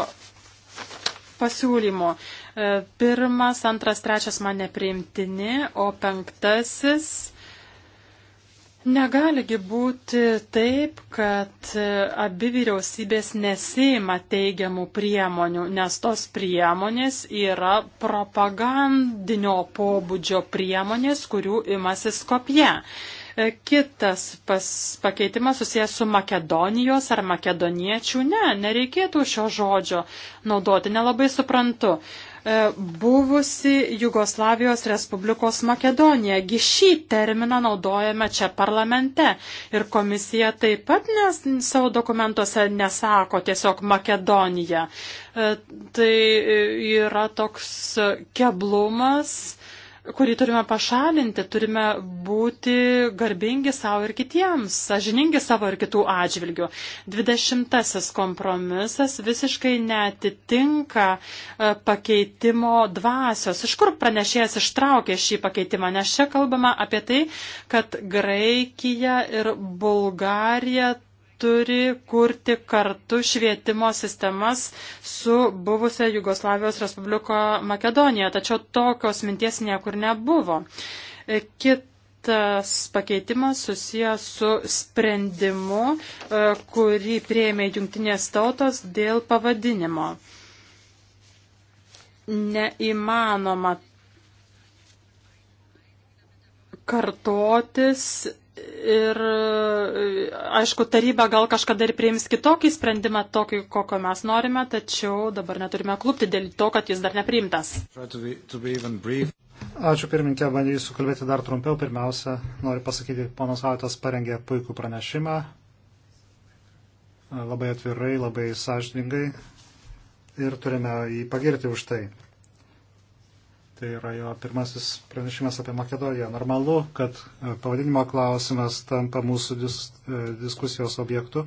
pasiūlymų. E, pirmas, antras, trečias man nepriimtini, o penktasis Negaligi būti taip, kad e, abi vyriausybės nesima teigiamų priemonių, nes tos priemonės yra propagandinio pobūdžio priemonės, kurių imasi Skopje. E, kitas pas, pakeitimas susijęs su Makedonijos ar makedoniečių. Ne, nereikėtų šio žodžio naudoti, nelabai suprantu. E, buvusi Jugoslavijos Respublikos Makedonija. Gi šį terminą naudojame čia parlamente. Ir komisija taip pat nes, savo dokumentuose nesako tiesiog Makedonija. E, tai e, yra toks keblumas kurį turime pašalinti, turime būti garbingi savo ir kitiems, sažiningi savo ir kitų atžvilgių. Dvidešimtasis kompromisas visiškai netitinka e, pakeitimo dvasios. Iš kur pranešėjas ištraukė šį pakeitimą? Nes čia kalbama apie tai, kad Graikija ir Bulgarija turi kurti kartu švietimo sistemas su buvusia Jugoslavijos Respubliko Makedonija, tačiau tokios minties niekur nebuvo. E, kitas pakeitimas susijęs su sprendimu, e, kurį prieėmė Junktinės tautos dėl pavadinimo. Neįmanoma kartotis Ir e, aišku, taryba gal kažkada ir priims kitokį sprendimą, tokį, kokio mes norime, tačiau dabar neturime klūpti dėl to, kad jis dar nepriimtas. Ačiū pirmininkė, bandysiu kalbėti dar trumpiau. Pirmiausia, noriu pasakyti, ponas Autas parengė puikų pranešimą. Labai atvirai, labai sąžiningai. Ir turime jį pagirti už tai. Tai yra jo pirmasis pranešimas apie Makedoniją. Normalu, kad e, pavadinimo klausimas tampa mūsų dis, e, diskusijos objektu,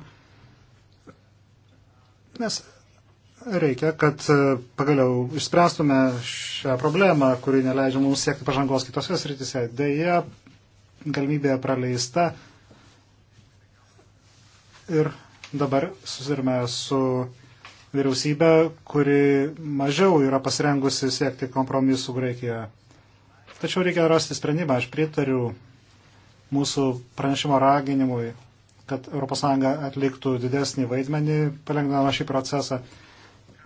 nes reikia, kad e, pagaliau išspręstume šią problemą, kuri neleidžia mums siekti pažangos kitose srityse. Deja, galimybė praleista ir dabar susirime su vyriausybę, kuri mažiau yra pasirengusi siekti kompromisų Graikijoje. Tačiau reikia rasti sprendimą. Aš pritariu mūsų pranešimo raginimui, kad ES atliktų didesnį vaidmenį, palengvinama šį procesą.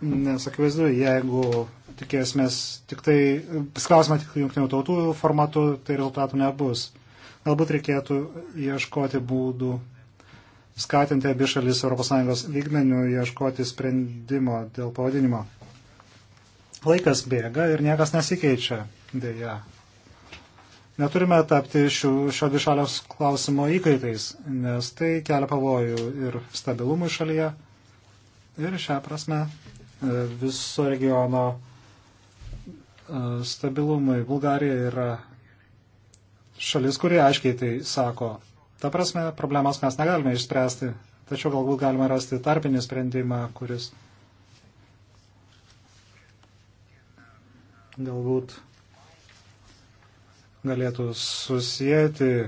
Nes akivaizdu, jeigu tikėsimės tik tai, pasklausime tik jungtinių tautų formatu, tai rezultatų nebus. Galbūt reikėtų ieškoti būdų skatinti abi šalis ES lygmenių ieškoti sprendimo dėl pavadinimo. Laikas bėga ir niekas nesikeičia, dėja. Neturime tapti šių, šio dvišalios klausimo įkaitais, nes tai kelia pavojų ir stabilumui šalyje, ir šią prasme e, viso regiono e, stabilumui. Bulgarija yra šalis, kurie aiškiai tai sako Ta prasme, problemas mes negalime išspręsti, tačiau galbūt galima rasti tarpinį sprendimą, kuris galbūt galėtų susijęti e,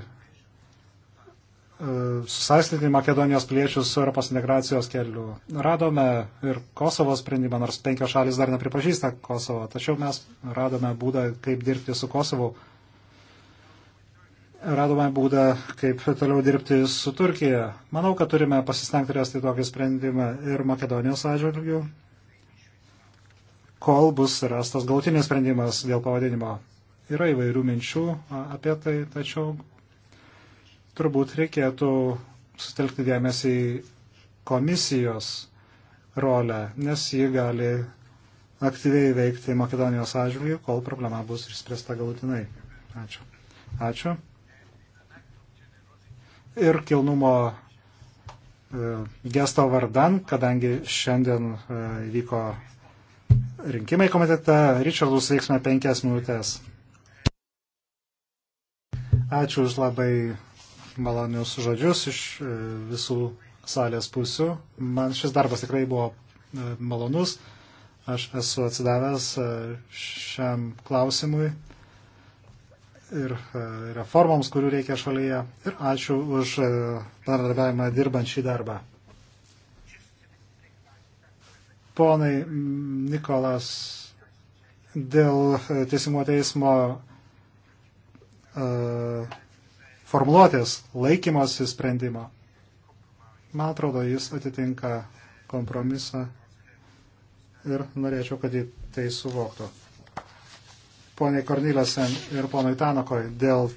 susaistyti Makedonijos piliečius su Europos integracijos keliu. Radome ir Kosovo sprendimą, nors penkios šalis dar nepripažįsta Kosovo, tačiau mes radome būdą, kaip dirbti su Kosovu, radome būdą, kaip toliau dirbti su Turkija. Manau, kad turime pasistengti rasti tokį sprendimą ir Makedonijos atžvilgių, kol bus rastas gautinis sprendimas dėl pavadinimo. Yra įvairių minčių apie tai, tačiau turbūt reikėtų sutelkti dėmesį į komisijos rolę, nes ji gali aktyviai veikti Makedonijos atžvilgių, kol problema bus išspręsta galutinai. Ačiū. Ačiū ir kilnumo e, gesto vardan, kadangi šiandien e, vyko rinkimai komitete. Richardus veiksime penkias minutės. Ačiū už labai malonius žodžius iš e, visų salės pusių. Man šis darbas tikrai buvo malonus. Aš esu atsidavęs šiam klausimui ir e, reformoms, kurių reikia šalyje. Ir ačiū už e, bendradarbiavimą dirbant šį darbą. Ponai Nikolas, dėl e, Teisingumo teismo uh, formuluotės laikymosi sprendimo, man atrodo, jis atitinka kompromisą ir norėčiau, kad jį tai suvoktų poniai Kornylėsen ir ponui Tanakoj dėl e,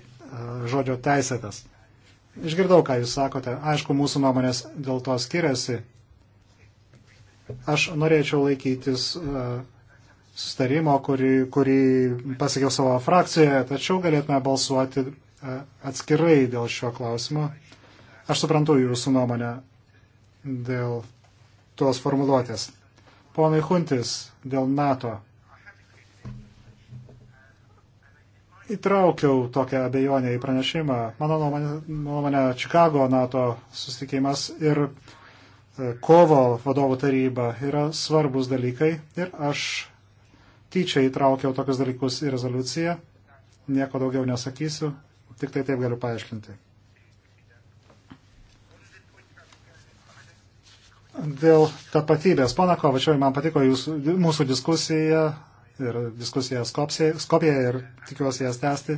žodžio teisėtas. Išgirdau, ką jūs sakote. Aišku, mūsų nuomonės dėl to skiriasi. Aš norėčiau laikytis e, sustarimo, kurį, kurį pasakiau savo frakcijoje, tačiau galėtume balsuoti e, atskirai dėl šio klausimo. Aš suprantu jūsų nuomonę dėl tuos formuluotės. Ponai Huntis, dėl NATO įtraukiau tokią abejonę į pranešimą. Mano nuomonė, Čikago NATO susitikimas ir e, kovo vadovų taryba yra svarbus dalykai ir aš tyčia įtraukiau tokius dalykus į rezoliuciją. Nieko daugiau nesakysiu, tik tai taip galiu paaiškinti. Dėl tapatybės. Pana Kovačioj, man patiko jūsų, mūsų diskusija ir diskusiją Skopijoje ir tikiuosi jas tęsti.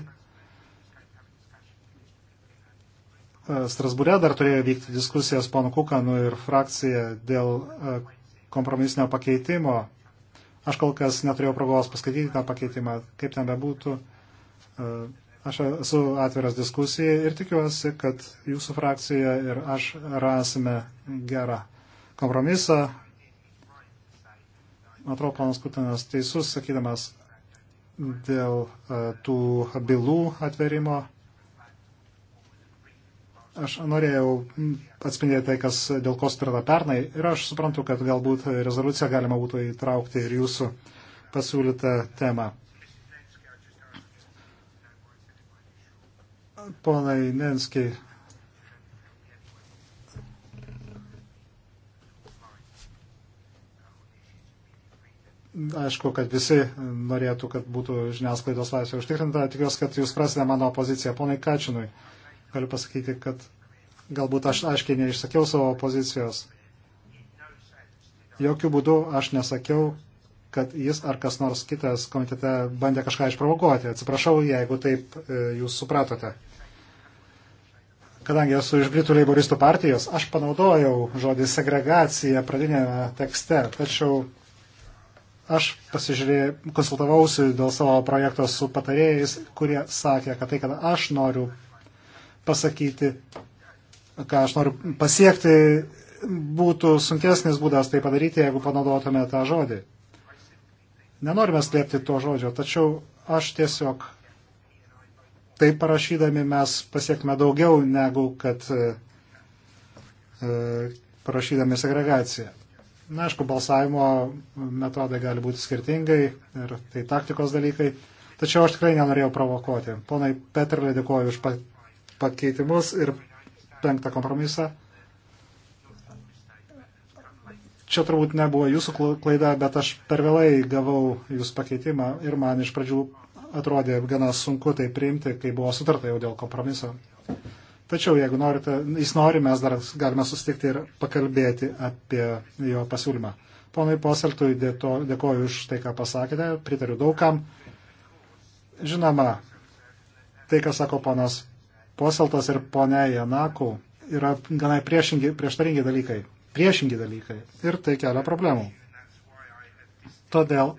E, Strasbūre dar turėjo vykti diskusijos ponu Kukanu ir frakcija dėl e, kompromisinio pakeitimo. Aš kol kas neturėjau progos paskaityti tą pakeitimą, kaip ten bebūtų. E, aš esu atviras diskusijai ir tikiuosi, kad jūsų frakcija ir aš rasime gerą kompromisą, Man atrodo, ponas Putinas teisus, sakydamas dėl e, tų bylų atverimo. Aš norėjau atspindėti tai, kas dėl ko sutarta pernai ir aš suprantu, kad galbūt rezoliuciją galima būtų įtraukti ir jūsų pasiūlytą temą. Ponai Nenskiai, Aišku, kad visi norėtų, kad būtų žiniasklaidos laisvė užtikrinta. Tikiuosi, kad jūs prasite mano poziciją. Ponai Kačinui, galiu pasakyti, kad galbūt aš aiškiai neišsakiau savo pozicijos. Jokių būdų aš nesakiau, kad jis ar kas nors kitas komitete bandė kažką išprovokuoti. Atsiprašau, jeigu taip e, jūs supratote. Kadangi esu iš Britų leiboristų partijos, aš panaudojau žodį segregacija pradinėme tekste, tačiau Aš pasižiūrėjau, konsultavausi dėl savo projekto su patarėjais, kurie sakė, kad tai, kad aš noriu pasakyti, ką aš noriu pasiekti, būtų sunkesnis būdas tai padaryti, jeigu panaudotume tą žodį. Nenorime slėpti to žodžio, tačiau aš tiesiog taip parašydami mes pasiekme daugiau negu kad e, e, parašydami segregaciją. Na, aišku, balsavimo metodai gali būti skirtingai ir tai taktikos dalykai, tačiau aš tikrai nenorėjau provokuoti. Ponai Petrelė dėkuoju už pakeitimus ir penktą kompromisą. Čia turbūt nebuvo jūsų klaida, bet aš per vėlai gavau jūsų pakeitimą ir man iš pradžių atrodė gana sunku tai priimti, kai buvo sutarta jau dėl kompromiso. Tačiau, jeigu norite, jis nori, mes dar galime susitikti ir pakalbėti apie jo pasiūlymą. Ponui Poseltui dėkoju už tai, ką pasakėte, pritariu daugam. Žinoma, tai, ką sako ponas Poseltas ir ponia Janaku, yra ganai priešingi, prieštaringi dalykai. Priešingi dalykai. Ir tai kelia problemų. Todėl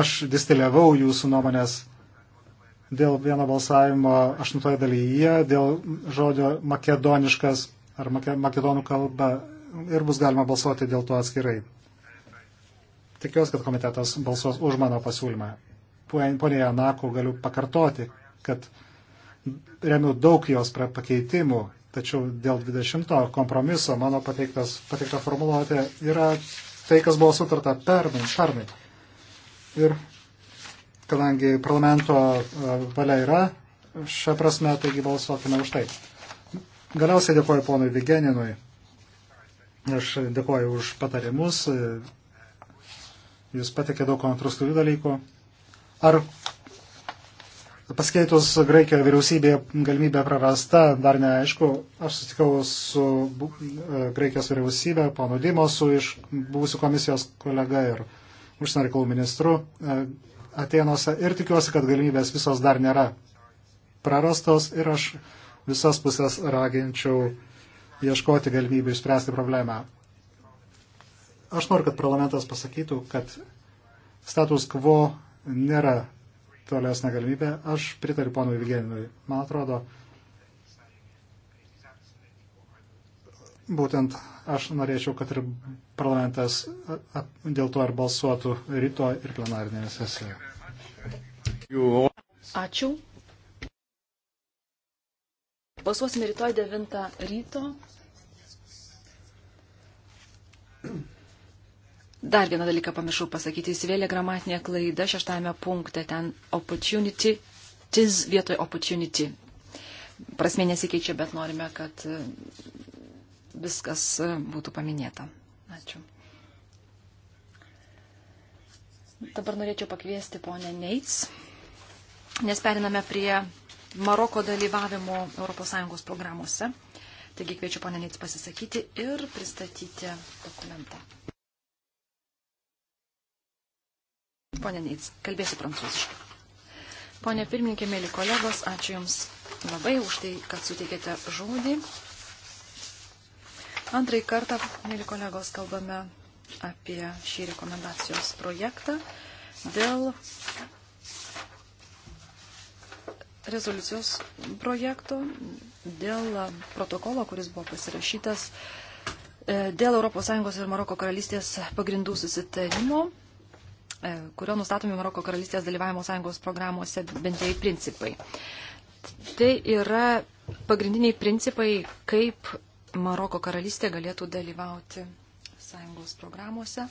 aš distiliavau jūsų nuomonės dėl vieno balsavimo aštuntoje dalyje, dėl žodžio makedoniškas ar makedonų kalba ir bus galima balsuoti dėl to atskirai. Tikiuosi, kad komitetas balsuos už mano pasiūlymą. Pone Janakų, galiu pakartoti, kad remiu daug jos pakeitimų, tačiau dėl 20 kompromiso mano pateiktas, pateikta formuluotė yra tai, kas buvo sutarta pernai. pernai. Ir kadangi parlamento e, valia yra, šią prasme, taigi balsuokime už tai. Galiausiai dėkoju ponui Vigeninui. Aš dėkoju už patarimus. Jūs patikė daug kontrastuvių dalykų. Ar paskeitus Graikijoje vyriausybėje galimybė prarasta, dar neaišku. Aš susitikau su e, Graikijos vyriausybė, ponu Dimosu iš buvusių komisijos kolega ir užsienio reikalų ministru. E, Atenose ir tikiuosi, kad galimybės visos dar nėra prarastos ir aš visas pusės raginčiau ieškoti galimybių išspręsti problemą. Aš noriu, kad parlamentas pasakytų, kad status quo nėra tolesnė galimybė. Aš pritariu ponui Vigeninui. Man atrodo, būtent aš norėčiau, kad ir parlamentas dėl to ar balsuotų rytoj ir plenarinėje sesijoje. Ačiū. Balsuosime rytoj 9 ryto. Dar vieną dalyką pamiršau pasakyti. Įsivėlė gramatinė klaida šeštame punkte. Ten opportunity, tis vietoj opportunity. Prasmė nesikeičia, bet norime, kad viskas e, būtų paminėta. Ačiū. Dabar norėčiau pakviesti ponę Neits, nes periname prie Maroko dalyvavimo ES programuose. Taigi kviečiu ponę Neits pasisakyti ir pristatyti dokumentą. Pone Neits, kalbėsiu prancūziškai. Pone pirmininkė, mėly kolegos, ačiū Jums labai už tai, kad suteikėte žodį. Antrai kartą, mėly kolegos, kalbame apie šį rekomendacijos projektą dėl rezoliucijos projekto, dėl protokolo, kuris buvo pasirašytas e, dėl ES ir Maroko karalystės pagrindų susitarimo, e, kurio nustatomi Maroko karalystės dalyvavimo sąjungos programuose bendrėjai principai. Tai yra pagrindiniai principai, kaip Maroko karalystė galėtų dalyvauti sąjungos programuose.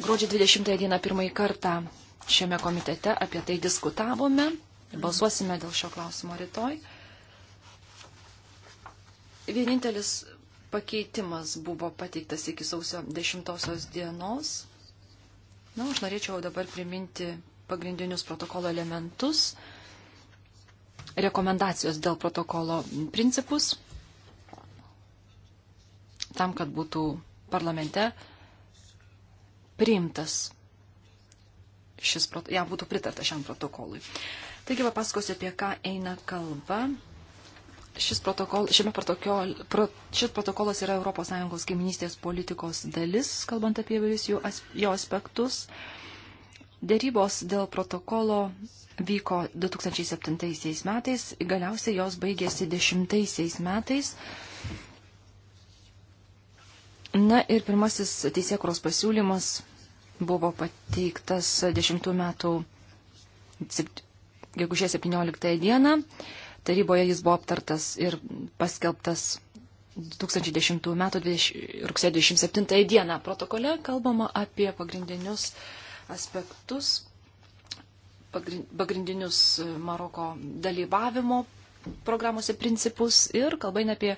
Gruodžio 20 dieną pirmąjį kartą šiame komitete apie tai diskutavome. Balsuosime dėl šio klausimo rytoj. Vienintelis pakeitimas buvo pateiktas iki sausio 10 dienos. Na, aš norėčiau dabar priminti pagrindinius protokolo elementus rekomendacijos dėl protokolo principus, tam, kad būtų parlamente priimtas šis, jam būtų pritarta šiam protokolui. Taigi papasakosiu, apie ką eina kalba. Šis, protokol, protokol, pro, šis protokolas yra ES kaiminystės politikos dalis, kalbant apie įvairius jo aspektus. Dėrybos dėl protokolo vyko 2007 metais, galiausiai jos baigėsi 2010 metais. Na ir pirmasis teisėkros pasiūlymas buvo pateiktas 10 metų gegužės 17 dieną. Taryboje jis buvo aptartas ir paskelbtas 2010 m. 20, rugsėjo 27 d. Protokole kalbama apie pagrindinius aspektus pagrindinius e, Maroko dalyvavimo programuose principus ir kalba eina apie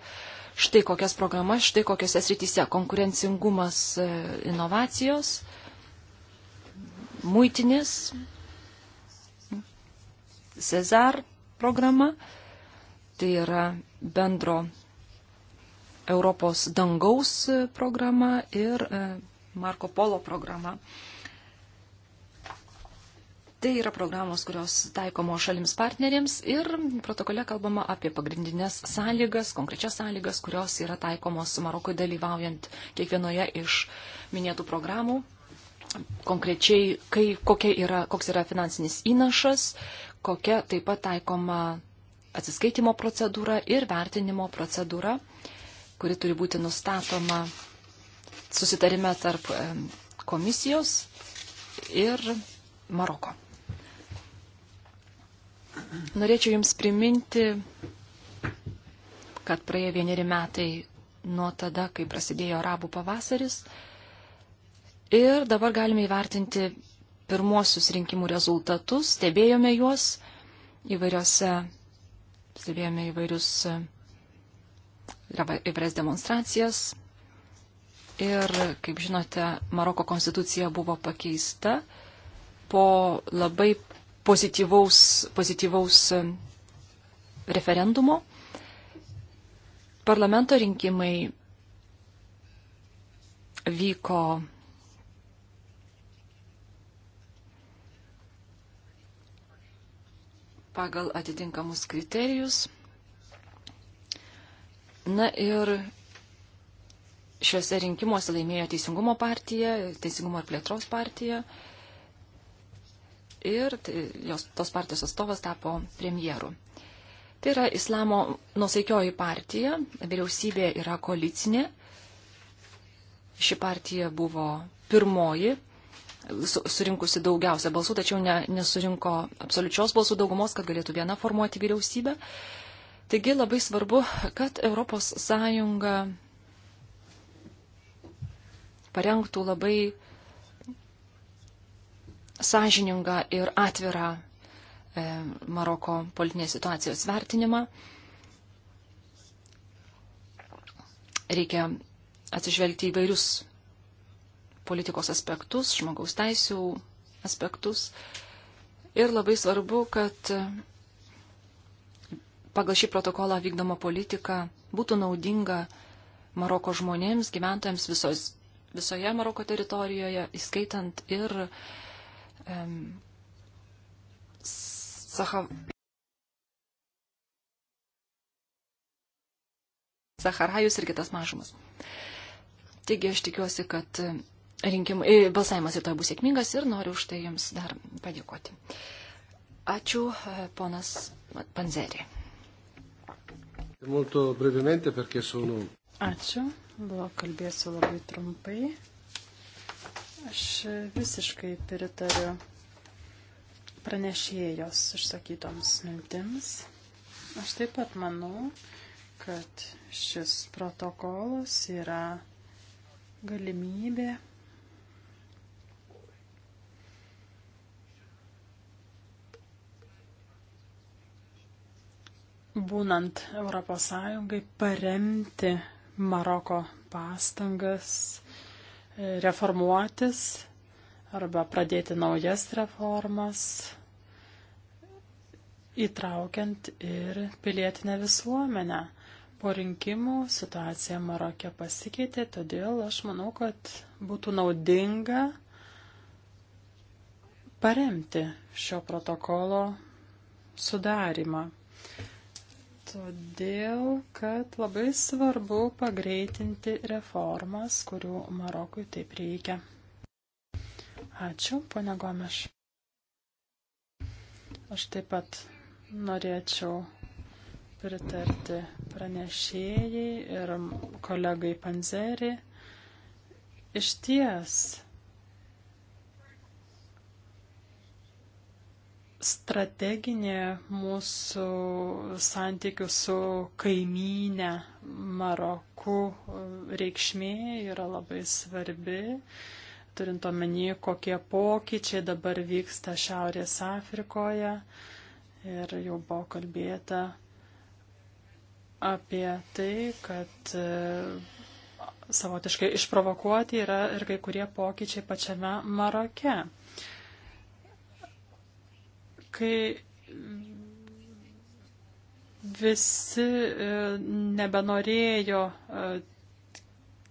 štai kokias programas, štai kokiose srityse - konkurencingumas, e, inovacijos, muitinės, Cezar programa, tai yra bendro Europos dangaus e, programa ir Marko Polo programa. Tai yra programos, kurios taikomo šalims partneriams ir protokole kalbama apie pagrindinės sąlygas, konkrečias sąlygas, kurios yra taikomos Marokui dalyvaujant kiekvienoje iš minėtų programų. Konkrečiai, kai, yra, koks yra finansinis įnašas, kokia taip pat taikoma atsiskaitimo procedūra ir vertinimo procedūra, kuri turi būti nustatoma susitarime tarp komisijos ir Maroko. Norėčiau Jums priminti, kad praėjo vieneri metai nuo tada, kai prasidėjo arabų pavasaris. Ir dabar galime įvertinti pirmuosius rinkimų rezultatus, stebėjome juos įvairiose, stebėjome įvairius, e, įvairias demonstracijas. Ir, kaip žinote, Maroko konstitucija buvo pakeista po labai pozityvaus, pozityvaus e, referendumo. Parlamento rinkimai vyko pagal atitinkamus kriterijus. Na ir šiuose rinkimuose laimėjo Teisingumo partija, Teisingumo ir plėtros partija ir jos, tos partijos atstovas tapo premjeru. Tai yra islamo nusaikioji partija, vyriausybė yra koalicinė. Ši partija buvo pirmoji, surinkusi daugiausia balsų, tačiau ne, nesurinko absoliučios balsų daugumos, kad galėtų viena formuoti vyriausybę. Taigi labai svarbu, kad ES parengtų labai sąžiningą ir atvirą e, Maroko politinės situacijos vertinimą. Reikia atsižvelgti į vairius politikos aspektus, žmogaus teisų aspektus. Ir labai svarbu, kad pagal šį protokolą vykdoma politika būtų naudinga Maroko žmonėms, gyventojams visos, visoje Maroko teritorijoje, įskaitant ir uh, um, Sahar... Saharajus ir kitas mažumas. Taigi aš tikiuosi, kad rinkim, e, balsavimas rytoj bus sėkmingas ir noriu už tai Jums dar padėkoti. Ačiū, e, ponas Panzerė. Ačiū, buvo kalbėsiu labai trumpai. Aš visiškai pritariu pranešėjos išsakytoms mintims. Aš taip pat manau, kad šis protokolas yra galimybė būnant ES paremti Maroko pastangas reformuotis arba pradėti naujas reformas, įtraukiant ir pilietinę visuomenę. Po rinkimų situacija Marokė pasikeitė, todėl aš manau, kad būtų naudinga paremti šio protokolo sudarimą todėl, kad labai svarbu pagreitinti reformas, kurių Marokui taip reikia. Ačiū, ponia Gomeš. Aš taip pat norėčiau pritarti pranešėjai ir kolegai Panzerį. Iš ties strateginė mūsų santykių su kaimynė Maroku reikšmė yra labai svarbi, turint omeny, kokie pokyčiai dabar vyksta Šiaurės Afrikoje. Ir jau buvo kalbėta apie tai, kad e, savotiškai išprovokuoti yra ir kai kurie pokyčiai pačiame Maroke kai visi e, nebenorėjo e,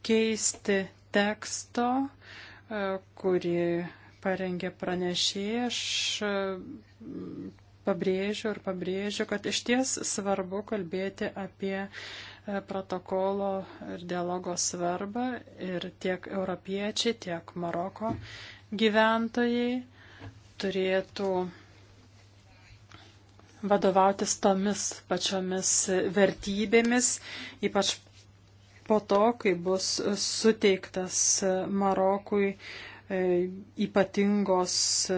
keisti teksto, e, kurį parengė pranešėjai, aš pabrėžiu ir pabrėžiu, kad iš ties svarbu kalbėti apie protokolo ir dialogo svarbą ir tiek europiečiai, tiek Maroko gyventojai turėtų vadovautis tomis pačiomis vertybėmis, ypač po to, kai bus suteiktas Marokui e, ypatingos e,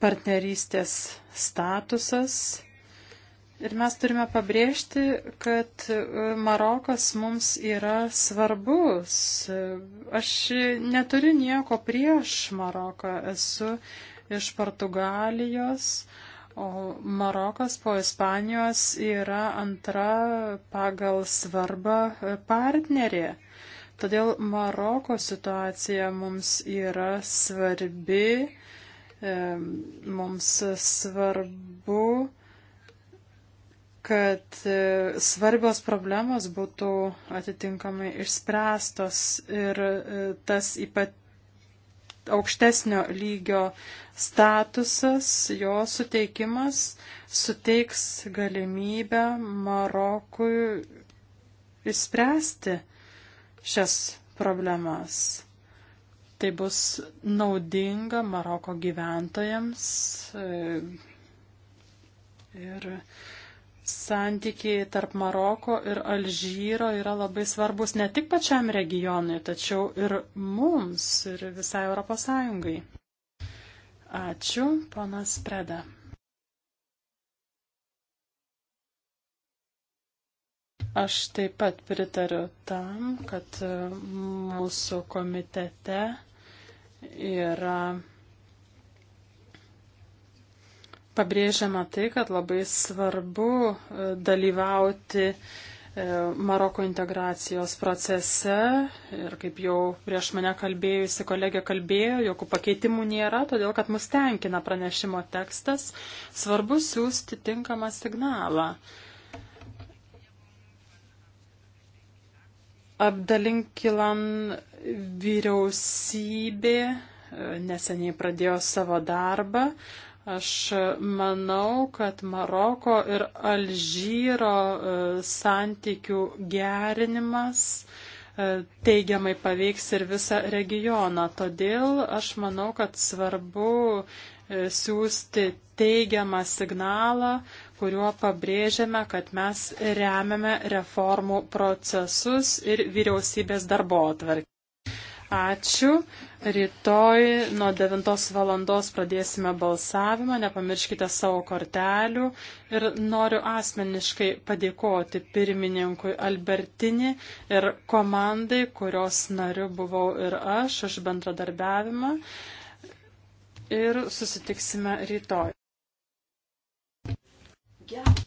partnerystės statusas. Ir mes turime pabrėžti, kad e, Marokas mums yra svarbus. Aš neturiu nieko prieš Maroką, esu iš Portugalijos, o Marokas po Ispanijos yra antra pagal svarbą partnerė. Todėl Maroko situacija mums yra svarbi, mums svarbu, kad e, svarbios problemos būtų atitinkamai išspręstos ir e, tas ypat, aukštesnio lygio statusas, jo suteikimas suteiks galimybę Marokui išspręsti šias problemas. Tai bus naudinga Maroko gyventojams e, ir santykiai tarp Maroko ir Alžyro yra labai svarbus ne tik pačiam regionui, tačiau ir mums, ir visai Europos Sąjungai. Ačiū, ponas Preda. Aš taip pat pritariu tam, kad mūsų komitete yra pabrėžiama tai, kad labai svarbu e, dalyvauti e, Maroko integracijos procese ir kaip jau prieš mane kalbėjusi kolegė kalbėjo, jokių pakeitimų nėra, todėl kad mus tenkina pranešimo tekstas, svarbu siūsti tinkamą signalą. Abdalinkilan vyriausybė e, neseniai pradėjo savo darbą, Aš manau, kad Maroko ir Alžyro e, santykių gerinimas e, teigiamai paveiks ir visą regioną. Todėl aš manau, kad svarbu e, siūsti teigiamą signalą, kuriuo pabrėžiame, kad mes remiame reformų procesus ir vyriausybės darbo atvarkį. Ačiū. Rytoj nuo 9 valandos pradėsime balsavimą, nepamirškite savo kortelių ir noriu asmeniškai padėkoti pirmininkui Albertini ir komandai, kurios nariu buvau ir aš, už bendradarbiavimą ir susitiksime rytoj. Yeah.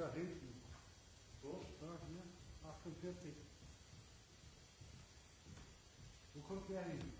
da hinten. So, da hier, 48. Wo kommt der hin?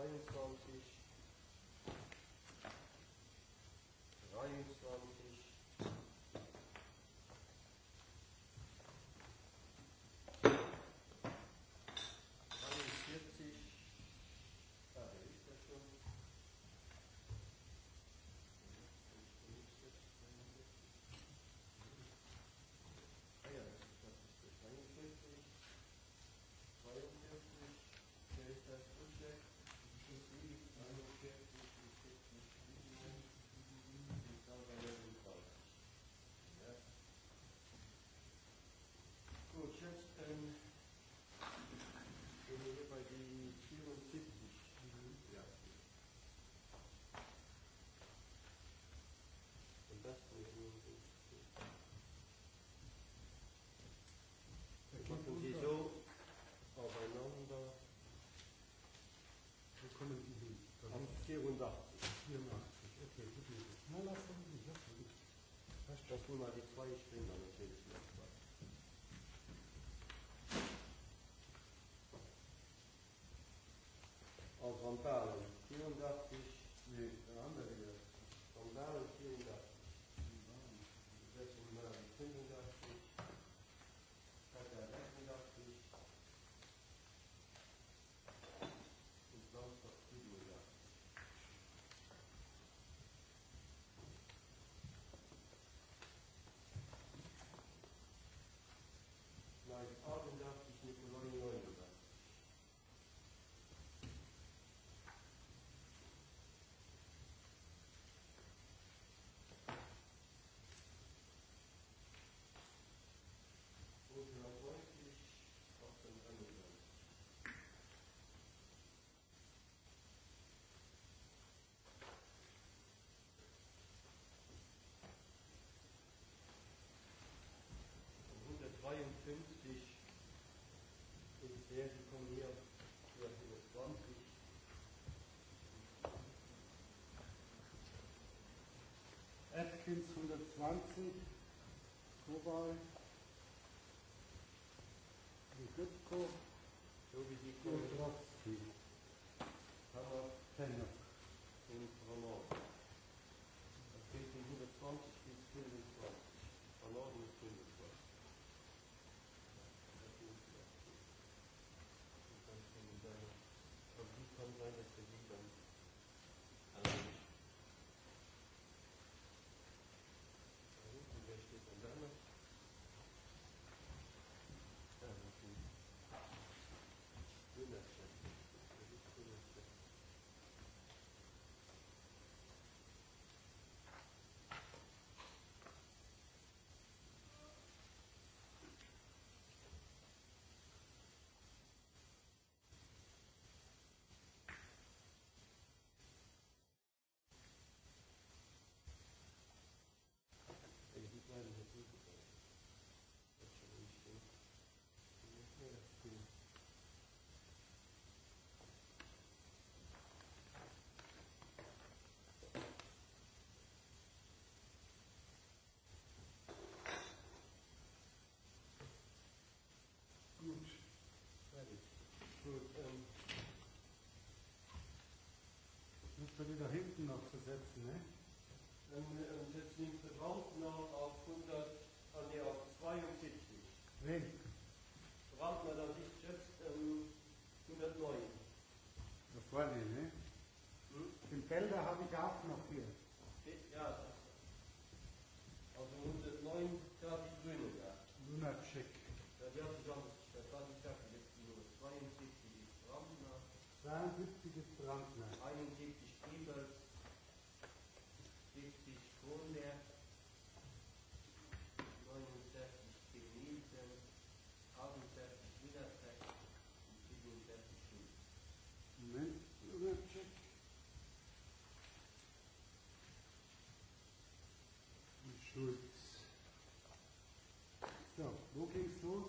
vainikaus kūno veiksmai išpildo mūsų veiksmus. En grand parle, Atkins 120, Kobal Minuten noch zu setzen. Ne? Und deswegen braucht man auf 100, an der auf 72. Nee. Braucht man dann nicht jetzt ähm, 109. Da vorne, ne? Hm? Den Felder habe ich auch noch hier. Ja, also 109, da die Grüne, ja. Lunacek. Da wird zusammen, das war die Sache, jetzt die Nummer 72 ist Brandner. 72 ist Brandner. 71 Schulz. So, wo gingst los?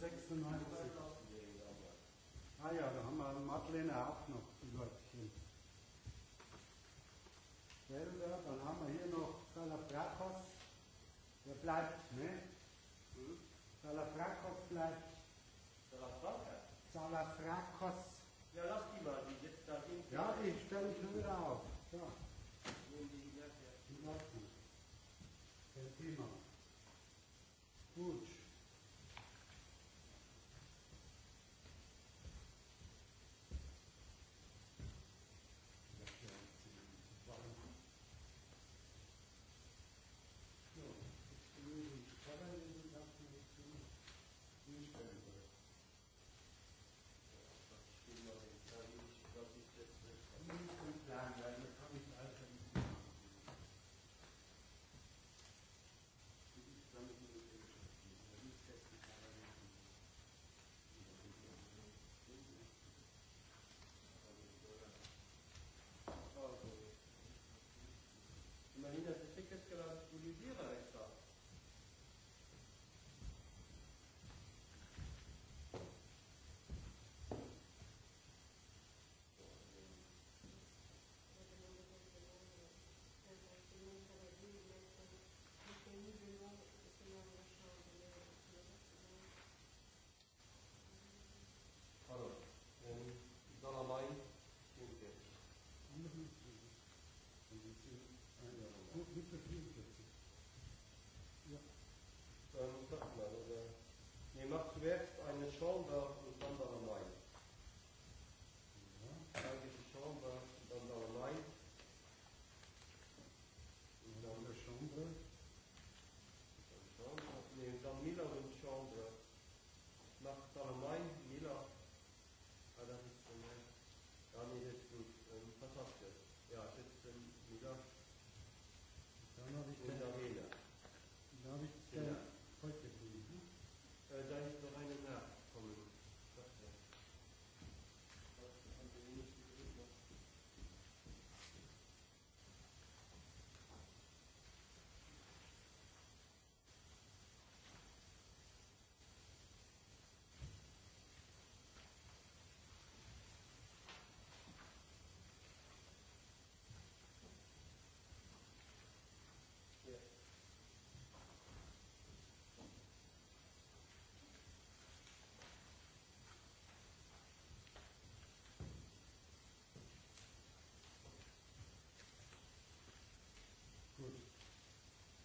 mit 96. Ah ja, da haben wir Madeleine auch noch, die Leutchen. Selber, dann haben wir hier noch Salafrakos. Der bleibt, ne? Hm? Salafrakos bleibt. Salafrakos? Salafrakos. Ja, lass die mal, die jetzt da hinten. Ja, ich stelle mich schon wieder auf. So. Die Leutchen. Der Thema.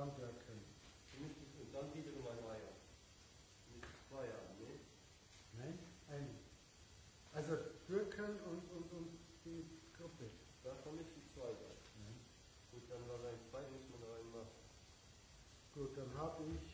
Dan Berken. Und dann wiederum ein Meier. Mit zwei Jahren, ne? Nein, eine. Also Birken und, und, und die Gruppe. Da komme ich die zwei Jahre. Gut, dann war sein zwei, muss man reinmachen. Gut, dann habe ich